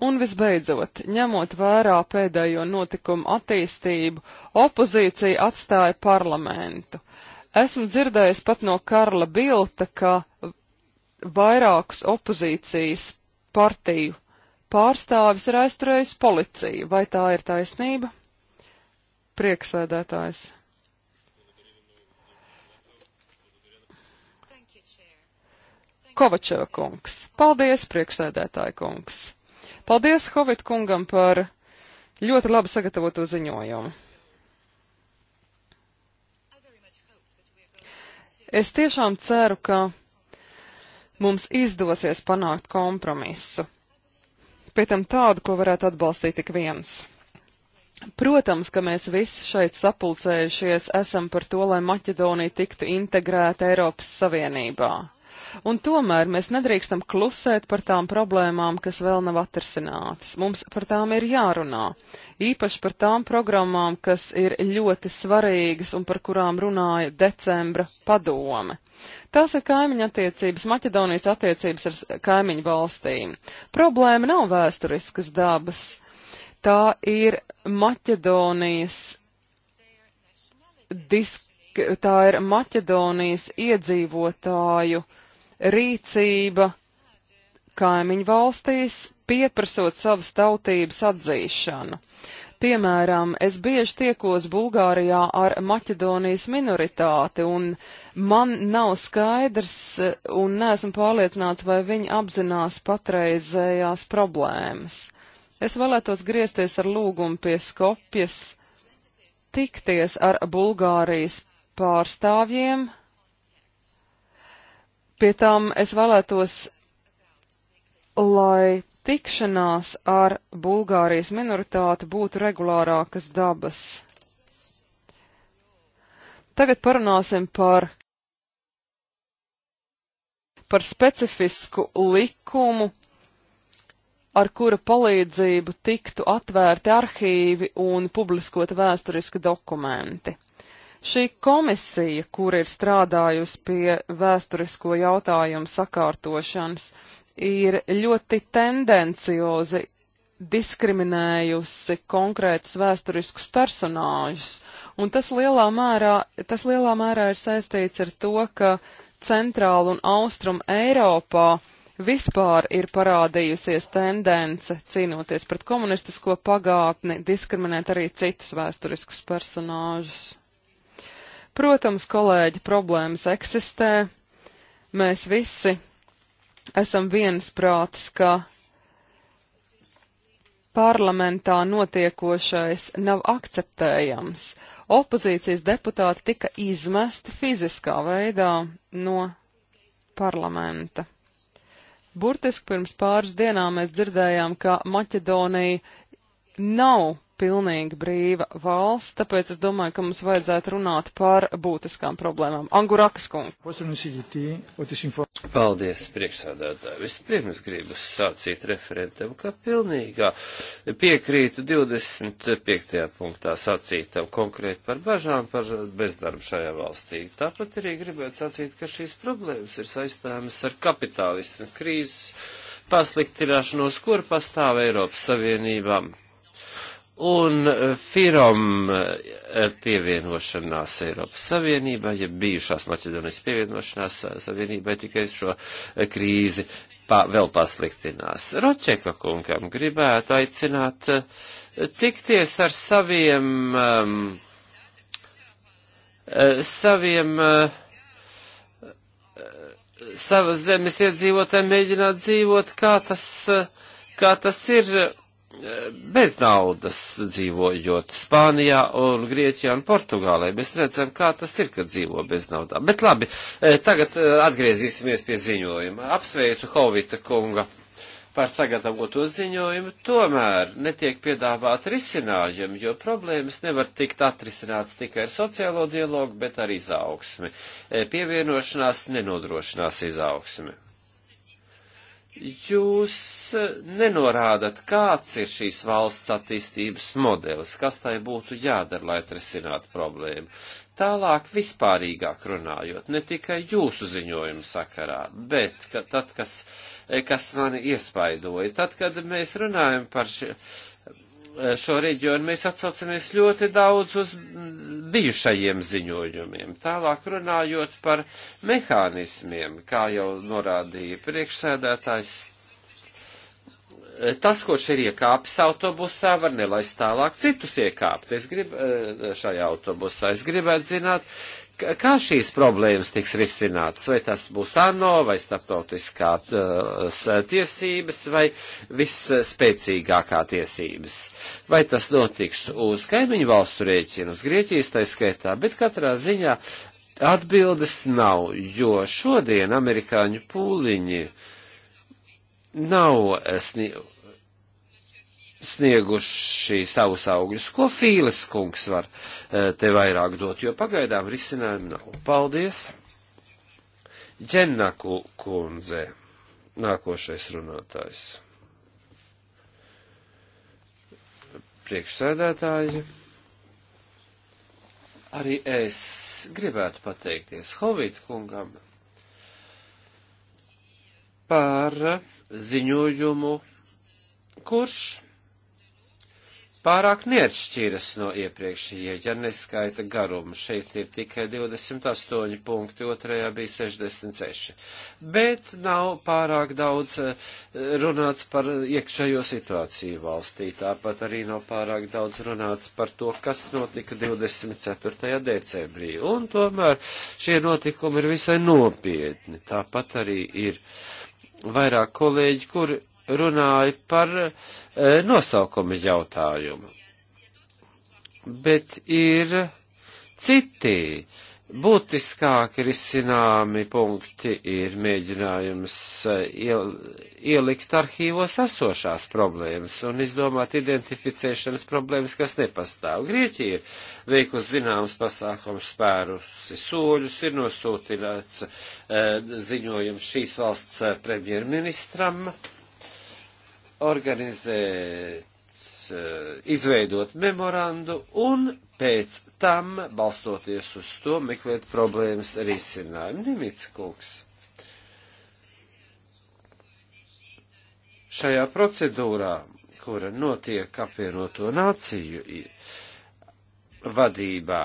Un visbeidzot, ņemot vērā pēdējo notikumu attīstību, opozīcija atstāja parlamentu. Esmu dzirdējis pat no Karla Bilta, ka vairākus opozīcijas partiju pārstāvis ir aizturējis policiju. Vai tā ir taisnība? Prieksēdētājs. Kovačev kungs. Paldies, prieksēdētāja kungs. Paldies Hovit kungam par ļoti labi sagatavoto ziņojumu. Es tiešām ceru, ka mums izdosies panākt kompromisu. Pēc tam tādu, ko varētu atbalstīt tik viens. Protams, ka mēs visi šeit sapulcējušies esam par to, lai Maķedonija tiktu integrēta Eiropas Savienībā. Un tomēr mēs nedrīkstam klusēt par tām problēmām, kas vēl nav atrasinātas. Mums par tām ir jārunā. Īpaši par tām programmām, kas ir ļoti svarīgas un par kurām runāja decembra padome. Tās ir kaimiņa attiecības, Maķedonijas attiecības ar kaimiņu valstīm. Problēma nav vēsturiskas dabas. Tā ir Maķedonijas disk, tā ir Maķedonijas iedzīvotāju rīcība kaimiņu valstīs, pieprasot savas tautības atzīšanu. Piemēram, es bieži tiekos Bulgārijā ar Maķedonijas minoritāti, un man nav skaidrs un neesmu pārliecināts, vai viņi apzinās patreizējās problēmas. Es vēlētos griezties ar lūgumu pie Skopjas, tikties ar Bulgārijas pārstāvjiem, Pie tam es vēlētos, lai tikšanās ar Bulgārijas minoritāti būtu regulārākas dabas. Tagad parunāsim par, par specifisku likumu, ar kura palīdzību tiktu atvērti arhīvi un publiskot vēsturiski dokumenti. Šī komisija, kur ir strādājusi pie vēsturisko jautājumu sakārtošanas, ir ļoti tendenciozi diskriminējusi konkrētus vēsturiskus personāžus, un tas lielā mērā, tas lielā mērā ir saistīts ar to, ka centrāla un austrum Eiropā vispār ir parādījusies tendence cīnoties pret komunistisko pagātni, diskriminēt arī citus vēsturiskus personāžus. Protams, kolēģi, problēmas eksistē. Mēs visi esam viensprātis, ka parlamentā notiekošais nav akceptējams. Opozīcijas deputāti tika izmesti fiziskā veidā no parlamenta. Burtiski pirms pāris dienām mēs dzirdējām, ka Maķedonija nav pilnīgi brīva valsts, tāpēc es domāju, ka mums vajadzētu runāt par būtiskām problēmām. Angurakas kungu. Paldies, priekšsādātāji. Vispirms gribu sācīt referentam, ka pilnīgā piekrītu 25. punktā sacītam konkrēti par bažām par bezdarbu šajā valstī. Tāpat arī gribētu sacīt, ka šīs problēmas ir saistāmas ar kapitālismu krīzes pasliktināšanos, kur pastāv Eiropas Savienībām un eh, Firom eh, pievienošanās Eiropas Savienībai, ja bijušās Maķedonijas pievienošanās Savienībai tikai šo eh, krīzi pa, vēl pasliktinās. Ročeka kungam gribētu aicināt tikties ar saviem, um, saviem uh, savas zemes iedzīvotājiem mēģināt dzīvot, kā tas, kā tas ir bez naudas dzīvojot Spānijā un Grieķijā un Portugālē. Mēs redzam, kā tas ir, kad dzīvo bez naudām. Bet labi, eh, tagad eh, atgriezīsimies pie ziņojuma. Apsveicu Hovita kunga par sagatavoto ziņojumu, tomēr netiek piedāvāt risinājumi, jo problēmas nevar tikt atrisināts tikai ar sociālo dialogu, bet ar izaugsmi. Eh, pievienošanās nenodrošinās izaugsmi jūs e, nenorādat, kāds ir šīs valsts attīstības modelis, kas tai būtu jādara, lai atrisinātu problēmu. Tālāk vispārīgāk runājot, ne tikai jūsu ziņojumu sakarā, bet ka, tad, kas, e, kas mani iespaidoja, tad, kad mēs runājam par ši, Eh, šo reģionu, mēs atsaucamies ļoti daudz uz bijušajiem ziņojumiem. Tālāk runājot par mehānismiem, kā jau norādīja priekšsēdētājs, eh, tas, kurš ir iekāpis autobusā, var nelaist tālāk citus iekāpt. Es gribu eh, šajā autobusā, es gribētu zināt, kā šīs problēmas tiks risinātas, vai tas būs ANO, vai starptautiskā uh, tiesības, vai visspēcīgākā tiesības. Vai tas notiks uz kaimiņu valstu rēķinu, uz Grieķijas taiskaitā, bet katrā ziņā atbildes nav, jo šodien amerikāņu pūliņi nav sniegti snieguši savus augļus, ko Fīles kungs var eh, te vairāk dot, jo pagaidām risinājumu nav. Paldies! Ģennaku kundze, nākošais runātājs. Priekšsēdētāji. Arī es gribētu pateikties Hovita kungam par ziņojumu, kurš pārāk neatšķiras no iepriekšējie, ja neskaita garumu. Šeit ir tikai 28 punkti, otrajā bija 66. Bet nav pārāk daudz eh, runāts par iekšējo situāciju valstī, tāpat arī nav pārāk daudz runāts par to, kas notika 24. decembrī. Un tomēr šie notikumi ir visai nopietni. Tāpat arī ir vairāk kolēģi, kuri runāja par e, nosaukumu jautājumu. Bet ir citi būtiskāki risināmi punkti, ir mēģinājums e, ielikt arhīvos esošās problēmas un izdomāt identificēšanas problēmas, kas nepastāv. Grieķija ir veikusi zināmas pasākums, spērusi soļus, ir nosūtīts e, ziņojums šīs valsts premjerministram organizēt, eh, izveidot memorandu un pēc tam, balstoties uz to, meklēt problēmas risinājumu. Nimits kungs. Šajā procedūrā, kura notiek apvienoto nāciju vadībā,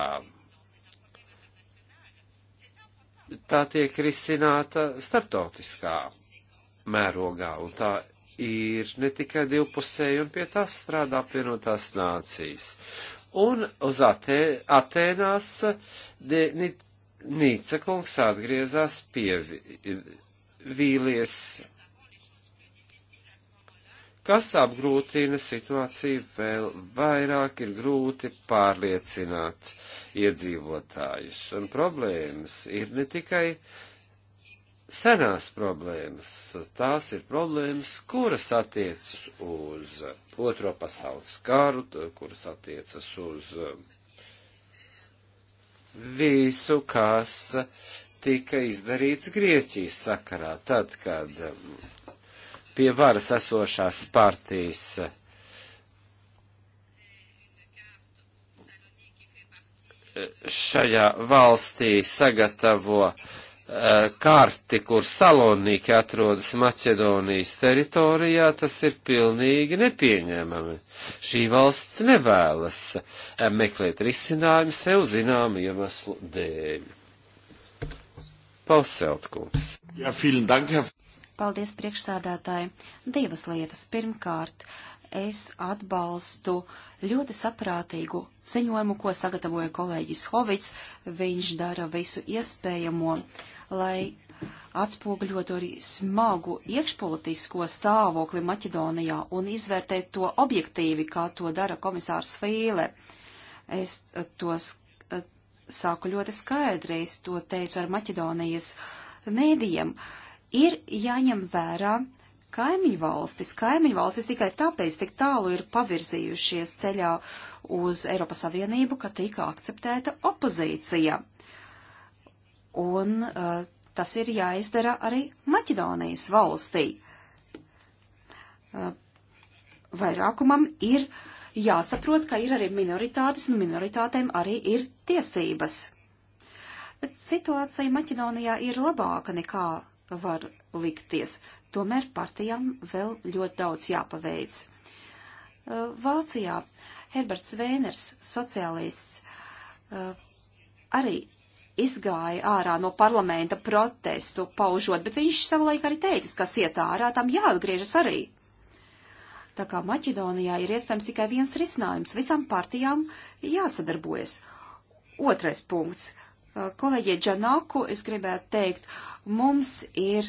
tā tiek risināta starptautiskā mērogā, un tā ir ne tikai divpusēji, un pie tās strādā apvienotās nācijas. Un uz Atē, Atēnās de, ni, Nīca kungs atgriezās pie vīlies, kas apgrūtina situāciju vēl vairāk, ir grūti pārliecināt iedzīvotājus. Un problēmas ir ne tikai uh, senās problēmas. Tās ir problēmas, kuras attiecas uz Otro pasaules karu, kuras attiecas uz um, visu, kas tika izdarīts Grieķijas sakarā, tad, kad um, pie varas esošās partijas uh, šajā valstī sagatavo uh, Eh, karti, kur Salonīki atrodas Maķedonijas teritorijā, tas ir pilnīgi nepieņēmami. Šī valsts nevēlas eh, meklēt risinājumu sev zināmu iemeslu dēļ. Palseltkungs. Ja, dank, ja. Paldies, priekšsādātāji. Divas lietas. Pirmkārt, es atbalstu ļoti saprātīgu ziņojumu, ko sagatavoja kolēģis Hovits. Viņš dara visu iespējamo, uh, lai atspoguļotu arī smagu iekšpolitisko stāvokli Maķedonijā un izvērtēt to objektīvi, kā to dara komisārs Fīle. Es tos eh, sāku ļoti skaidri, es to teicu ar Maķedonijas mēdījiem. Ir jāņem vērā kaimiņu valstis. Kaimiņu valstis tikai tāpēc tik tālu ir pavirzījušies ceļā uz Eiropas Savienību, ka tika akceptēta opozīcija un uh, tas ir jāizdara arī Maķedonijas valstī. Uh, vairākumam ir jāsaprot, ka ir arī minoritātes, un minoritātēm arī ir tiesības. Bet situācija Maķedonijā ir labāka nekā var likties. Tomēr partijām vēl ļoti daudz jāpaveic. Uh, Vācijā Herberts Vēners, sociālists, uh, arī izgāja ārā no parlamenta protestu paužot, bet viņš savulaik arī teicis, kas iet ārā, tam jāatgriežas arī. Tā kā Maķedonijā ir iespējams tikai viens risinājums, visām partijām jāsadarbojas. Otrais punkts. Kolēģie Džanaku, es gribētu teikt, mums ir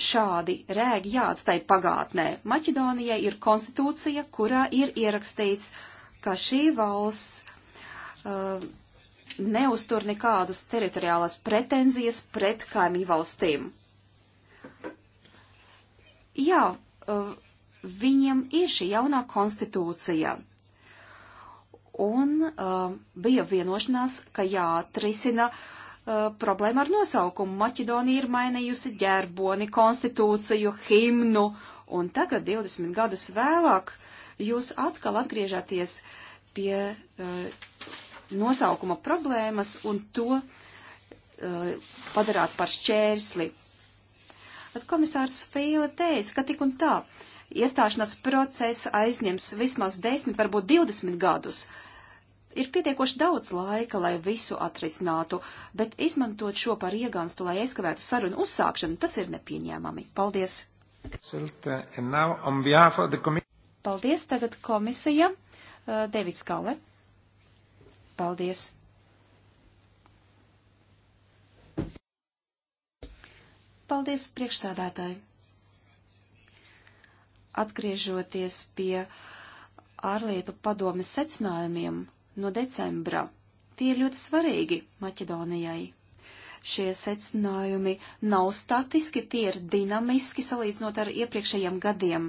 šādi rēgi jāatstāj pagātnē. Maķedonijai ir konstitūcija, kurā ir ierakstīts, ka šī valsts neuztur nekādus teritoriālās pretenzijas pret kaimiņu valstīm. Jā, uh, viņiem ir šī jaunā konstitūcija. Un uh, bija vienošanās, ka jāatrisina uh, problēma ar nosaukumu. Maķedonija ir mainījusi ģērboni, konstitūciju, himnu, un tagad, 20 gadus vēlāk, jūs atkal atgriežaties pie uh, nosaukuma problēmas un to uh, padarāt par šķērsli. At komisārs Fīle teica, ka tik un tā iestāšanās process aizņems vismaz 10, varbūt 20 gadus. Ir pietiekoši daudz laika, lai visu atrisinātu, bet izmantot šo par iegānstu, lai aizkavētu sarunu uzsākšanu, tas ir nepieņēmami. Paldies! Paldies tagad komisija. Eh, Devits Kale. Paldies! Paldies priekšsādātāji! Atgriežoties pie ārlietu padomes secinājumiem no decembra, tie ir ļoti svarīgi Maķedonijai. Šie secinājumi nav statiski, tie ir dinamiski salīdzinot ar iepriekšējiem gadiem.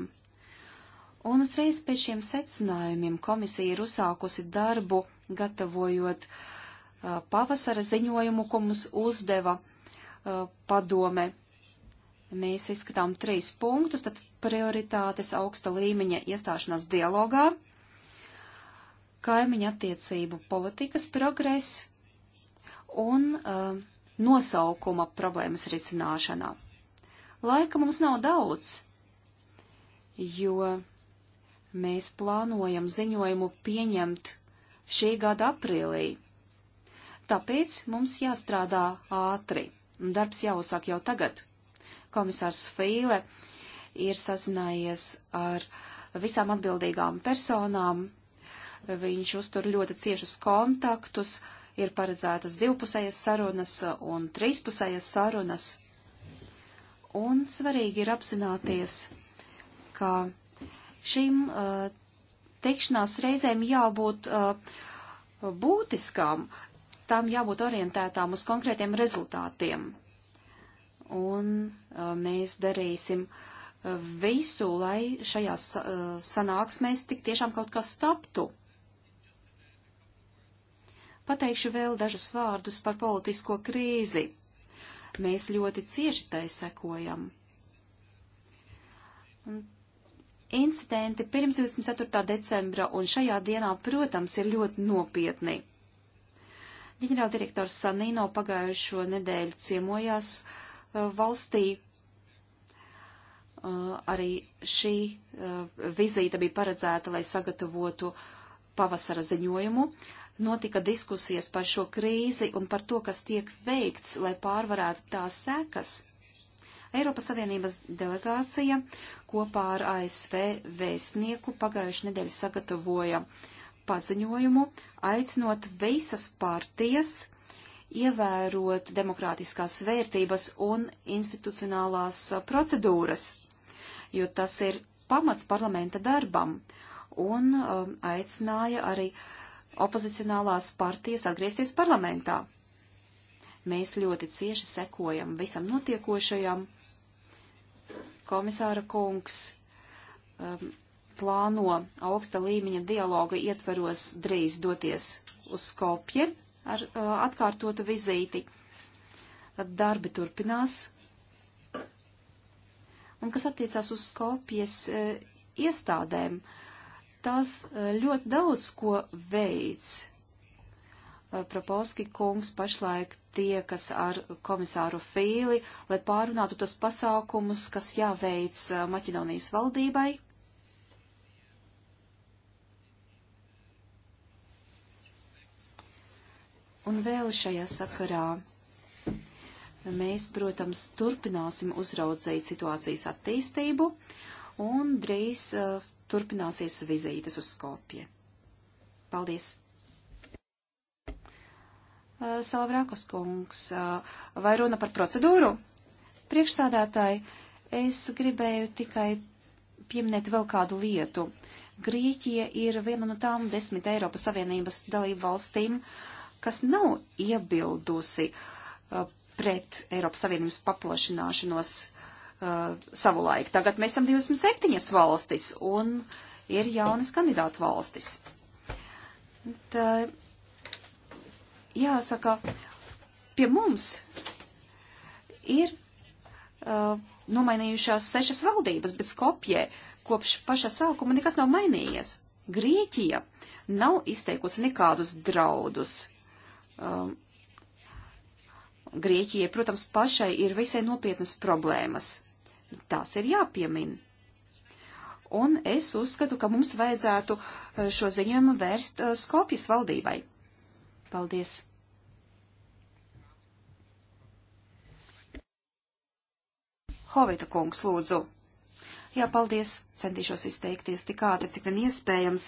Un uzreiz pēc šiem secinājumiem komisija ir uzsākusi darbu gatavojot pavasara ziņojumu, ko mums uzdeva padome. Mēs izskatām trīs punktus, tad prioritātes augsta līmeņa iestāšanās dialogā, kaimiņa attiecību politikas progress un uh, nosaukuma problēmas risināšanā. Laika mums nav daudz, jo mēs plānojam ziņojumu pieņemt šī gada aprīlī. Tāpēc mums jāstrādā ātri, un darbs jāuzsāk jau tagad. Komisārs Fīle ir sazinājies ar visām atbildīgām personām, viņš uztur ļoti ciešus kontaktus, ir paredzētas divpusējas sarunas un trīspusējas sarunas. Un svarīgi ir apzināties, ka šīm uh, tikšanās reizēm jābūt uh, būtiskām, tām jābūt orientētām uz konkrētiem rezultātiem. Un uh, mēs darīsim uh, visu, lai šajās uh, sanāksmēs tik tiešām kaut kas taptu. Pateikšu vēl dažus vārdus par politisko krīzi. Mēs ļoti cieši tai sekojam. Un incidenti pirms 24. decembra un šajā dienā, protams, ir ļoti nopietni. Ģenerāldirektors Sanino pagājušo nedēļu ciemojās uh, valstī. Uh, arī šī uh, vizīte bija paredzēta, lai sagatavotu pavasara ziņojumu. Notika diskusijas par šo krīzi un par to, kas tiek veikts, lai pārvarētu tās sekas. Eiropas Savienības delegācija kopā ar ASV vēstnieku pagājuši nedēļu sagatavoja paziņojumu, aicinot visas partijas ievērot demokrātiskās vērtības un institucionālās procedūras, jo tas ir pamats parlamenta darbam, un um, aicināja arī opozicionālās partijas atgriezties parlamentā. Mēs ļoti cieši sekojam visam notiekošajam komisāra kungs um, plāno augsta līmeņa dialogu ietveros drīz doties uz Skopje ar uh, atkārtotu vizīti. Tad darbi turpinās. Un kas attiecās uz Skopjes uh, iestādēm, tās uh, ļoti daudz ko veids Eh, Propolski kungs pašlaik tiekas ar komisāru Fīli, lai pārunātu tos pasākumus, kas jāveic eh, Maķedonijas valdībai. Un vēl šajā sakarā mēs, protams, turpināsim uzraudzīt situācijas attīstību un drīz uh, turpināsies vizītes uz Skopje. Paldies! Salavrakas kungs. Vai runa par procedūru? Priekšsādātāji, es gribēju tikai pieminēt vēl kādu lietu. Grieķija ir viena no tām desmit Eiropas Savienības dalību valstīm, kas nav iebildusi pret Eiropas Savienības paplašināšanos savulaik. Tagad mēs esam 27 valstis un ir jaunas kandidātu valstis. Tā jāsaka, pie mums ir uh, nomainījušās sešas valdības, bet Skopjē kopš paša sākuma nekas nav mainījies. Grieķija nav izteikusi nekādus draudus. Um, Grieķijai, protams, pašai ir visai nopietnas problēmas. Tās ir jāpiemin. Un es uzskatu, ka mums vajadzētu uh, šo ziņojumu vērst uh, Skopjas valdībai. Paldies! Hovita kungs, lūdzu. Jā, paldies. Centīšos izteikties tik ātri, cik vien iespējams.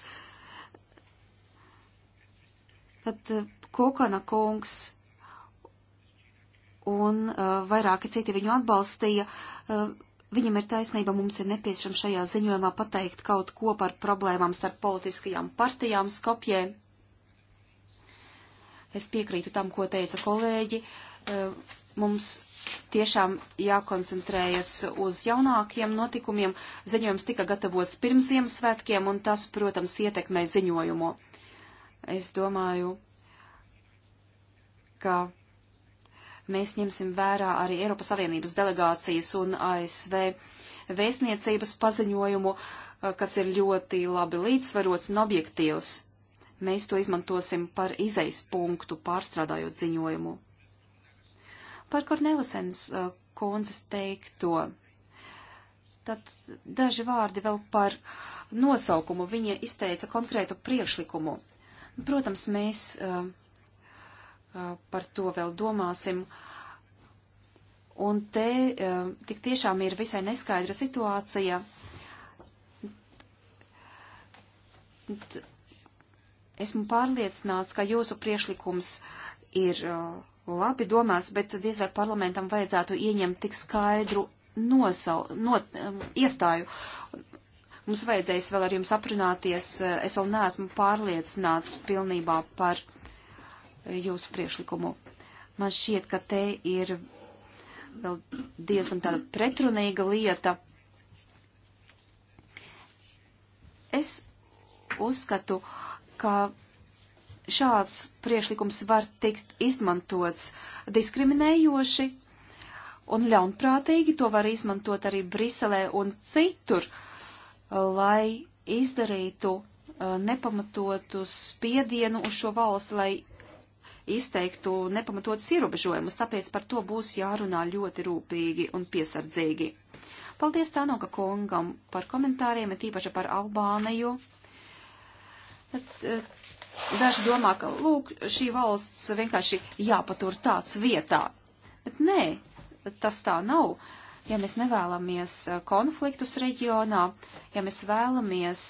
Tad eh, Kukana kungs un uh, vairāki citi viņu atbalstīja. Uh, viņam ir taisnība, mums ir nepieciešams šajā ziņojumā pateikt kaut ko par problēmām starp politiskajām partijām Skopjē. Es piekrītu tam, ko teica kolēģi. E, mums tiešām jākoncentrējas uz jaunākiem notikumiem. Ziņojums tika gatavots pirms Ziemassvētkiem, un tas, protams, ietekmē ziņojumu. Es domāju, ka mēs ņemsim vērā arī Eiropas Savienības delegācijas un ASV vēstniecības paziņojumu, e, kas ir ļoti labi līdzsvarots un objektīvs mēs to izmantosim par izejas punktu, pārstrādājot ziņojumu. Par Kornelisens eh, kundzes teikto. Tad daži vārdi vēl par nosaukumu. Viņa izteica konkrētu priekšlikumu. Protams, mēs uh, uh, par to vēl domāsim. Un te uh, tik tiešām ir visai neskaidra situācija. T Esmu pārliecināts, ka jūsu priešlikums ir uh, labi domāts, bet diez vai parlamentam vajadzētu ieņemt tik skaidru nosau, not, um, iestāju. Mums vajadzēs vēl ar jums aprunāties. Uh, es vēl neesmu pārliecināts pilnībā par jūsu priešlikumu. Man šķiet, ka te ir vēl diezgan tāda pretrunīga lieta. Es uzskatu, uh, ka šāds priešlikums var tikt izmantots diskriminējoši un ļaunprātīgi. To var izmantot arī Briselē un citur, lai izdarītu nepamatotu spiedienu uz šo valsti, lai izteiktu nepamatotus ierobežojumus, tāpēc par to būs jārunā ļoti rūpīgi un piesardzīgi. Paldies Tānoka kungam par komentāriem, ir tīpaši par Albāniju. Tad, eh, daži domā, ka lūk, šī valsts vienkārši jāpatur tāds vietā. Bet nē, tas tā nav. Ja mēs nevēlamies eh, konfliktus reģionā, ja mēs vēlamies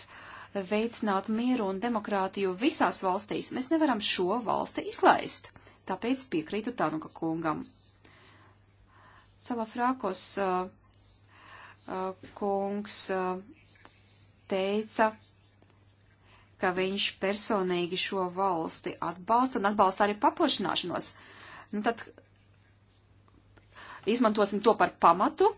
veicināt mieru un demokrātiju visās valstīs, mēs nevaram šo valsti izlaist. Tāpēc piekrītu Tanuka kungam. Salafrākos uh, uh, kungs uh, teica, ka viņš personīgi šo valsti atbalsta un atbalsta arī paplašināšanos. Nu, tad izmantosim to par pamatu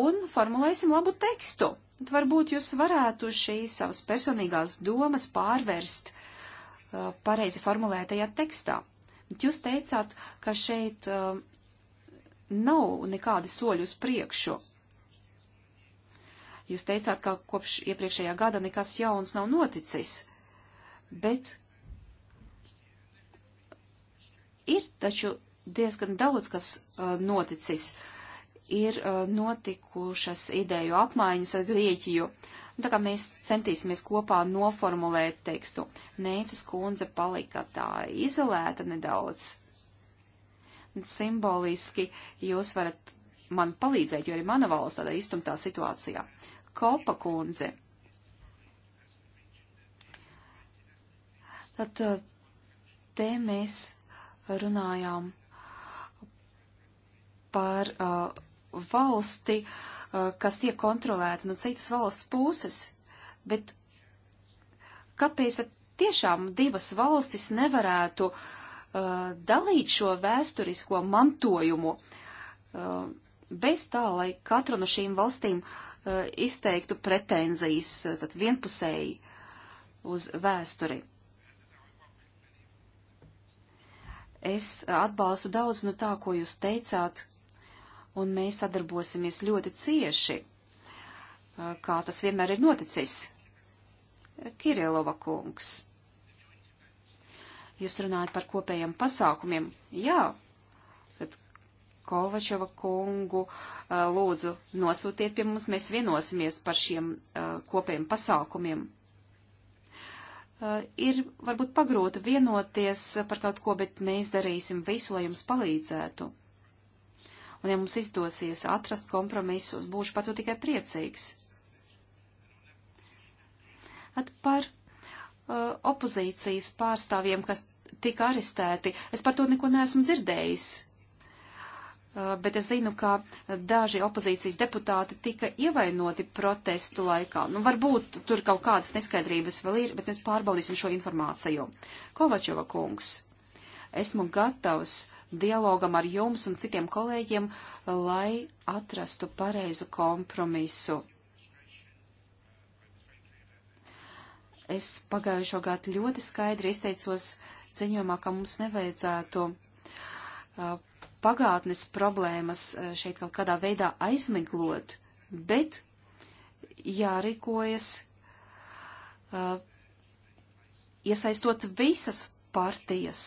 un formulēsim labu tekstu. Tad varbūt jūs varētu šīs savas personīgās domas pārvērst uh, pareizi formulētajā tekstā. Bet jūs teicāt, ka šeit uh, nav nekādi soļi uz priekšu. Jūs teicāt, ka kopš iepriekšējā gada nekas jauns nav noticis bet ir taču diezgan daudz, kas uh, noticis. Ir uh, notikušas ideju apmaiņas ar Grieķiju. Tā kā mēs centīsimies kopā noformulēt tekstu. Nēcas kundze palika tā izolēta nedaudz. Simboliski jūs varat man palīdzēt, jo arī mana valsts tādā iztumtā situācijā. Kopa kundze Tad uh, te mēs runājām par uh, valsti, uh, kas tiek kontrolēta no citas valsts puses, bet kāpēc tad tiešām divas valstis nevarētu uh, dalīt šo vēsturisko mantojumu uh, bez tā, lai katra no šīm valstīm uh, izteiktu pretenzijas, uh, tad vienpusēji uz vēsturi. Es atbalstu daudz no tā, ko jūs teicāt, un mēs sadarbosimies ļoti cieši, kā tas vienmēr ir noticis. Kirilova kungs. Jūs runājat par kopējiem pasākumiem. Jā, tad Kovačova kungu lūdzu nosūtiet pie mums, mēs vienosimies par šiem kopējiem pasākumiem. Eh, ir varbūt pagrūti vienoties eh, par kaut ko, bet mēs darīsim visu, lai jums palīdzētu. Un ja mums izdosies atrast kompromisus, būšu par to tikai priecīgs. At par uh, opozīcijas pārstāvjiem, kas tika arestēti, es par to neko neesmu dzirdējis. Eh, bet es zinu, ka daži opozīcijas deputāti tika ievainoti protestu laikā. Nu, varbūt tur kaut kādas neskaidrības vēl ir, bet mēs pārbaudīsim šo informāciju. Kovačova kungs, esmu gatavs dialogam ar jums un citiem kolēģiem, lai atrastu pareizu kompromisu. Es pagājušo gadu ļoti skaidri izteicos ziņojumā, ka mums nevajadzētu eh, pagātnes problēmas eh, šeit kaut kādā veidā aizmiglot, bet jārīkojas uh, iesaistot visas partijas.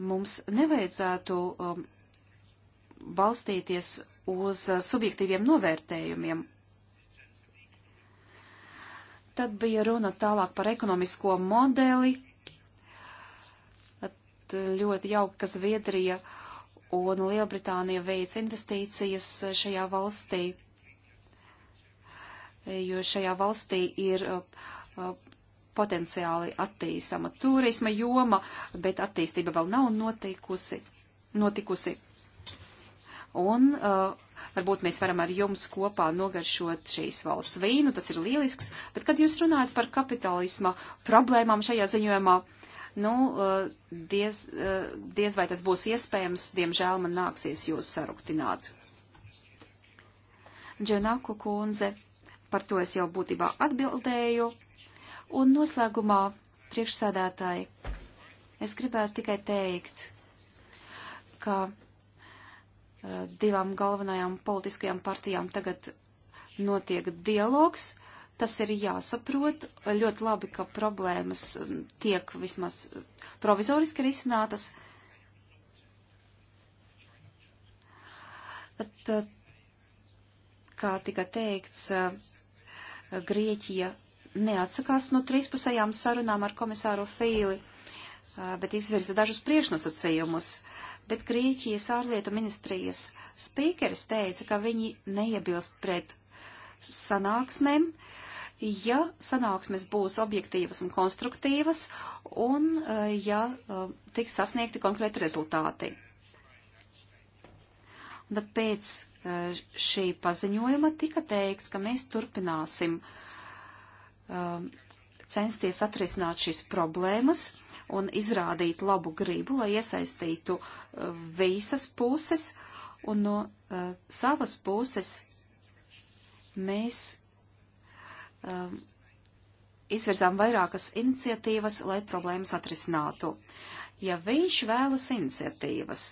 Mums nevajadzētu um, balstīties uz uh, subjektīviem novērtējumiem. Tad bija runa tālāk par ekonomisko modeli, bet eh, ļoti jauki, ka Zviedrija un Lielbritānija veic investīcijas eh, šajā valstī, eh, jo šajā valstī ir potenciāli attīstama turisma joma, bet attīstība vēl nav notikusi. notikusi. Un uh, varbūt mēs varam ar jums kopā nogaršot šīs valsts vīnu, tas ir lielisks, bet kad jūs runājat par kapitālisma problēmām šajā ziņojumā, uh, Nu, eh, diez, eh, diez vai tas būs iespējams, diemžēl man nāksies jūs saruktināt. Dženaku kundze, par to es jau būtībā atbildēju. Un noslēgumā, priekšsādātāji, es gribētu tikai teikt, ka eh, divām galvenajām politiskajām partijām tagad notiek dialogs Tas ir jāsaprot ļoti labi, ka problēmas um, tiek vismaz uh, provizoriski risinātas. Tad, kā tika teikts, uh, Grieķija neatsakās no trīspusējām sarunām ar komisāru Fīli, uh, bet izvirza dažus priekšnosacījumus. Bet Grieķijas ārlietu ministrijas spīkeris teica, ka viņi neiebilst pret sanāksmēm, uh, ja sanāksmes būs objektīvas un konstruktīvas un eh, ja eh, tiks sasniegti konkrēti rezultāti. Un tad pēc eh, šī paziņojuma tika teikts, ka mēs turpināsim censties atrisināt šīs problēmas un izrādīt labu gribu, lai iesaistītu visas puses, un no uh, savas puses mēs um, izvirzām vairākas iniciatīvas, lai problēmas atrisinātu. Ja viņš vēlas iniciatīvas,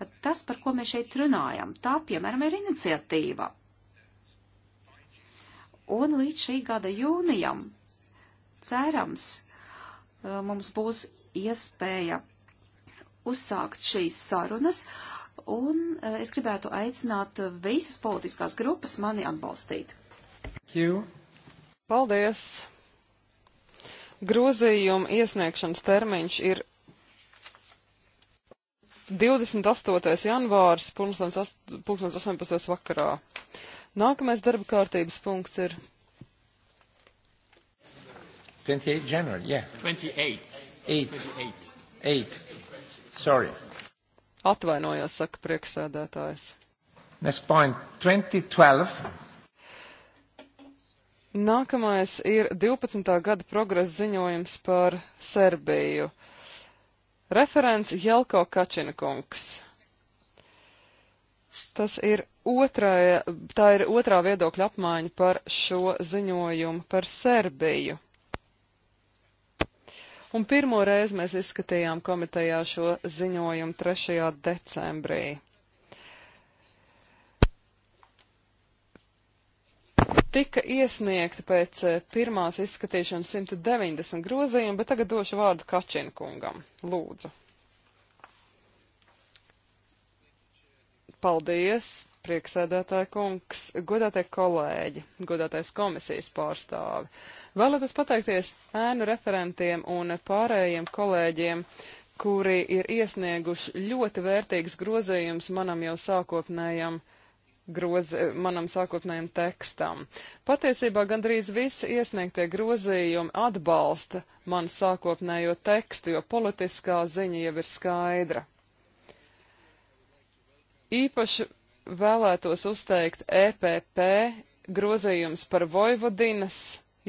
tad tas, par ko mēs šeit runājam, tā, piemēram, ir iniciatīva. Un līdz šī gada jūnijam, cerams, uh, mums būs iespēja uzsākt šīs sarunas, un uh, es gribētu aicināt visas politiskās grupas mani atbalstīt. Thank you. Paldies! Grozījuma iesniegšanas termiņš ir 28. janvārs, 2018. vakarā. Nākamais darba kārtības punkts ir 28 January, yeah. 28. 8. 28. 8. Sorry. Atvainojos, saka prieksēdētājs. Next point, 2012. Nākamais ir 12. gada progresa ziņojums par Serbiju. Referents Jelko Kačinakungs. Tas ir otrā, tā ir otrā viedokļa apmaiņa par šo ziņojumu par Serbiju. Un pirmo reizi mēs izskatījām komitejā šo ziņojumu 3. decembrī. Tika iesniegti pēc eh, pirmās izskatīšanas 190 grozījumi, bet tagad došu vārdu Kačinkungam. Lūdzu. Paldies, prieksēdētāja kungs, godātie kolēģi, godātais komisijas pārstāvi. Vēlētos pateikties ēnu referentiem un pārējiem kolēģiem, kuri ir iesnieguši ļoti vērtīgs grozījums manam jau sākotnējam groz, manam sākotnējam tekstam. Patiesībā gandrīz visi iesniegtie grozījumi atbalsta manu sākotnējo tekstu, jo politiskā ziņa jau ir skaidra. Īpaši vēlētos uzteikt EPP grozījums par Vojvodinas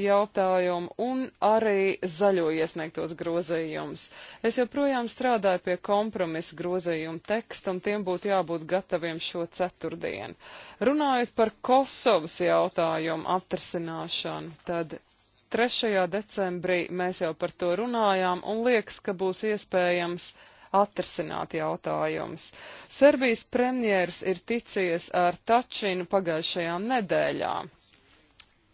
jautājumu un arī zaļo iesniegtos grozījumus. Es joprojām strādāju pie kompromisa grozījumu teksta, un tiem būtu jābūt gataviem šo ceturtdienu. Runājot par Kosovas jautājumu atrasināšanu, tad 3. decembrī mēs jau par to runājām, un liekas, ka būs iespējams atrasināt jautājumus. Serbijas premjeras ir ticies ar Tačinu pagājušajām nedēļām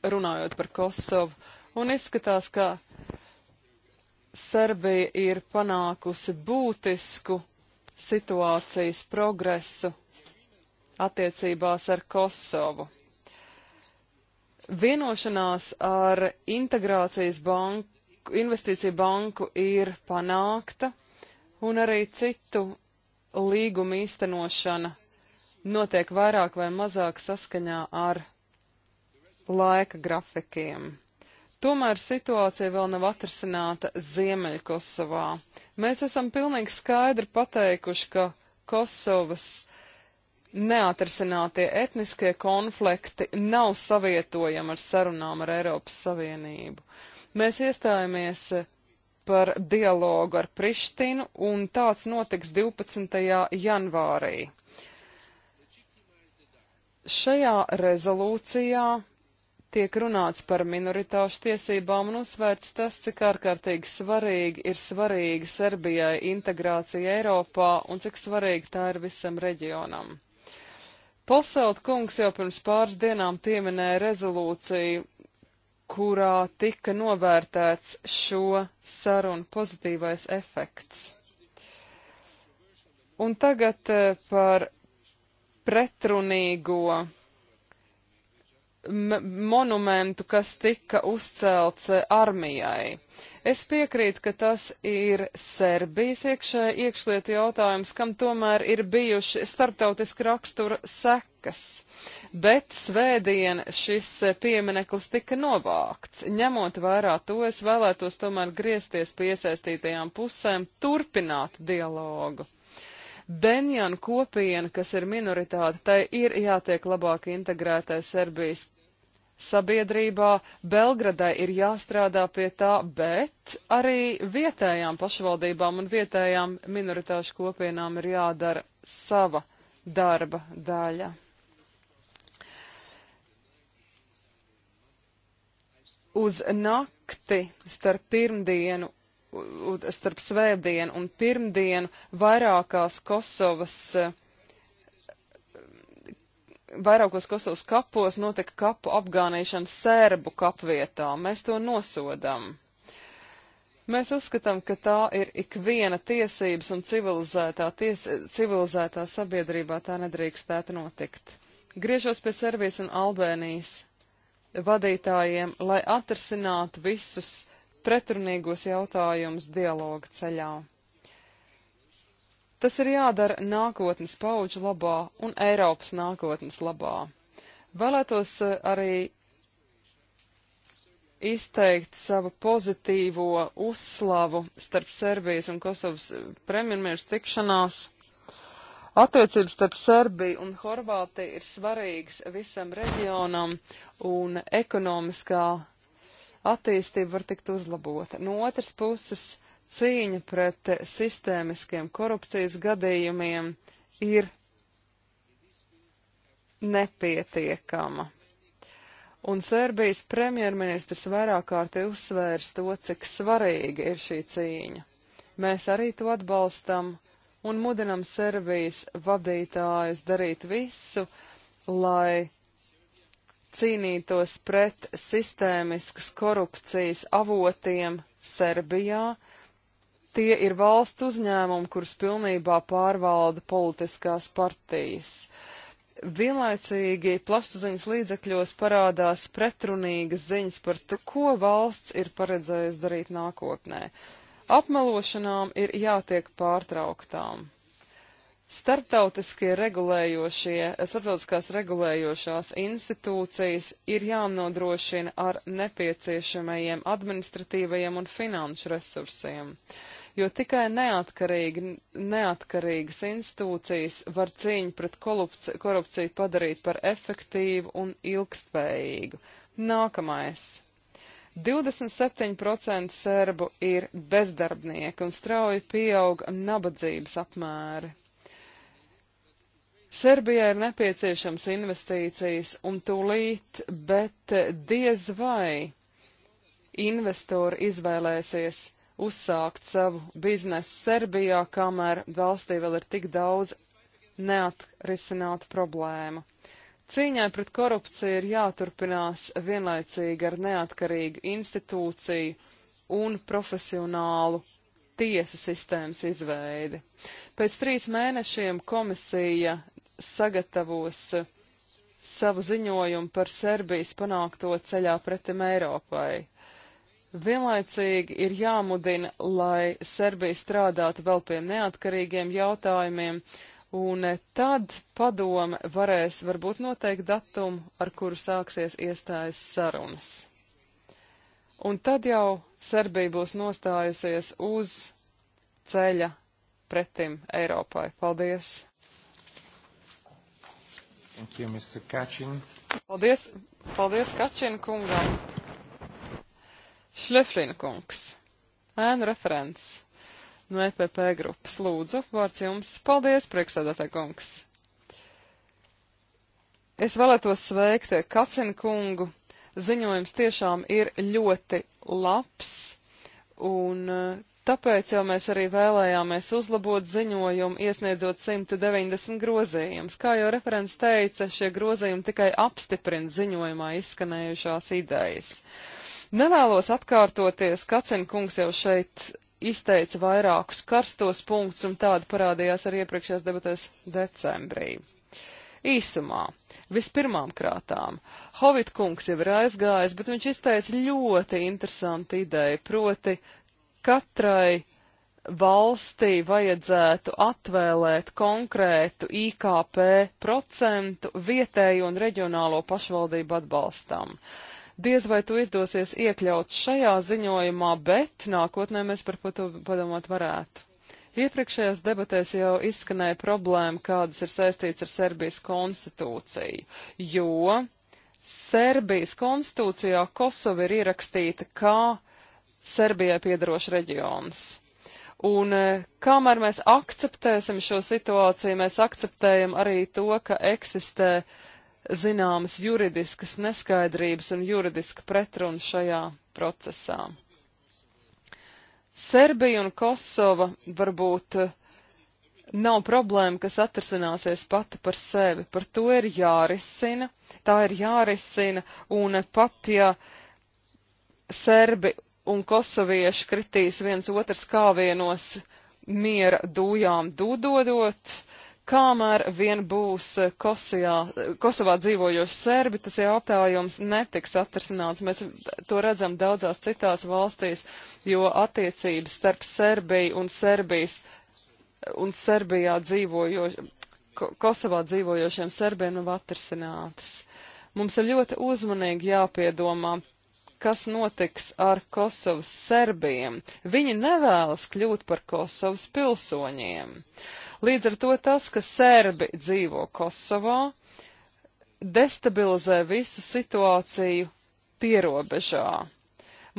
runājot par Kosovu, un izskatās, ka Serbija ir panākusi būtisku situācijas progresu attiecībās ar Kosovu. Vienošanās ar integrācijas banku, investīciju banku ir panākta, un arī citu līgumu īstenošana notiek vairāk vai mazāk saskaņā ar laika grafikiem. Tomēr situācija vēl nav atrasināta Ziemeļkosovā. Mēs esam pilnīgi skaidri pateikuši, ka Kosovas neatrisinātie etniskie konflikti nav savietojami ar sarunām ar Eiropas Savienību. Mēs iestājāmies par dialogu ar Prištinu, un tāds notiks 12. janvārī. Šajā rezolūcijā tiek runāts par minoritāšu tiesībām un uzsvērts tas, cik ārkārtīgi svarīgi ir svarīga Serbijai integrācija Eiropā un cik svarīga tā ir visam reģionam. Poselt kungs jau pirms pāris dienām pieminēja rezolūciju, kurā tika novērtēts šo sarunu pozitīvais efekts. Un tagad eh, par pretrunīgo monumentu, kas tika uzcelts armijai. Es piekrītu, ka tas ir Serbijas iekšē iekšlietu jautājums, kam tomēr ir bijuši starptautiski rakstura sekas. Bet svētdien šis piemineklis tika novākts. Ņemot vērā to, es vēlētos tomēr griezties pie iesaistītajām pusēm, turpināt dialogu. Benjana kopiena, kas ir minoritāte, tai ir jātiek labāk integrētai Serbijas sabiedrībā. Belgradai ir jāstrādā pie tā, bet arī vietējām pašvaldībām un vietējām minoritāšu kopienām ir jādara sava darba daļa. Uz nakti starp pirmdienu starp svētdienu un pirmdienu vairākās Kosovas, eh, vairākos Kosovas kapos notika kapu apgānīšana sērbu kapvietā. Mēs to nosodam. Mēs uzskatām, ka tā ir ikviena tiesības un civilizētā, ties, civilizētā sabiedrībā tā nedrīkstētu notikt. Griežos pie Serbijas un Albēnijas vadītājiem, lai atrisinātu visus pretrunīgos jautājumus dialoga ceļā. Tas ir jādara nākotnes pauģu labā un Eiropas nākotnes labā. Vēlētos eh, arī izteikt savu pozitīvo uzslavu starp Serbijas un Kosovas eh, premjerministru tikšanās. Attiecības starp Serbiju un Horvātiju ir svarīgas visam reģionam un ekonomiskā attīstība var tikt uzlabota. No otras puses, cīņa pret sistēmiskiem korupcijas gadījumiem ir nepietiekama. Un Serbijas premjerministrs vairāk kārtī uzsvērs to, cik svarīga ir šī cīņa. Mēs arī to atbalstam un mudinam Serbijas vadītājus darīt visu, lai cīnītos pret sistēmiskas korupcijas avotiem Serbijā. Tie ir valsts uzņēmumi, kurus pilnībā pārvalda politiskās partijas. Vienlaicīgi plašsaziņas līdzekļos parādās pretrunīgas ziņas par to, ko valsts ir paredzējusi darīt nākotnē. Apmelošanām ir jātiek pārtrauktām. Startautiskie regulējošie, starptautiskās regulējošās institūcijas ir jānodrošina ar nepieciešamajiem administratīvajiem un finanšu resursiem, jo tikai neatkarīgi, neatkarīgas institūcijas var cīņu pret korupci, korupciju padarīt par efektīvu un ilgspējīgu. Nākamais. 27% serbu ir bezdarbnieki un strauji pieauga nabadzības apmēri. Serbijai ir nepieciešams investīcijas un tūlīt, bet diez vai investori izvēlēsies uzsākt savu biznesu Serbijā, kamēr valstī vēl ir tik daudz neatrisinātu problēmu. Cīņai pret korupciju ir jāturpinās vienlaicīgi ar neatkarīgu institūciju un profesionālu tiesu sistēmas izveidi. Pēc trīs mēnešiem komisija sagatavos eh, savu ziņojumu par Serbijas panākto ceļā pretim Eiropai. Vienlaicīgi ir jāmudina, lai Serbija strādātu vēl pie neatkarīgiem jautājumiem, un eh, tad padome varēs varbūt noteikt datumu, ar kuru sāksies iestājas sarunas. Un tad jau Serbija būs nostājusies uz ceļa pretim Eiropai. Paldies! Thank you, Mr. Kačin. Paldies, paldies Kačina kungam. Šleflina kungs, ēnu referents no EPP grupas. Lūdzu, vārds jums. Paldies, priekšsēdētāj kungs. Es vēlētos sveikt Kacina kungu. Ziņojums tiešām ir ļoti labs, un Tāpēc jau mēs arī vēlējāmies uzlabot ziņojumu, iesniedzot 190 grozījumus. Kā jau referents teica, šie grozījumi tikai apstiprina ziņojumā izskanējušās idejas. Nevēlos atkārtoties, Kacina kungs jau šeit izteica vairākus karstos punktus, un tādi parādījās arī iepriekšējās debatēs decembrī. Īsumā, vispirmām krātām, Hovit kungs jau ir aizgājis, bet viņš izteica ļoti interesantu ideju, proti katrai valstī vajadzētu atvēlēt konkrētu IKP procentu vietēju un reģionālo pašvaldību atbalstam. Diez vai to izdosies iekļaut šajā ziņojumā, bet nākotnē mēs par to padomāt varētu. Iepriekšējās debatēs jau izskanēja problēma, kādas ir saistīts ar Serbijas konstitūciju, jo Serbijas konstitūcijā Kosova ir ierakstīta kā Serbijai piedarošs reģions. Un e, kamēr mēs akceptēsim šo situāciju, mēs akceptējam arī to, ka eksistē zināmas juridiskas neskaidrības un juridiska pretruna šajā procesā. Serbija un Kosova varbūt e, nav problēma, kas atrasināsies pati par sevi. Par to ir jārisina, tā ir jārisina, un pat ja serbi un kosovieši kritīs viens otrs kāvienos miera dūjām dūdodot, kamēr vien būs Kosijā, Kosovā dzīvojoši serbi, tas jautājums netiks atrasināts. Mēs to redzam daudzās citās valstīs, jo attiecības starp Serbiju un Serbijas un Serbijā dzīvojošiem, Kosovā dzīvojošiem serbiem nav atrasinātas. Mums ir ļoti uzmanīgi jāpiedomā kas notiks ar Kosovas serbiem. Viņi nevēlas kļūt par Kosovas pilsoņiem. Līdz ar to tas, ka serbi dzīvo Kosovā, destabilizē visu situāciju pierobežā.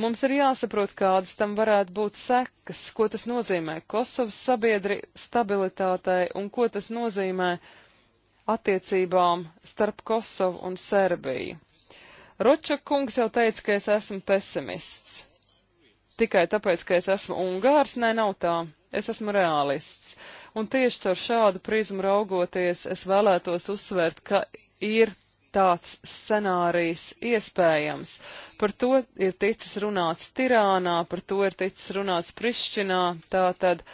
Mums ir jāsaprot, kādas tam varētu būt sekas, ko tas nozīmē Kosovas sabiedri stabilitātei un ko tas nozīmē attiecībām starp Kosovu un Serbiju. Roča kungs jau teica, ka es esmu pesimists. Tikai tāpēc, ka es esmu ungārs, nē, nav tā. Es esmu realists. Un tieši caur šādu prizmu raugoties, es vēlētos uzsvērt, ka ir tāds scenārijs iespējams. Par to ir ticis runāts Tirānā, par to ir ticis runāts Prišķinā, tātad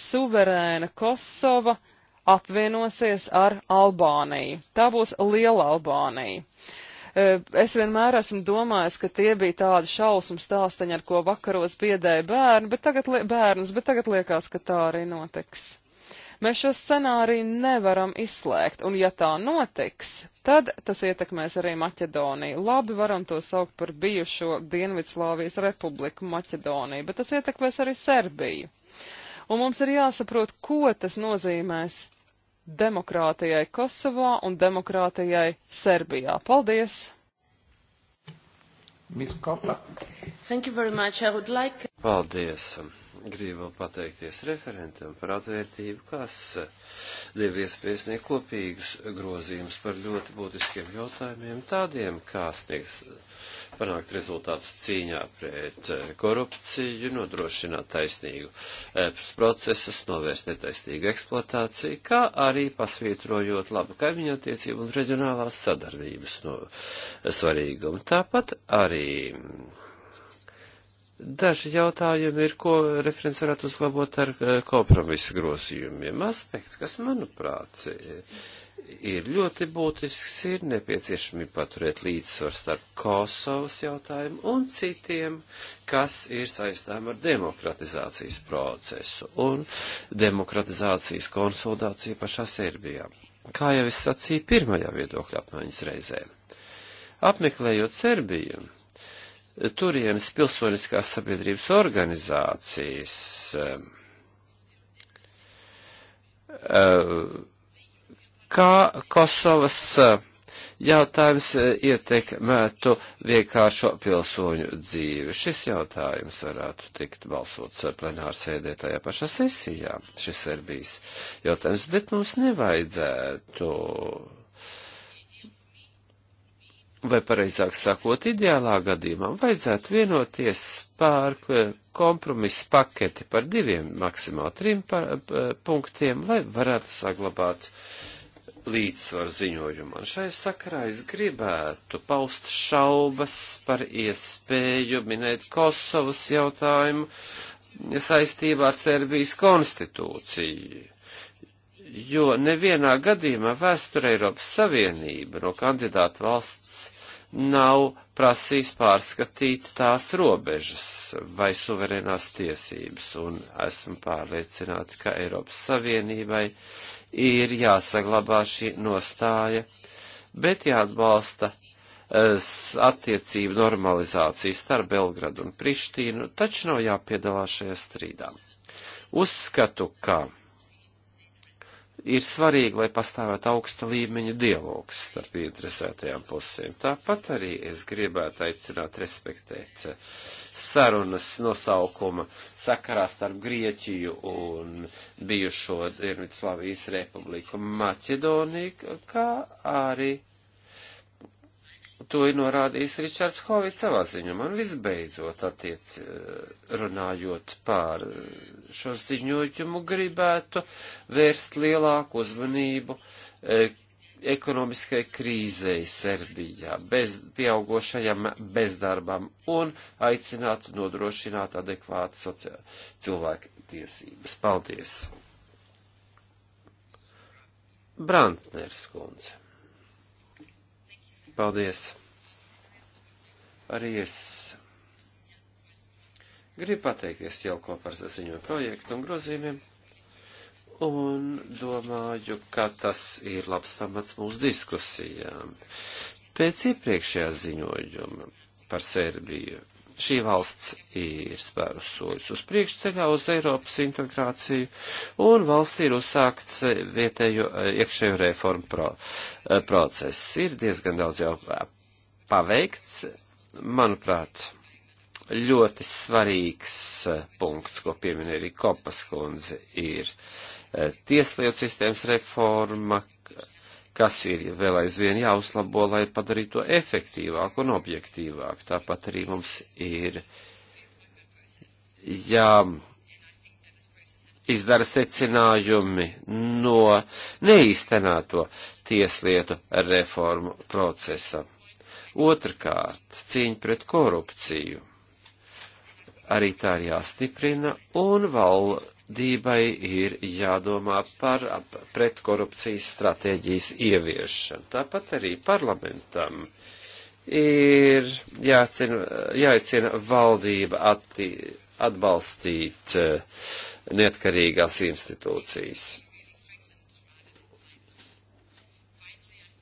suverēna Kosova apvienosies ar Albāniju. Tā būs liela Albānija. Uh, Es vienmēr esmu domājis, ka tie bija tādi šausmu stāstaņi, ar ko vakaros biedēja bērni, bet tagad, bērnus, bet tagad liekas, ka tā arī notiks. Mēs šo scenāriju nevaram izslēgt, un ja tā notiks, tad tas ietekmēs arī Maķedoniju. Labi, varam to saukt par bijušo Dienvidslāvijas republiku Maķedoniju, bet tas ietekmēs arī Serbiju. Un mums ir jāsaprot, ko tas nozīmēs demokrātijai Kosovā un demokrātijai Serbijā. Paldies! Like... Paldies! Gribu pateikties referentam par atvērtību, kas deva iespējas nekopīgus grozījumus par ļoti būtiskiem jautājumiem, tādiem kā sniegs panākt rezultātu cīņā pret eh, korupciju, nodrošināt taisnīgu eh, procesus, novērst netaisnīgu eksploatāciju, kā arī pasvītrojot labu kaimiņu attiecību un reģionālās sadarbības no eh, svarīgumu. Tāpat arī mm, daži jautājumi ir, ko referents varētu uzlabot ar kompromisu grozījumiem. Aspekts, kas, manuprāt, ir ir ļoti būtisks, ir nepieciešami paturēt līdzsvaru starp Kosovas jautājumu un citiem, kas ir saistām ar demokratizācijas procesu un demokratizācijas konsolidāciju pašā Serbijā. Kā jau es sacīju pirmajā viedokļa apmaiņas reizē. Apmeklējot Serbiju, turienes pilsoniskās sabiedrības organizācijas uh, uh, kā Kosovas eh, jautājums eh, ietekmētu vienkāršo pilsoņu dzīvi. Šis jautājums varētu tikt balsots eh, plenārsēdē tajā pašā sesijā. Šis ir bijis jautājums, bet mums nevajadzētu. Vai pareizāk sakot, ideālā gadījumā vajadzētu vienoties pār kompromisu paketi par diviem, maksimāli trim par, punktiem, lai varētu saglabāt uh, līdzsvaru ziņojumā. Šai sakarā es gribētu paust šaubas par iespēju minēt Kosovas jautājumu saistībā ar Serbijas konstitūciju, jo nevienā gadījumā vēsture Eiropas Savienība no kandidāta valsts nav prasījis pārskatīt tās robežas vai suverēnās tiesības, un esmu pārliecināti, ka Eiropas Savienībai ir jāsaglabā šī nostāja, bet jāatbalsta eh, attiecību normalizācija starp Belgradu un Prištīnu, taču nav jāpiedalās šajā strīdā. Uzskatu, ka ir svarīgi, lai pastāvētu augsta līmeņa dialogs starp interesētajām pusēm. Tāpat arī es gribētu aicināt respektēt sarunas nosaukuma sakarā starp Grieķiju un bijušo Dienvidslāvijas republiku Maķedoniju, kā arī to ir norādījis Ričards Hovits savā ziņumā. Un visbeidzot, attiec, eh, runājot pār eh, šo ziņojumu, gribētu vērst lielāku uzmanību eh, ekonomiskai krīzei Serbijā, bez, pieaugošajam bezdarbam un aicināt nodrošināt adekvātu sociālu cilvēku tiesības. Paldies! Brantners kundze. Paldies. Arī es gribu pateikties jau kopā ar ziņojumu projektu un grozījumiem. Un domāju, ka tas ir labs pamats mūsu diskusijām. Pēc iepriekšējā ziņojuma par Serbiju šī valsts ir spērus soļus uz priekšceļā uz Eiropas integrāciju, un valstī ir uzsākts vietējo iekšējo reformu pro, eh, process. Ir diezgan daudz jau eh, paveikts, manuprāt, ļoti svarīgs eh, punkts, ko pieminēja arī Kopas kundze, ir tieslietu sistēmas reforma, kas ir vēl aizvien jāuzlabo, lai padarītu to efektīvāku un objektīvāku. Tāpat arī mums ir jā. Izdara secinājumi no neīstenāto tieslietu reformu procesa. Otrkārt, cīņa pret korupciju arī tā ir jāstiprina, un val, valdībai ir jādomā par pretkorupcijas stratēģijas ieviešanu. Tāpat arī parlamentam ir jācina, jāicina valdība atti, atbalstīt eh, neatkarīgās institūcijas.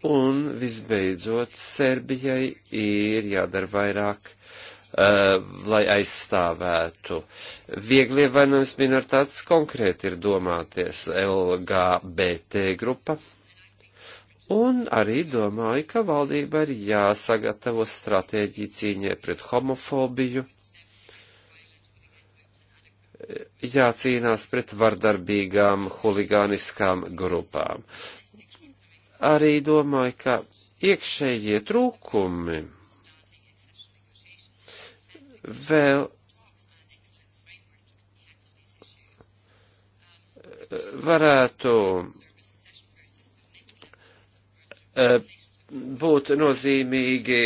Un visbeidzot, Serbijai ir jādara vairāk Uh, lai aizstāvētu. Viegli ievainojums minoritātes konkrēti ir domāties LGBT grupa. Un arī domāju, ka valdība ir jāsagatavo stratēģija cīņai pret homofobiju, jācīnās pret vardarbīgām, huligāniskām grupām. Arī domāju, ka iekšējie trūkumi vēl varētu eh, būt nozīmīgi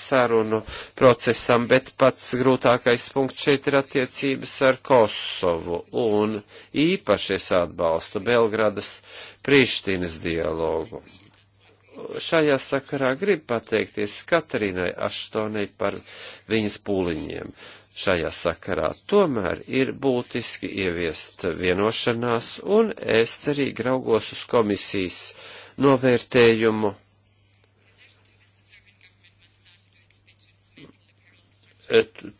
sarunu procesam, bet pats grūtākais punkts šeit ir attiecības ar Kosovu, un īpaši es atbalstu Belgradas Prīštinas dialogu šajā sakarā gribu pateikties Katarinai Aštonei par viņas pūliņiem. Šajā sakarā tomēr ir būtiski ieviest vienošanās, un es cerīgi raugos uz komisijas novērtējumu.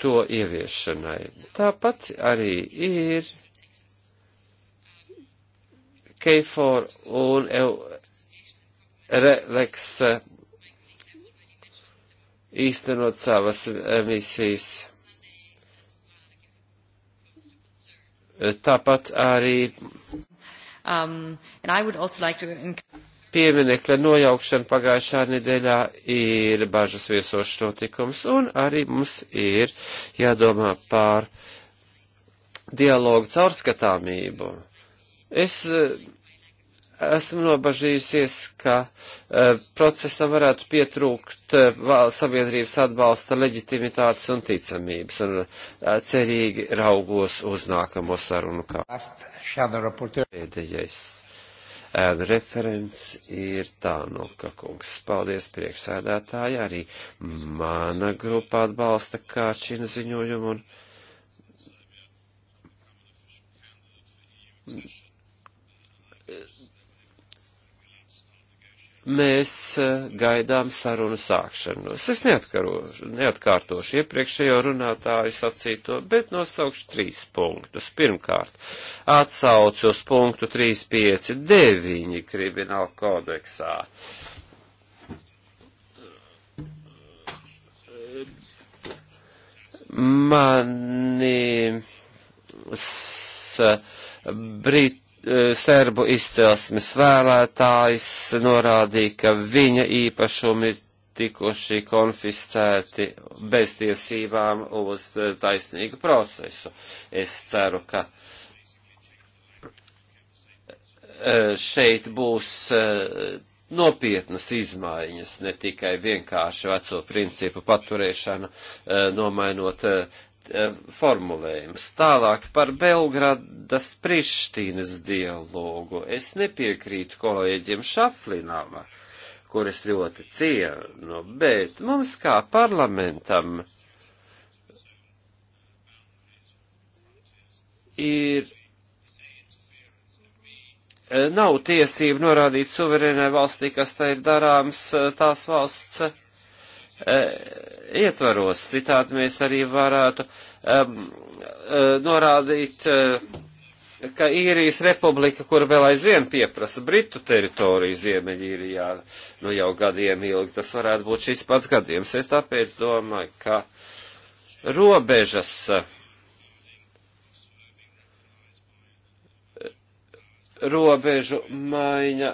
to ieviešanai. Tāpat arī ir Keifor un EU releks eh, īstenot savas eh, misijas. Tāpat arī um, like to... pieminekļa nojaukšana pagājušā nedēļā ir bažas viesošs notikums, un arī mums ir jādomā par dialogu caurskatāmību. Es uh, esmu nobažījusies, ka uh, procesam varētu pietrūkt uh, sabiedrības atbalsta leģitimitātes un ticamības, un uh, cerīgi raugos uz nākamo sarunu kā. Pēdējais referents ir Tānoka kungs. Paldies priekšsēdētāji, arī mana grupa atbalsta Kāčina ziņojumu un mēs eh, gaidām sarunu sākšanos. Es neatkārtošu iepriekšējo runātāju sacīto, bet nosaukšu trīs punktus. Pirmkārt, atsaucu uz punktu 359 krimināla kodeksā. Mani s, eh, Brit Eh, serbu izcelsmes vēlētājs norādīja, ka viņa īpašumi ir tikuši konfiscēti bez tiesībām uz eh, taisnīgu procesu. Es ceru, ka eh, šeit būs nopietnas izmaiņas, ne tikai vienkārši veco principu paturēšana, nomainot Eh, formulējums. Tālāk par Belgradas Prištīnas dialogu. Es nepiekrītu kolēģiem Šaflinam, kuras ļoti cienu, bet mums kā parlamentam ir eh, nav tiesību norādīt suverēnai valstī, kas tai ir darāms eh, tās valsts E, ietvaros. Citādi mēs arī varētu um, norādīt, e, ka īrijas republika, kur vēl aizvien pieprasa Britu teritoriju Ziemeļīrijā, nu jau gadiem ilgi, tas varētu būt šis pats gadījums. Es tāpēc domāju, ka robežas robežu maiņa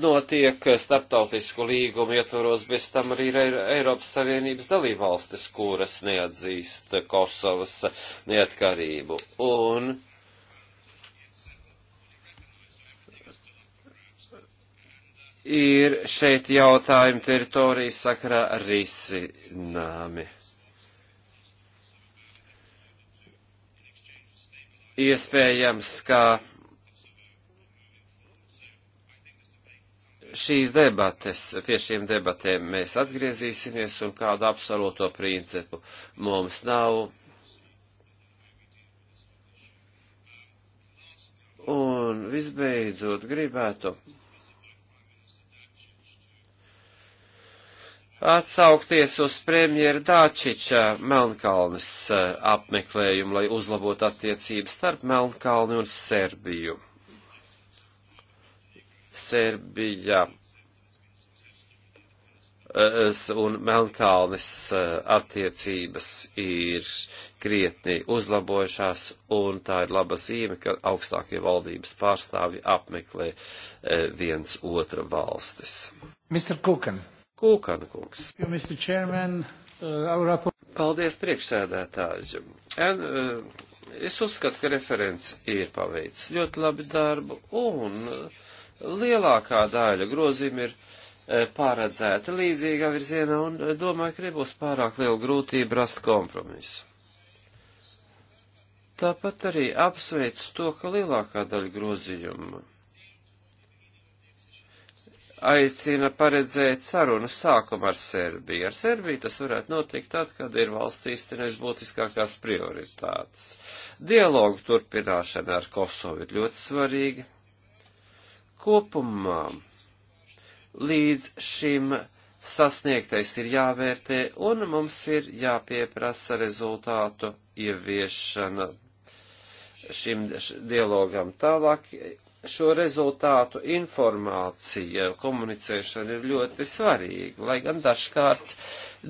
notiek starptautisku līgumu ietvaros, bez tam arī ir Eiropas Savienības dalībvalstis, kuras neatzīst Kosovas neatkarību. Un ir šeit jautājumi teritorijas sakarā risināmi. Iespējams, ka šīs debates, pie šiem debatēm mēs atgriezīsimies un kādu absolūto principu mums nav. Un visbeidzot gribētu atsaukties uz premjera Dāčiča Melnkalnes eh, apmeklējumu, lai uzlabotu attiecības starp Melnkalni un Serbiju. Serbija un Melnkalnes eh, attiecības ir krietni uzlabojušās, un tā ir laba zīme, ka augstākie valdības pārstāvji apmeklē eh, viens otra valstis. Mr. Kukan. Kukan kungs. You, Mr. Chairman, uh, Paldies priekšsēdētāji. En, uh, es uzskatu, ka referents ir paveicis ļoti labi darbu, un uh, lielākā daļa grozījumi ir e, paredzēta līdzīgā virzienā un e, domāju, ka nebūs pārāk liela grūtība rast kompromisu. Tāpat arī apsveicu to, ka lielākā daļa grozījumu aicina paredzēt sarunu sākumu ar Serbiju. Ar Serbiju tas varētu notikt tad, kad ir valsts īstenais būtiskākās prioritātes. Dialogu turpināšana ar Kosovu ir ļoti svarīga Kopumā līdz šim sasniegtais ir jāvērtē un mums ir jāpieprasa rezultātu ieviešana šim dialogam tālāk šo rezultātu informācija, komunicēšana ir ļoti svarīga, lai gan dažkārt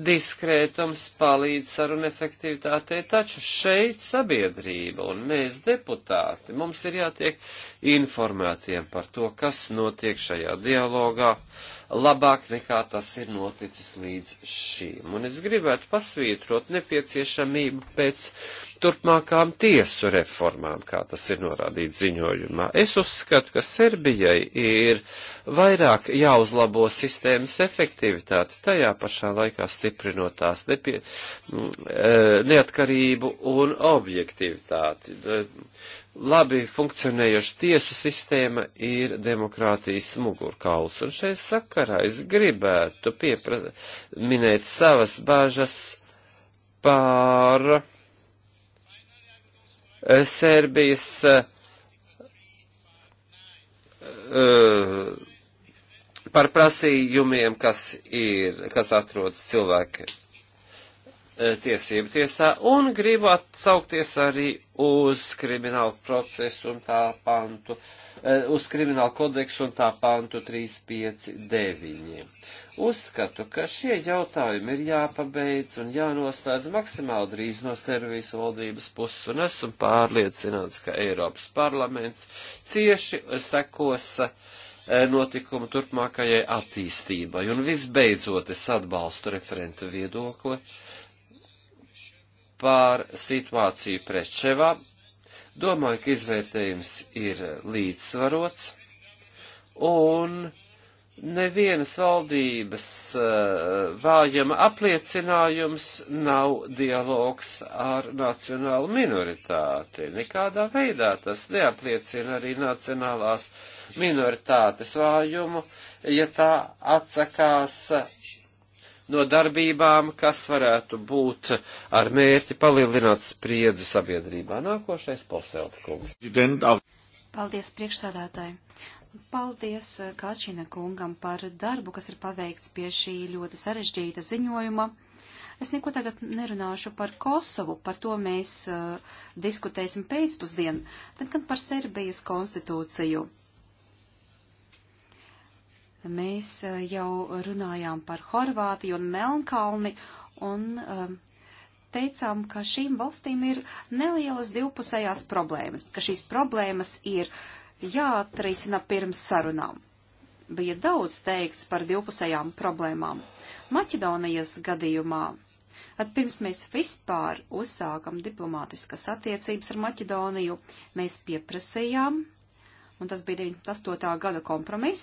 diskrētums palīdz sarunu efektivitātei, taču šeit sabiedrība un mēs deputāti, mums ir jātiek informētiem par to, kas notiek šajā dialogā labāk nekā tas ir noticis līdz šīm. Un es gribētu pasvītrot nepieciešamību pēc turpmākām tiesu reformām, kā tas ir norādīts ziņojumā. Es uzskatu, ka Serbijai ir vairāk jāuzlabo sistēmas efektivitāte, tajā pašā laikā stiprinot tās nepie, e, neatkarību un objektivitāti labi funkcionējoša tiesu sistēma ir demokrātijas mugurkauls. Un šai sakarā es gribētu piepra... minēt savas bāžas pār eh, Sērbijas uh, eh, par prasījumiem, kas ir, kas atrodas cilvēki E, tiesību tiesā un gribu atsaukties arī uz kriminālu procesu un tā pantu, e, uz kriminālu kodeksu un tā pantu 359. Uzskatu, ka šie jautājumi ir jāpabeidz un jānoslēdz maksimāli drīz no servijas valdības puses un esmu pārliecināts, ka Eiropas parlaments cieši sekos e, notikumu turpmākajai attīstībai. Un visbeidzot, es atbalstu referenta viedokli par situāciju Preščevā. Domāju, ka izvērtējums ir līdzsvarots, un nevienas valdības eh, vājuma apliecinājums nav dialogs ar nacionālu minoritāti. Nekādā veidā tas neapliecina arī nacionālās minoritātes vājumu, ja tā atsakās no darbībām, kas varētu būt ar mērķi palielināt spriedzi sabiedrībā. Nākošais Polselta kungs. Paldies priekšsādātāji. Paldies eh, Kačina kungam par darbu, kas ir paveikts pie šī ļoti sarežģīta ziņojuma. Es neko tagad nerunāšu par Kosovu, par to mēs uh, diskutēsim pēcpusdien, bet gan par Serbijas konstitūciju. Uh, Mēs jau runājām par Horvātiju un Melnkalni un teicām, ka šīm valstīm ir nelielas divpusējās problēmas, ka šīs problēmas ir jāatrisina pirms sarunām. Bija daudz teikts par divpusējām problēmām. Maķedonijas gadījumā Tad pirms mēs vispār uzsākam diplomātiskas attiecības ar Maķedoniju, mēs pieprasījām un tas bija 98. gada kompromiss,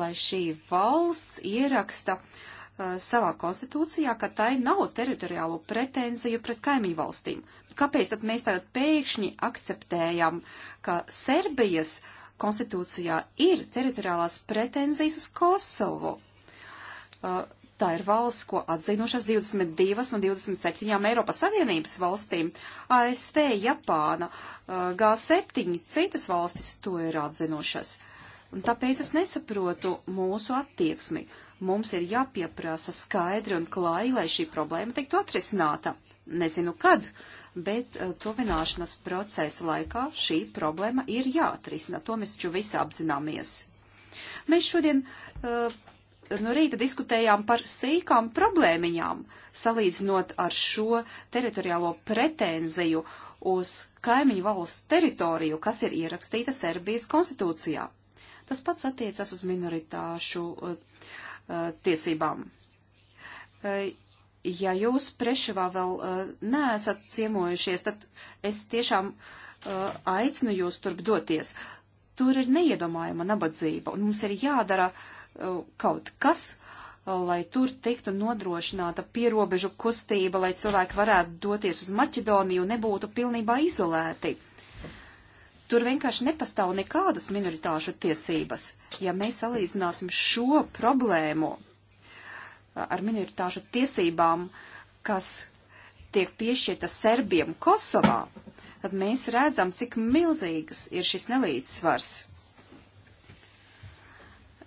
lai šī valsts ieraksta uh, savā konstitūcijā, ka tai nav teritoriālo pretenziju pret kaimiņu valstīm. Kāpēc tad mēs tagad pēkšņi akceptējam, ka Serbijas konstitūcijā ir teritoriālās pretenzijas uz Kosovu? Uh, Tā ir valsts, ko atzinušas 22 no 27 Eiropas Savienības valstīm - ASV, Japāna, G7, citas valstis to ir atzinušas. Un tāpēc es nesaprotu mūsu attieksmi. Mums ir jāpieprasa skaidri un klāji, lai šī problēma tiktu atrisināta. Nezinu kad, bet tuvināšanas procesa laikā šī problēma ir jāatrisina. To mēs taču visi apzināmies. Mēs šodien uh, no rīta diskutējām par sīkām problēmiņām, salīdzinot ar šo teritoriālo pretenziju uz kaimiņu valsts teritoriju, kas ir ierakstīta Serbijas konstitūcijā. Tas pats attiecas uz minoritāšu uh, uh tiesībām. Uh, ja jūs Prešavā vēl uh, neesat ciemojušies, tad es tiešām uh, aicinu jūs turp doties. Tur ir neiedomājama nabadzība, un mums ir jādara uh, kaut kas, lai tur tiktu nodrošināta pierobežu kustība, lai cilvēki varētu doties uz Maķedoniju un nebūtu pilnībā izolēti. Tur vienkārši nepastāv nekādas minoritāšu tiesības. Ja mēs salīdzināsim šo problēmu ar minoritāšu tiesībām, kas tiek piešķirta Serbiem Kosovā, tad mēs redzam, cik milzīgas ir šis nelīdzsvars.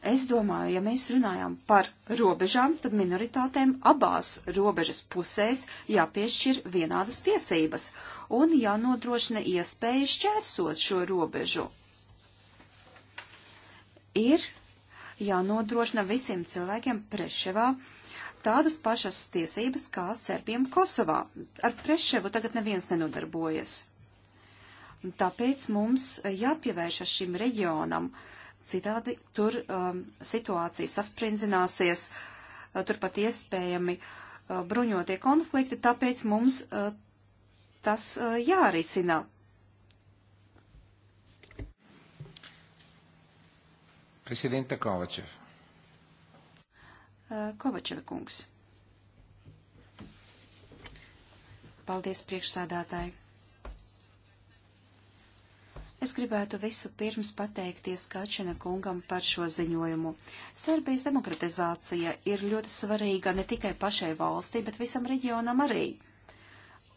Es domāju, ja mēs runājam par robežām, tad minoritātēm abās robežas pusēs jāpiešķir vienādas tiesības un jānodrošina iespēja šķērsot šo robežu. Ir jānodrošina visiem cilvēkiem Preševā tādas pašas tiesības kā Serbiem Kosovā. Ar Preševu tagad neviens nenodarbojas. Tāpēc mums jāpievēršas šim reģionam. Uh, Citādi tur um, situācija sasprindzināsies, uh, tur pat iespējami uh, bruņotie konflikti, tāpēc mums uh, tas uh, jārisina. Prezidenta Kovačev. Uh, Kovačev kungs. Paldies priekšsādātāji. Es gribētu visu pirms pateikties Kačina kungam par šo ziņojumu. Serbijas demokratizācija ir ļoti svarīga ne tikai pašai valstī, bet visam reģionam arī.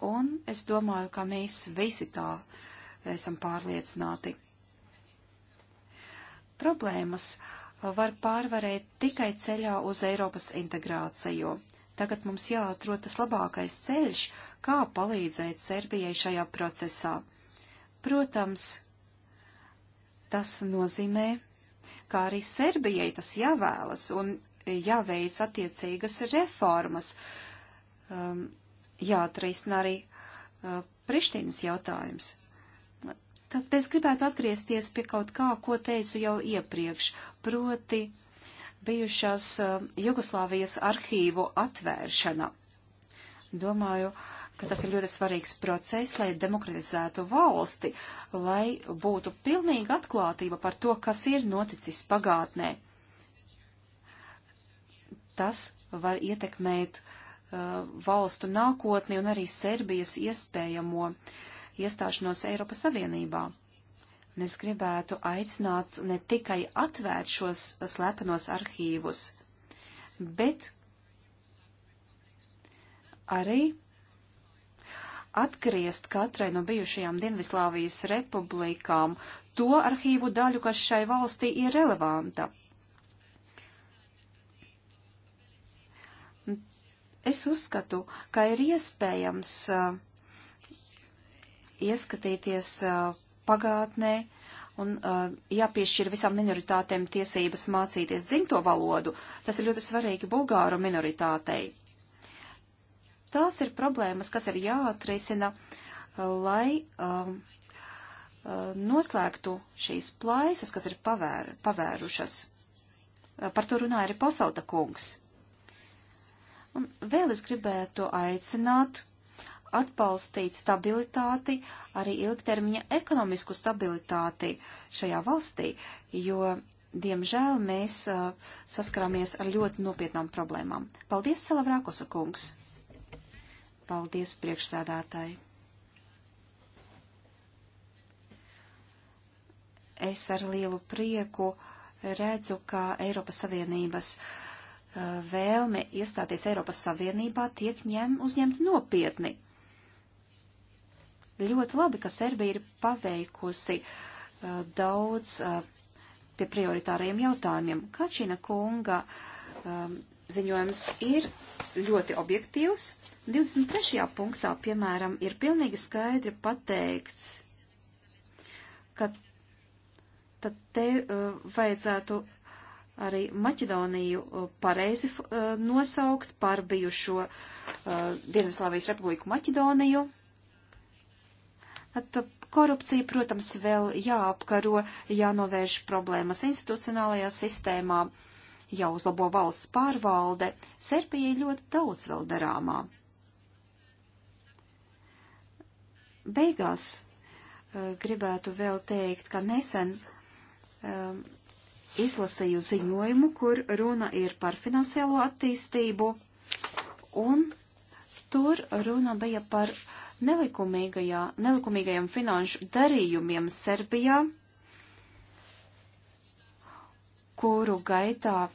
Un es domāju, ka mēs visi tā esam pārliecināti. Problēmas var pārvarēt tikai ceļā uz Eiropas integrāciju. Tagad mums jāatrod tas labākais ceļš, kā palīdzēt Serbijai šajā procesā. Protams, Tas nozīmē, ka arī Serbijai tas jāvēlas un jāveic attiecīgas reformas, um, jāatrisina arī uh, Prištinas jautājums. Tad es gribētu atgriezties pie kaut kā, ko teicu jau iepriekš, proti bijušās uh, Jugoslāvijas arhīvu atvēršana. Domāju, uh, ka tas ir ļoti svarīgs process, lai demokratizētu valsti, lai būtu pilnīga atklātība par to, kas ir noticis pagātnē. Tas var ietekmēt uh, valstu nākotni un arī Serbijas iespējamo iestāšanos Eiropas Savienībā. Un es gribētu aicināt ne tikai atvērt šos slepenos arhīvus, bet arī atgriezt katrai no bijušajām Dienvislāvijas republikām to arhīvu daļu, kas šai valstī ir relevanta. Es uzskatu, ka ir iespējams uh, ieskatīties uh, pagātnē un uh, jāpiešķir visām minoritātēm tiesības mācīties dzimto valodu. Tas ir ļoti svarīgi bulgāru minoritātei. Tās ir problēmas, kas ir jāatrisina, lai um, uh, noslēgtu šīs plaisas, kas ir pavēr, pavērušas. Uh, par to runāja arī Posalta kungs. Un vēl es gribētu aicināt atbalstīt stabilitāti, arī ilgtermiņa ekonomisku stabilitāti šajā valstī, jo, diemžēl, mēs uh, saskaramies ar ļoti nopietnām problēmām. Paldies, Salavrākosa kungs! Paldies priekšsādātāji. Es ar lielu prieku redzu, ka Eiropas Savienības uh, vēlme iestāties Eiropas Savienībā tiek ņem, uzņemta nopietni. Ļoti labi, ka Serbija ir paveikusi uh, daudz uh, pie prioritāriem jautājumiem. Kačina kunga um, ziņojums ir ļoti objektīvs. 23. punktā, piemēram, ir pilnīgi skaidri pateikts, ka tad te uh, vajadzētu arī Maķedoniju uh, pareizi uh, nosaukt par bijušo uh, Dienvidslāvijas republiku Maķedoniju. Tad uh, korupcija, protams, vēl jāapkaro, jānovērš problēmas institucionālajā sistēmā. Uh, jāuzlabo valsts pārvalde, Serbijai ļoti daudz vēl darāmā. Beigās eh, gribētu vēl teikt, ka nesen um, izlasīju ziņojumu, kur runa ir par finansiālo attīstību, un tur runa bija par nelikumīgajiem finanšu darījumiem Serbijā, kuru gaitā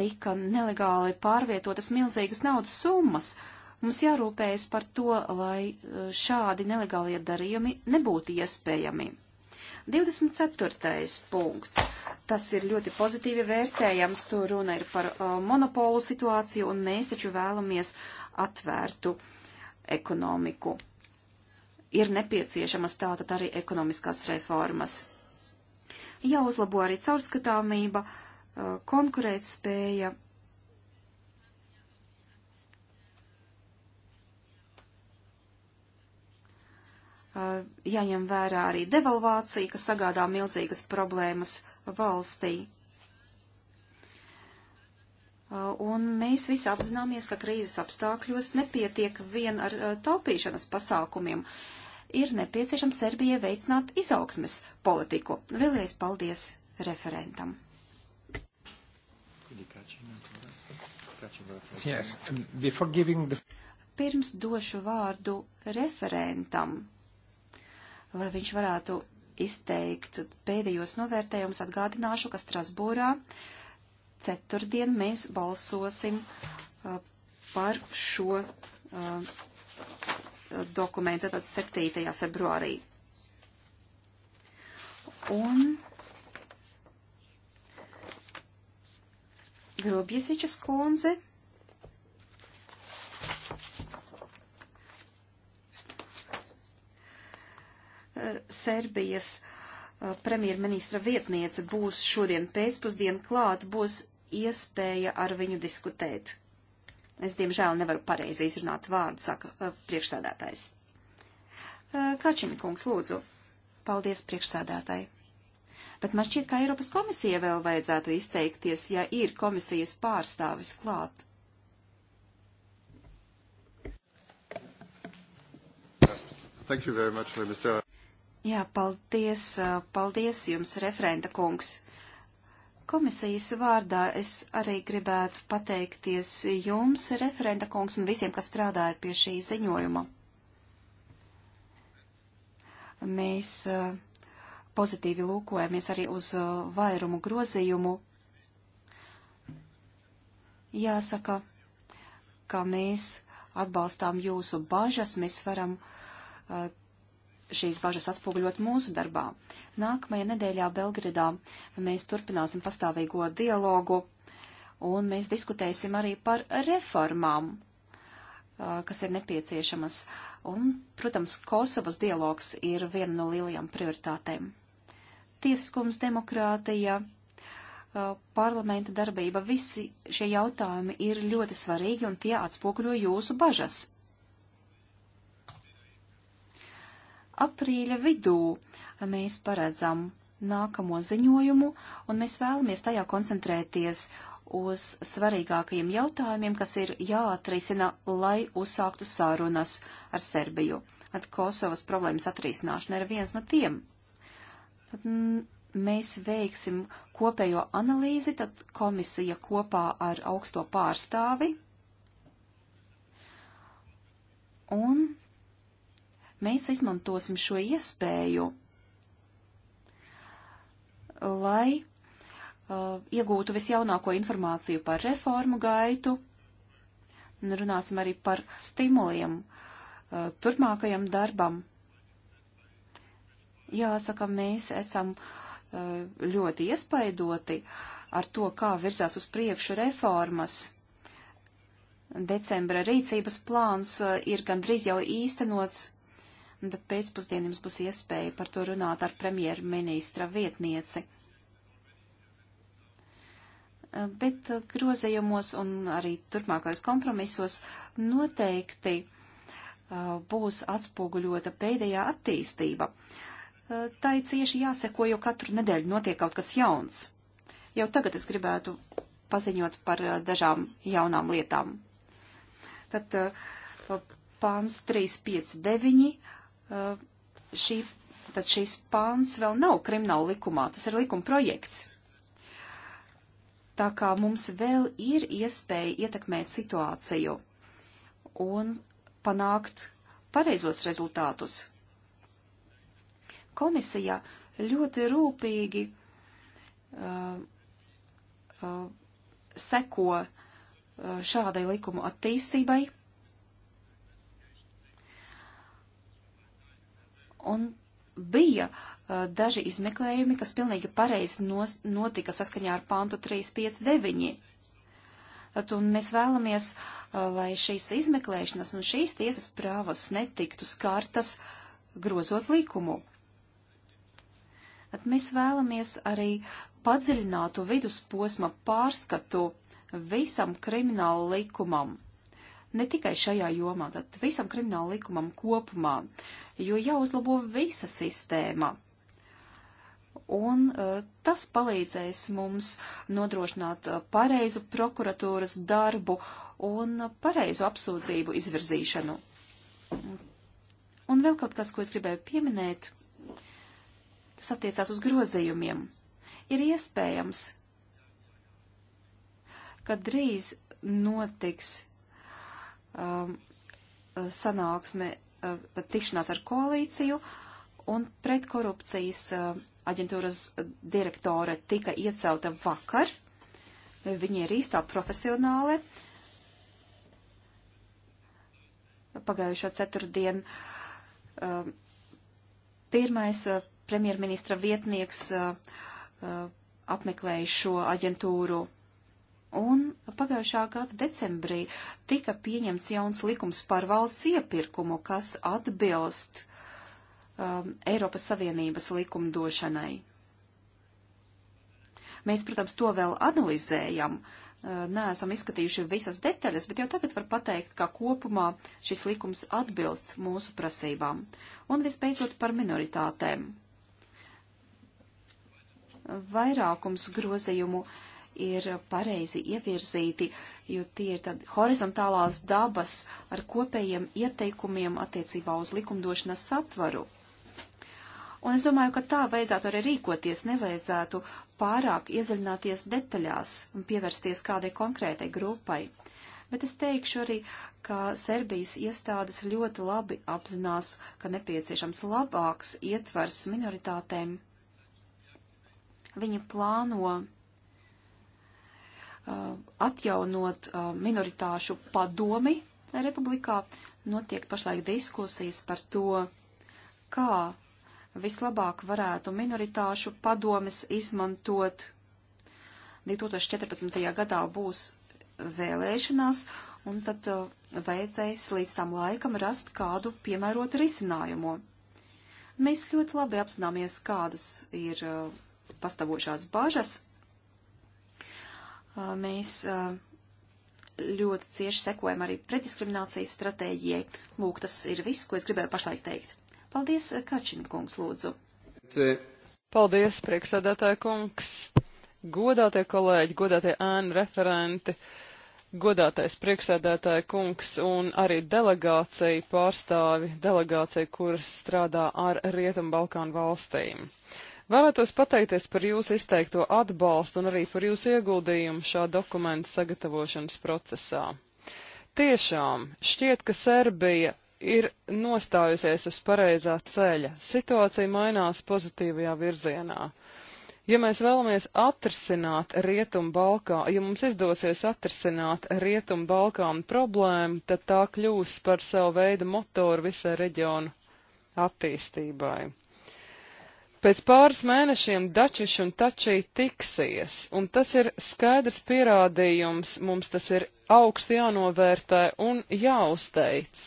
tika nelegāli pārvietotas milzīgas naudas summas. Mums jārūpējas par to, lai eh, šādi nelegālie darījumi nebūtu iespējami. 24. punkts. Tas ir ļoti pozitīvi vērtējams, tur runa ir par uh, monopolu situāciju, un mēs taču vēlamies atvērtu ekonomiku. Ir nepieciešamas tātad arī ekonomiskās reformas. Jāuzlabo arī caurskatāmība, uh, Uh, konkurētspēja. Uh, Jāņem vērā arī devalvācija, kas sagādā milzīgas problēmas valstī. Uh, un mēs visi apzināmies, ka krīzes apstākļos nepietiek vien ar taupīšanas pasākumiem. Ir nepieciešams Serbijai veicināt izaugsmes politiku. Vēlreiz paldies referentam! Yes. The... Pirms došu vārdu referentam, lai viņš varētu izteikt pēdējos novērtējumus, atgādināšu, ka Strasbūrā ceturtdien mēs balsosim uh, par šo uh, dokumentu, tad 7. februārī. Un Grobjesičas kundze Serbijas uh, premjerministra vietniece būs šodien pēcpusdien klāt, būs iespēja ar viņu diskutēt. Es, diemžēl, nevaru pareizi izrunāt vārdu, saka uh, priekšsēdētājs. Uh, Kačina kungs, lūdzu. Paldies priekšsēdētāji. Bet man šķiet, ka Eiropas komisija vēl vajadzētu izteikties, ja ir komisijas pārstāvis klāt. Thank you very much, Mr. Jā, paldies, eh, paldies jums, referenta kungs. Komisijas vārdā es arī gribētu pateikties jums, referenta kungs, un visiem, kas strādāja pie šī ziņojuma. Mēs eh, pozitīvi lūkojamies arī uz eh, vairumu grozījumu. Jāsaka, ka mēs atbalstām jūsu bažas, mēs varam uh, šīs bažas atspoguļot mūsu darbā. Nākamajā nedēļā Belgradā mēs turpināsim pastāvīgo dialogu un mēs diskutēsim arī par reformām, kas ir nepieciešamas. Un, protams, Kosovas dialogs ir viena no lielajām prioritātēm. Tiesiskums, demokrātija, parlamenta darbība, visi šie jautājumi ir ļoti svarīgi un tie atspoguļo jūsu bažas. Aprīļa vidū mēs paredzam nākamo ziņojumu, un mēs vēlamies tajā koncentrēties uz svarīgākajiem jautājumiem, kas ir jāatrisina, lai uzsāktu sārunas ar Serbiju. At Kosovas problēmas atrisināšana ir viens no tiem. Tad mēs veiksim kopējo analīzi, tad komisija kopā ar augsto pārstāvi. Un mēs izmantosim šo iespēju, lai uh, iegūtu visjaunāko informāciju par reformu gaitu, un runāsim arī par stimuliem uh, turpmākajam darbam. Jāsaka, mēs esam uh, ļoti iespaidoti ar to, kā virzās uz priekšu reformas decembra rīcības plāns uh, ir gandrīz jau īstenots, un tad pēcpusdien jums būs iespēja par to runāt ar premjerministra vietnieci. Eh, bet eh, grozējumos un arī turpmākais kompromisos noteikti eh, būs atspoguļota pēdējā attīstība. Tā ir cieši jāseko, jo katru nedēļu notiek kaut kas jauns. Jau tagad es gribētu paziņot par dažām jaunām lietām. Tad pāns 359 Eh, šī, tad šīs pāns vēl nav krimināla likumā, tas ir likuma projekts. Tā kā mums vēl ir iespēja ietekmēt situāciju un panākt pareizos rezultātus. Komisija ļoti rūpīgi uh, uh, seko uh, šādai likuma attīstībai Un bija uh, daži izmeklējumi, kas pilnīgi pareizi nos, notika saskaņā ar pantu 359. At, un mēs vēlamies, uh, lai šīs izmeklēšanas un šīs tiesas prāvas netiktu skartas grozot likumu. At, mēs vēlamies arī padziļinātu vidusposma pārskatu visam kriminālu likumam ne tikai šajā jomā, tad visam krimināla likumam kopumā, jo jāuzlabo visa sistēma. Un eh, tas palīdzēs mums nodrošināt eh, pareizu prokuratūras darbu un pareizu apsūdzību izvirzīšanu. Un vēl kaut kas, ko es gribēju pieminēt, tas attiecās uz grozījumiem. Ir iespējams, ka drīz notiks um, sanāksme, uh, tikšanās ar koalīciju un pretkorupcijas uh, aģentūras direktore tika iecelta vakar. Viņa ir īstā profesionāle. Pagājušo ceturtdienu uh, pirmais uh, premjerministra vietnieks uh, uh apmeklēja šo aģentūru Un pagājušā gada decembrī tika pieņemts jauns likums par valsts iepirkumu, kas atbilst um, Eiropas Savienības likumdošanai. Mēs, protams, to vēl analizējam, uh, neesam izskatījuši visas detaļas, bet jau tagad var pateikt, ka kopumā šis likums atbilst mūsu prasībām. Un visbeidzot par minoritātēm. Vairākums grozījumu uh, ir pareizi ievirzīti, jo tie ir tad horizontālās dabas ar kopējiem ieteikumiem attiecībā uz likumdošanas satvaru. Un es domāju, ka tā vajadzētu arī rīkoties, nevajadzētu pārāk iezaļināties detaļās un pievērsties kādai konkrētai grupai. Bet es teikšu arī, ka Serbijas iestādes ļoti labi apzinās, ka nepieciešams labāks ietvars minoritātēm. Viņi plāno Uh, atjaunot uh, minoritāšu padomi republikā. Notiek pašlaik diskusijas par to, kā vislabāk varētu minoritāšu padomes izmantot. 2014. gadā būs vēlēšanās, un tad uh, vajadzēs līdz tam laikam rast kādu piemērotu risinājumu. Mēs ļoti labi apzināmies, kādas ir pastāvošās bažas Uh, mēs uh, ļoti cieši sekojam arī pretdiskriminācijas stratēģijai. Lūk, tas ir viss, ko es gribēju pašlaik teikt. Paldies, uh, Kačina kungs, lūdzu. Paldies, priekšsēdētāja kungs. Godātie kolēģi, godātie ēnu referenti, godātais priekšsēdētāja kungs un arī delegācija pārstāvi, delegācija, kuras strādā ar Rietumbalkānu valstīm. Uh, Vēlētos pateikties par jūsu izteikto atbalstu un arī par jūsu ieguldījumu šā dokumenta sagatavošanas procesā. Tiešām šķiet, ka Serbija ir nostājusies uz pareizā ceļa. Situācija mainās pozitīvajā virzienā. Ja mēs vēlamies atrisināt Rietumu Balkānu, ja mums izdosies atrisināt Rietumu Balkānu problēmu, tad tā kļūs par savu veidu motoru visai reģionu attīstībai. Pēc pāris mēnešiem Dačiš un Tačī tiksies, un tas ir skaidrs pierādījums, mums tas ir augsti jānovērtē un jāuzteic.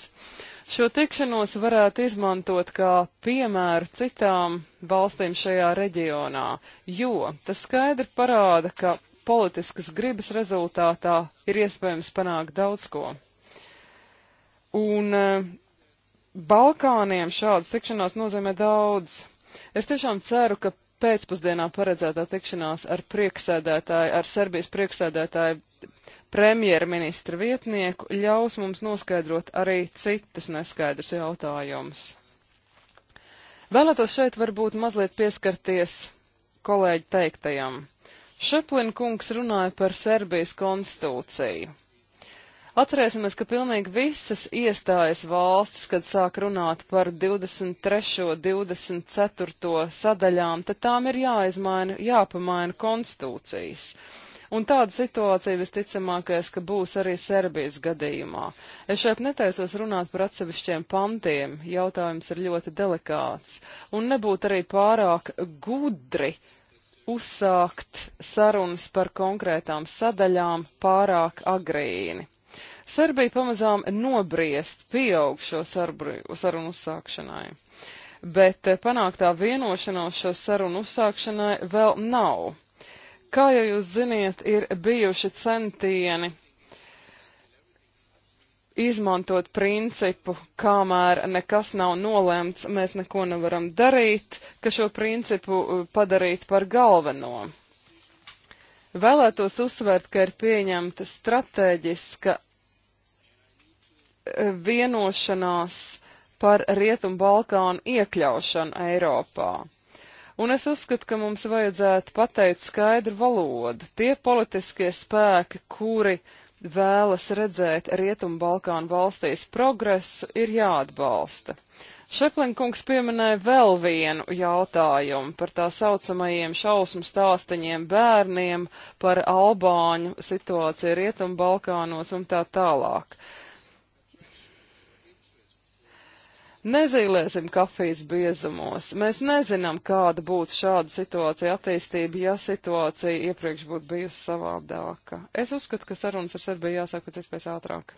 Šo tikšanos varētu izmantot kā piemēru citām valstīm šajā reģionā, jo tas skaidri parāda, ka politiskas gribas rezultātā ir iespējams panākt daudz ko. Un eh, Balkāniem šādas tikšanās nozīmē daudz Es tiešām ceru, ka pēcpusdienā paredzētā tikšanās ar prieksēdētāju, ar Serbijas prieksēdētāju premjerministra vietnieku ļaus mums noskaidrot arī citus neskaidrus jautājumus. Vēlētos šeit varbūt mazliet pieskarties kolēģi teiktajam. Šeplin kungs runāja par Serbijas konstitūciju. Atcerēsimies, ka pilnīgi visas iestājas valstis, kad sāk runāt par 23. un 24. sadaļām, tad tām ir jāizmaina, jāpamaina konstitūcijas. Un tāda situācija visticamākais, ka būs arī Serbijas gadījumā. Es šeit netaisos runāt par atsevišķiem pantiem, jautājums ir ļoti delikāts, un nebūtu arī pārāk gudri uzsākt sarunas par konkrētām sadaļām pārāk agrīni. Serbija pamazām nobriest pieaug šo sarunu uzsākšanai. Bet eh, panāktā vienošanās šo sarunu uzsākšanai vēl nav. Kā jau jūs ziniet, ir bijuši centieni izmantot principu, kamēr nekas nav nolēmts, mēs neko nevaram darīt, ka šo principu eh, padarīt par galveno. Vēlētos uzsvērt, ka ir pieņemta strateģiska vienošanās par Rietumu Balkānu iekļaušanu Eiropā. Un es uzskatu, ka mums vajadzētu pateikt skaidru valodu. Tie politiskie spēki, kuri vēlas redzēt Rietumu Balkānu valstīs progresu, ir jāatbalsta. Šeplinkungs pieminēja vēl vienu jautājumu par tā saucamajiem šausmu stāstaņiem bērniem, par Albāņu situāciju Rietumu Balkānos un tā tālāk. Nezīlēsim kafijas biezumos. Mēs nezinām, kāda būtu šāda situācija attīstība, ja situācija iepriekš būtu bijusi savādāka. Es uzskatu, ka sarunas ar Serbiju jāsāk pēc iespējas ātrāk.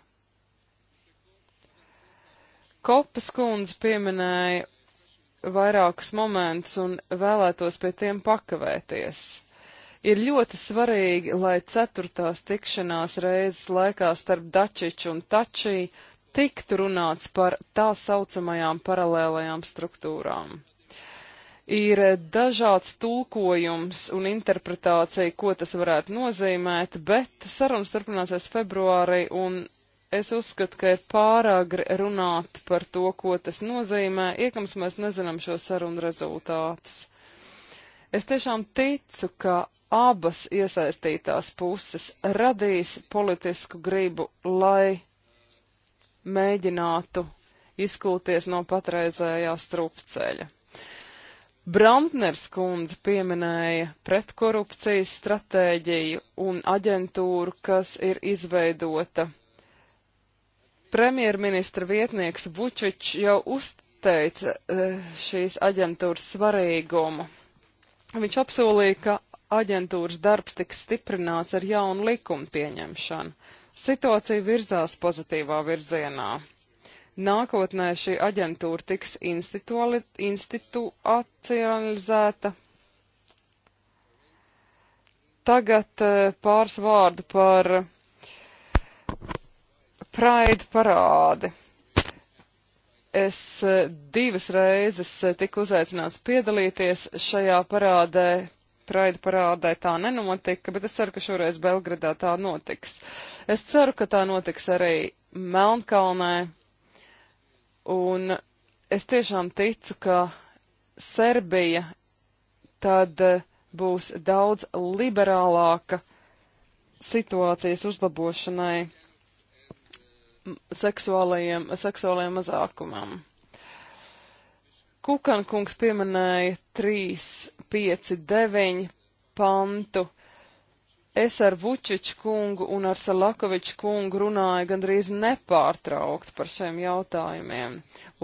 Kopas kundze pieminēja vairākus momentus un vēlētos pie tiem pakavēties. Ir ļoti svarīgi, lai ceturtās tikšanās reizes laikā starp Dačiču un Tačiju tiktu runāts par tā saucamajām paralēlajām struktūrām. Ir dažāds tulkojums un interpretācija, ko tas varētu nozīmēt, bet sarunas turpināsies februārī, un es uzskatu, ka ir pāragri runāt par to, ko tas nozīmē, iekams mēs nezinām šo sarunu rezultātus. Es tiešām ticu, ka abas iesaistītās puses radīs politisku gribu, lai mēģinātu izkūties no patreizējā strupceļa. Brantners kundze pieminēja pretkorupcijas stratēģiju un aģentūru, kas ir izveidota. Premjerministra vietnieks Vučičs jau uzteica eh, šīs aģentūras svarīgumu. Viņš apsolīja, ka aģentūras darbs tiks stiprināts ar jaunu likumu pieņemšanu. Situācija virzās pozitīvā virzienā. Nākotnē šī aģentūra tiks institucionalizēta. Tagad e, pāris vārdu par Pride parādi. Es e, divas reizes e, tiku uzaicināts piedalīties šajā parādē Praida parādē tā nenotika, bet es ceru, ka šoreiz Belgradā tā notiks. Es ceru, ka tā notiks arī Melnkalnē, un es tiešām ticu, ka Serbija tad eh, būs daudz liberālāka situācijas uzlabošanai seksuālajiem, seksuālajiem mazākumam. Kukankungs pieminēja trīs 5, 9 pantu. Es ar Vučiču kungu un ar Salakoviču kungu runāju gandrīz nepārtraukt par šiem jautājumiem.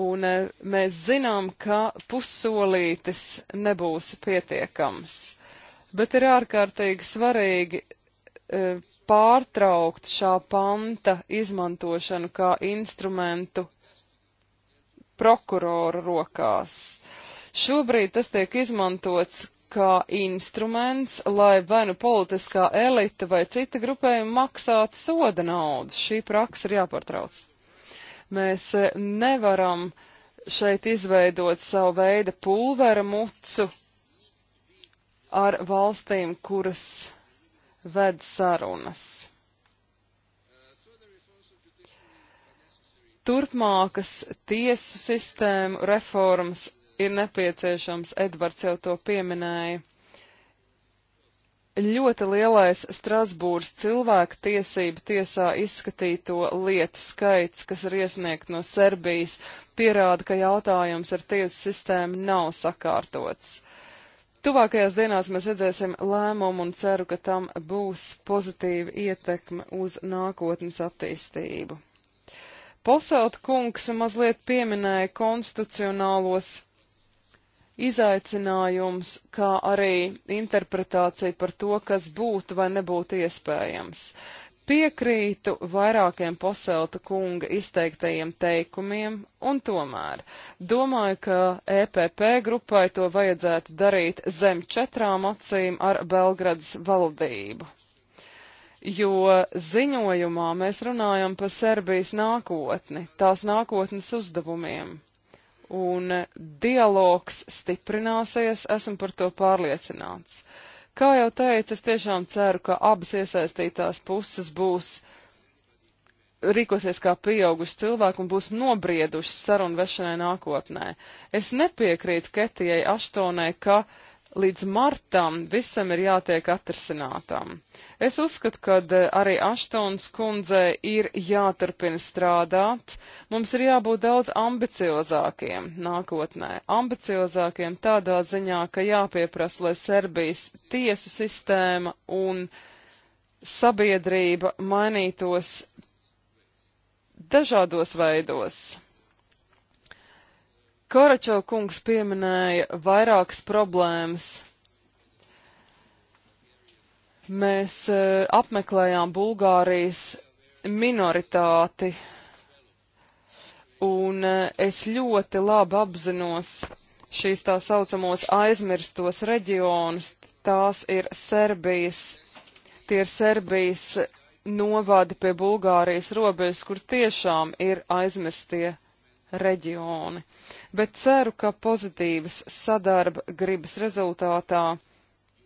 Un e, mēs zinām, ka pussolītis nebūs pietiekams. Bet ir ārkārtīgi svarīgi e, pārtraukt šā panta izmantošanu kā instrumentu prokurora rokās. Uh, Šobrīd tas tiek izmantots kā instruments, lai vai nu politiskā elita vai cita grupējuma maksātu soda naudu. Šī praksa ir jāpārtrauc. Mēs e, nevaram šeit izveidot savu veidu pulvera mucu ar valstīm, kuras ved sarunas. Turpmākas tiesu sistēmu reformas ir nepieciešams, Edvards jau to pieminēja. Ļoti lielais Strasbūras cilvēku tiesību tiesā izskatīto lietu skaits, kas ir iesniegt no Serbijas, pierāda, ka jautājums ar tiesu sistēmu nav sakārtots. Tuvākajās dienās mēs redzēsim lēmumu un ceru, ka tam būs pozitīva ietekme uz nākotnes attīstību. Poselt kungs mazliet pieminēja konstitucionālos izaicinājums, kā arī interpretācija par to, kas būtu vai nebūtu iespējams. Piekrītu vairākiem poselta kunga izteiktajiem teikumiem, un tomēr domāju, ka EPP grupai to vajadzētu darīt zem četrām acīm ar Belgradas valdību. Jo ziņojumā mēs runājam par Serbijas nākotni, tās nākotnes uzdevumiem un dialogs stiprināsies, esmu par to pārliecināts. Kā jau teicu, es tiešām ceru, ka abas iesaistītās puses būs rīkosies kā pieauguši cilvēki un būs nobrieduši sarunu vešanai nākotnē. Es nepiekrītu Ketijai Aštonai, ka uh, līdz martam visam ir jātiek atrasinātam. Es uzskatu, ka eh, arī Aštons kundze ir jāturpina strādāt. Mums ir jābūt daudz ambiciozākiem nākotnē. Ambiciozākiem tādā ziņā, ka jāpieprasa, lai Serbijas tiesu sistēma un sabiedrība mainītos dažādos veidos. Koračau kungs pieminēja vairākas problēmas. Mēs e, apmeklējām Bulgārijas minoritāti, un e, es ļoti labi apzinos šīs tā saucamos aizmirstos reģionus. Tās ir Serbijas, tie ir Serbijas novadi pie Bulgārijas robežas, kur tiešām ir aizmirstie reģioni, bet ceru, ka pozitīvas sadarba gribas rezultātā,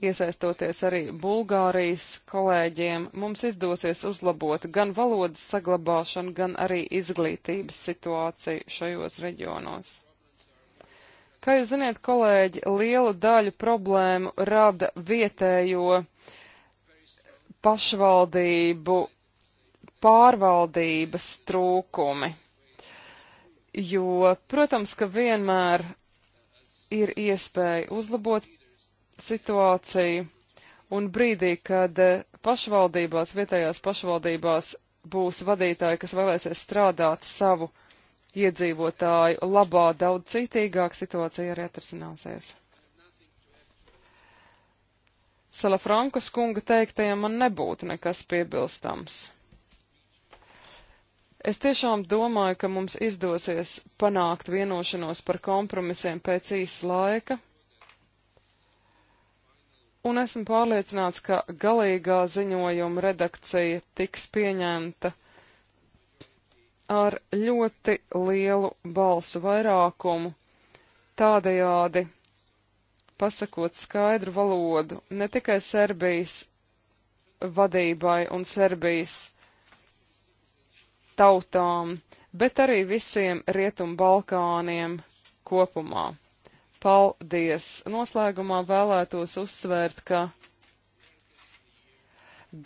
iesaistoties arī Bulgārijas kolēģiem, mums izdosies uzlabot gan valodas saglabāšanu, gan arī izglītības situāciju šajos reģionos. Kā jūs ziniet, kolēģi, lielu daļu problēmu rada vietējo pašvaldību pārvaldības trūkumi jo, protams, ka vienmēr ir iespēja uzlabot situāciju, un brīdī, kad eh, pašvaldībās, vietējās pašvaldībās būs vadītāji, kas vēlēsies strādāt savu iedzīvotāju labā, daudz citīgāk situācija arī atrisināsies. Salafrankas kunga teiktajam man nebūtu nekas piebilstams. Es tiešām domāju, ka mums izdosies panākt vienošanos par kompromisiem pēc īsa laika, un esmu pārliecināts, ka galīgā ziņojuma redakcija tiks pieņemta ar ļoti lielu balsu vairākumu, tādējādi pasakot skaidru valodu ne tikai Serbijas vadībai un Serbijas tautām, bet arī visiem Rietumu Balkāniem kopumā. Paldies! Noslēgumā vēlētos uzsvērt, ka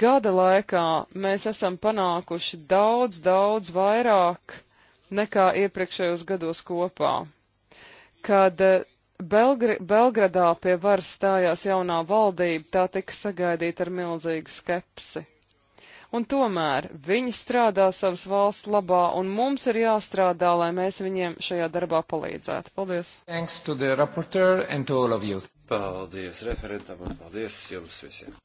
gada laikā mēs esam panākuši daudz, daudz vairāk nekā iepriekšējos gados kopā. Kad eh, Belgri Belgradā pie varas stājās jaunā valdība, tā tika sagaidīta ar milzīgu skepsi un tomēr viņi strādā savas valsts labā, un mums ir jāstrādā, lai mēs viņiem šajā darbā palīdzētu. Paldies! Paldies referentam un paldies jums visiem!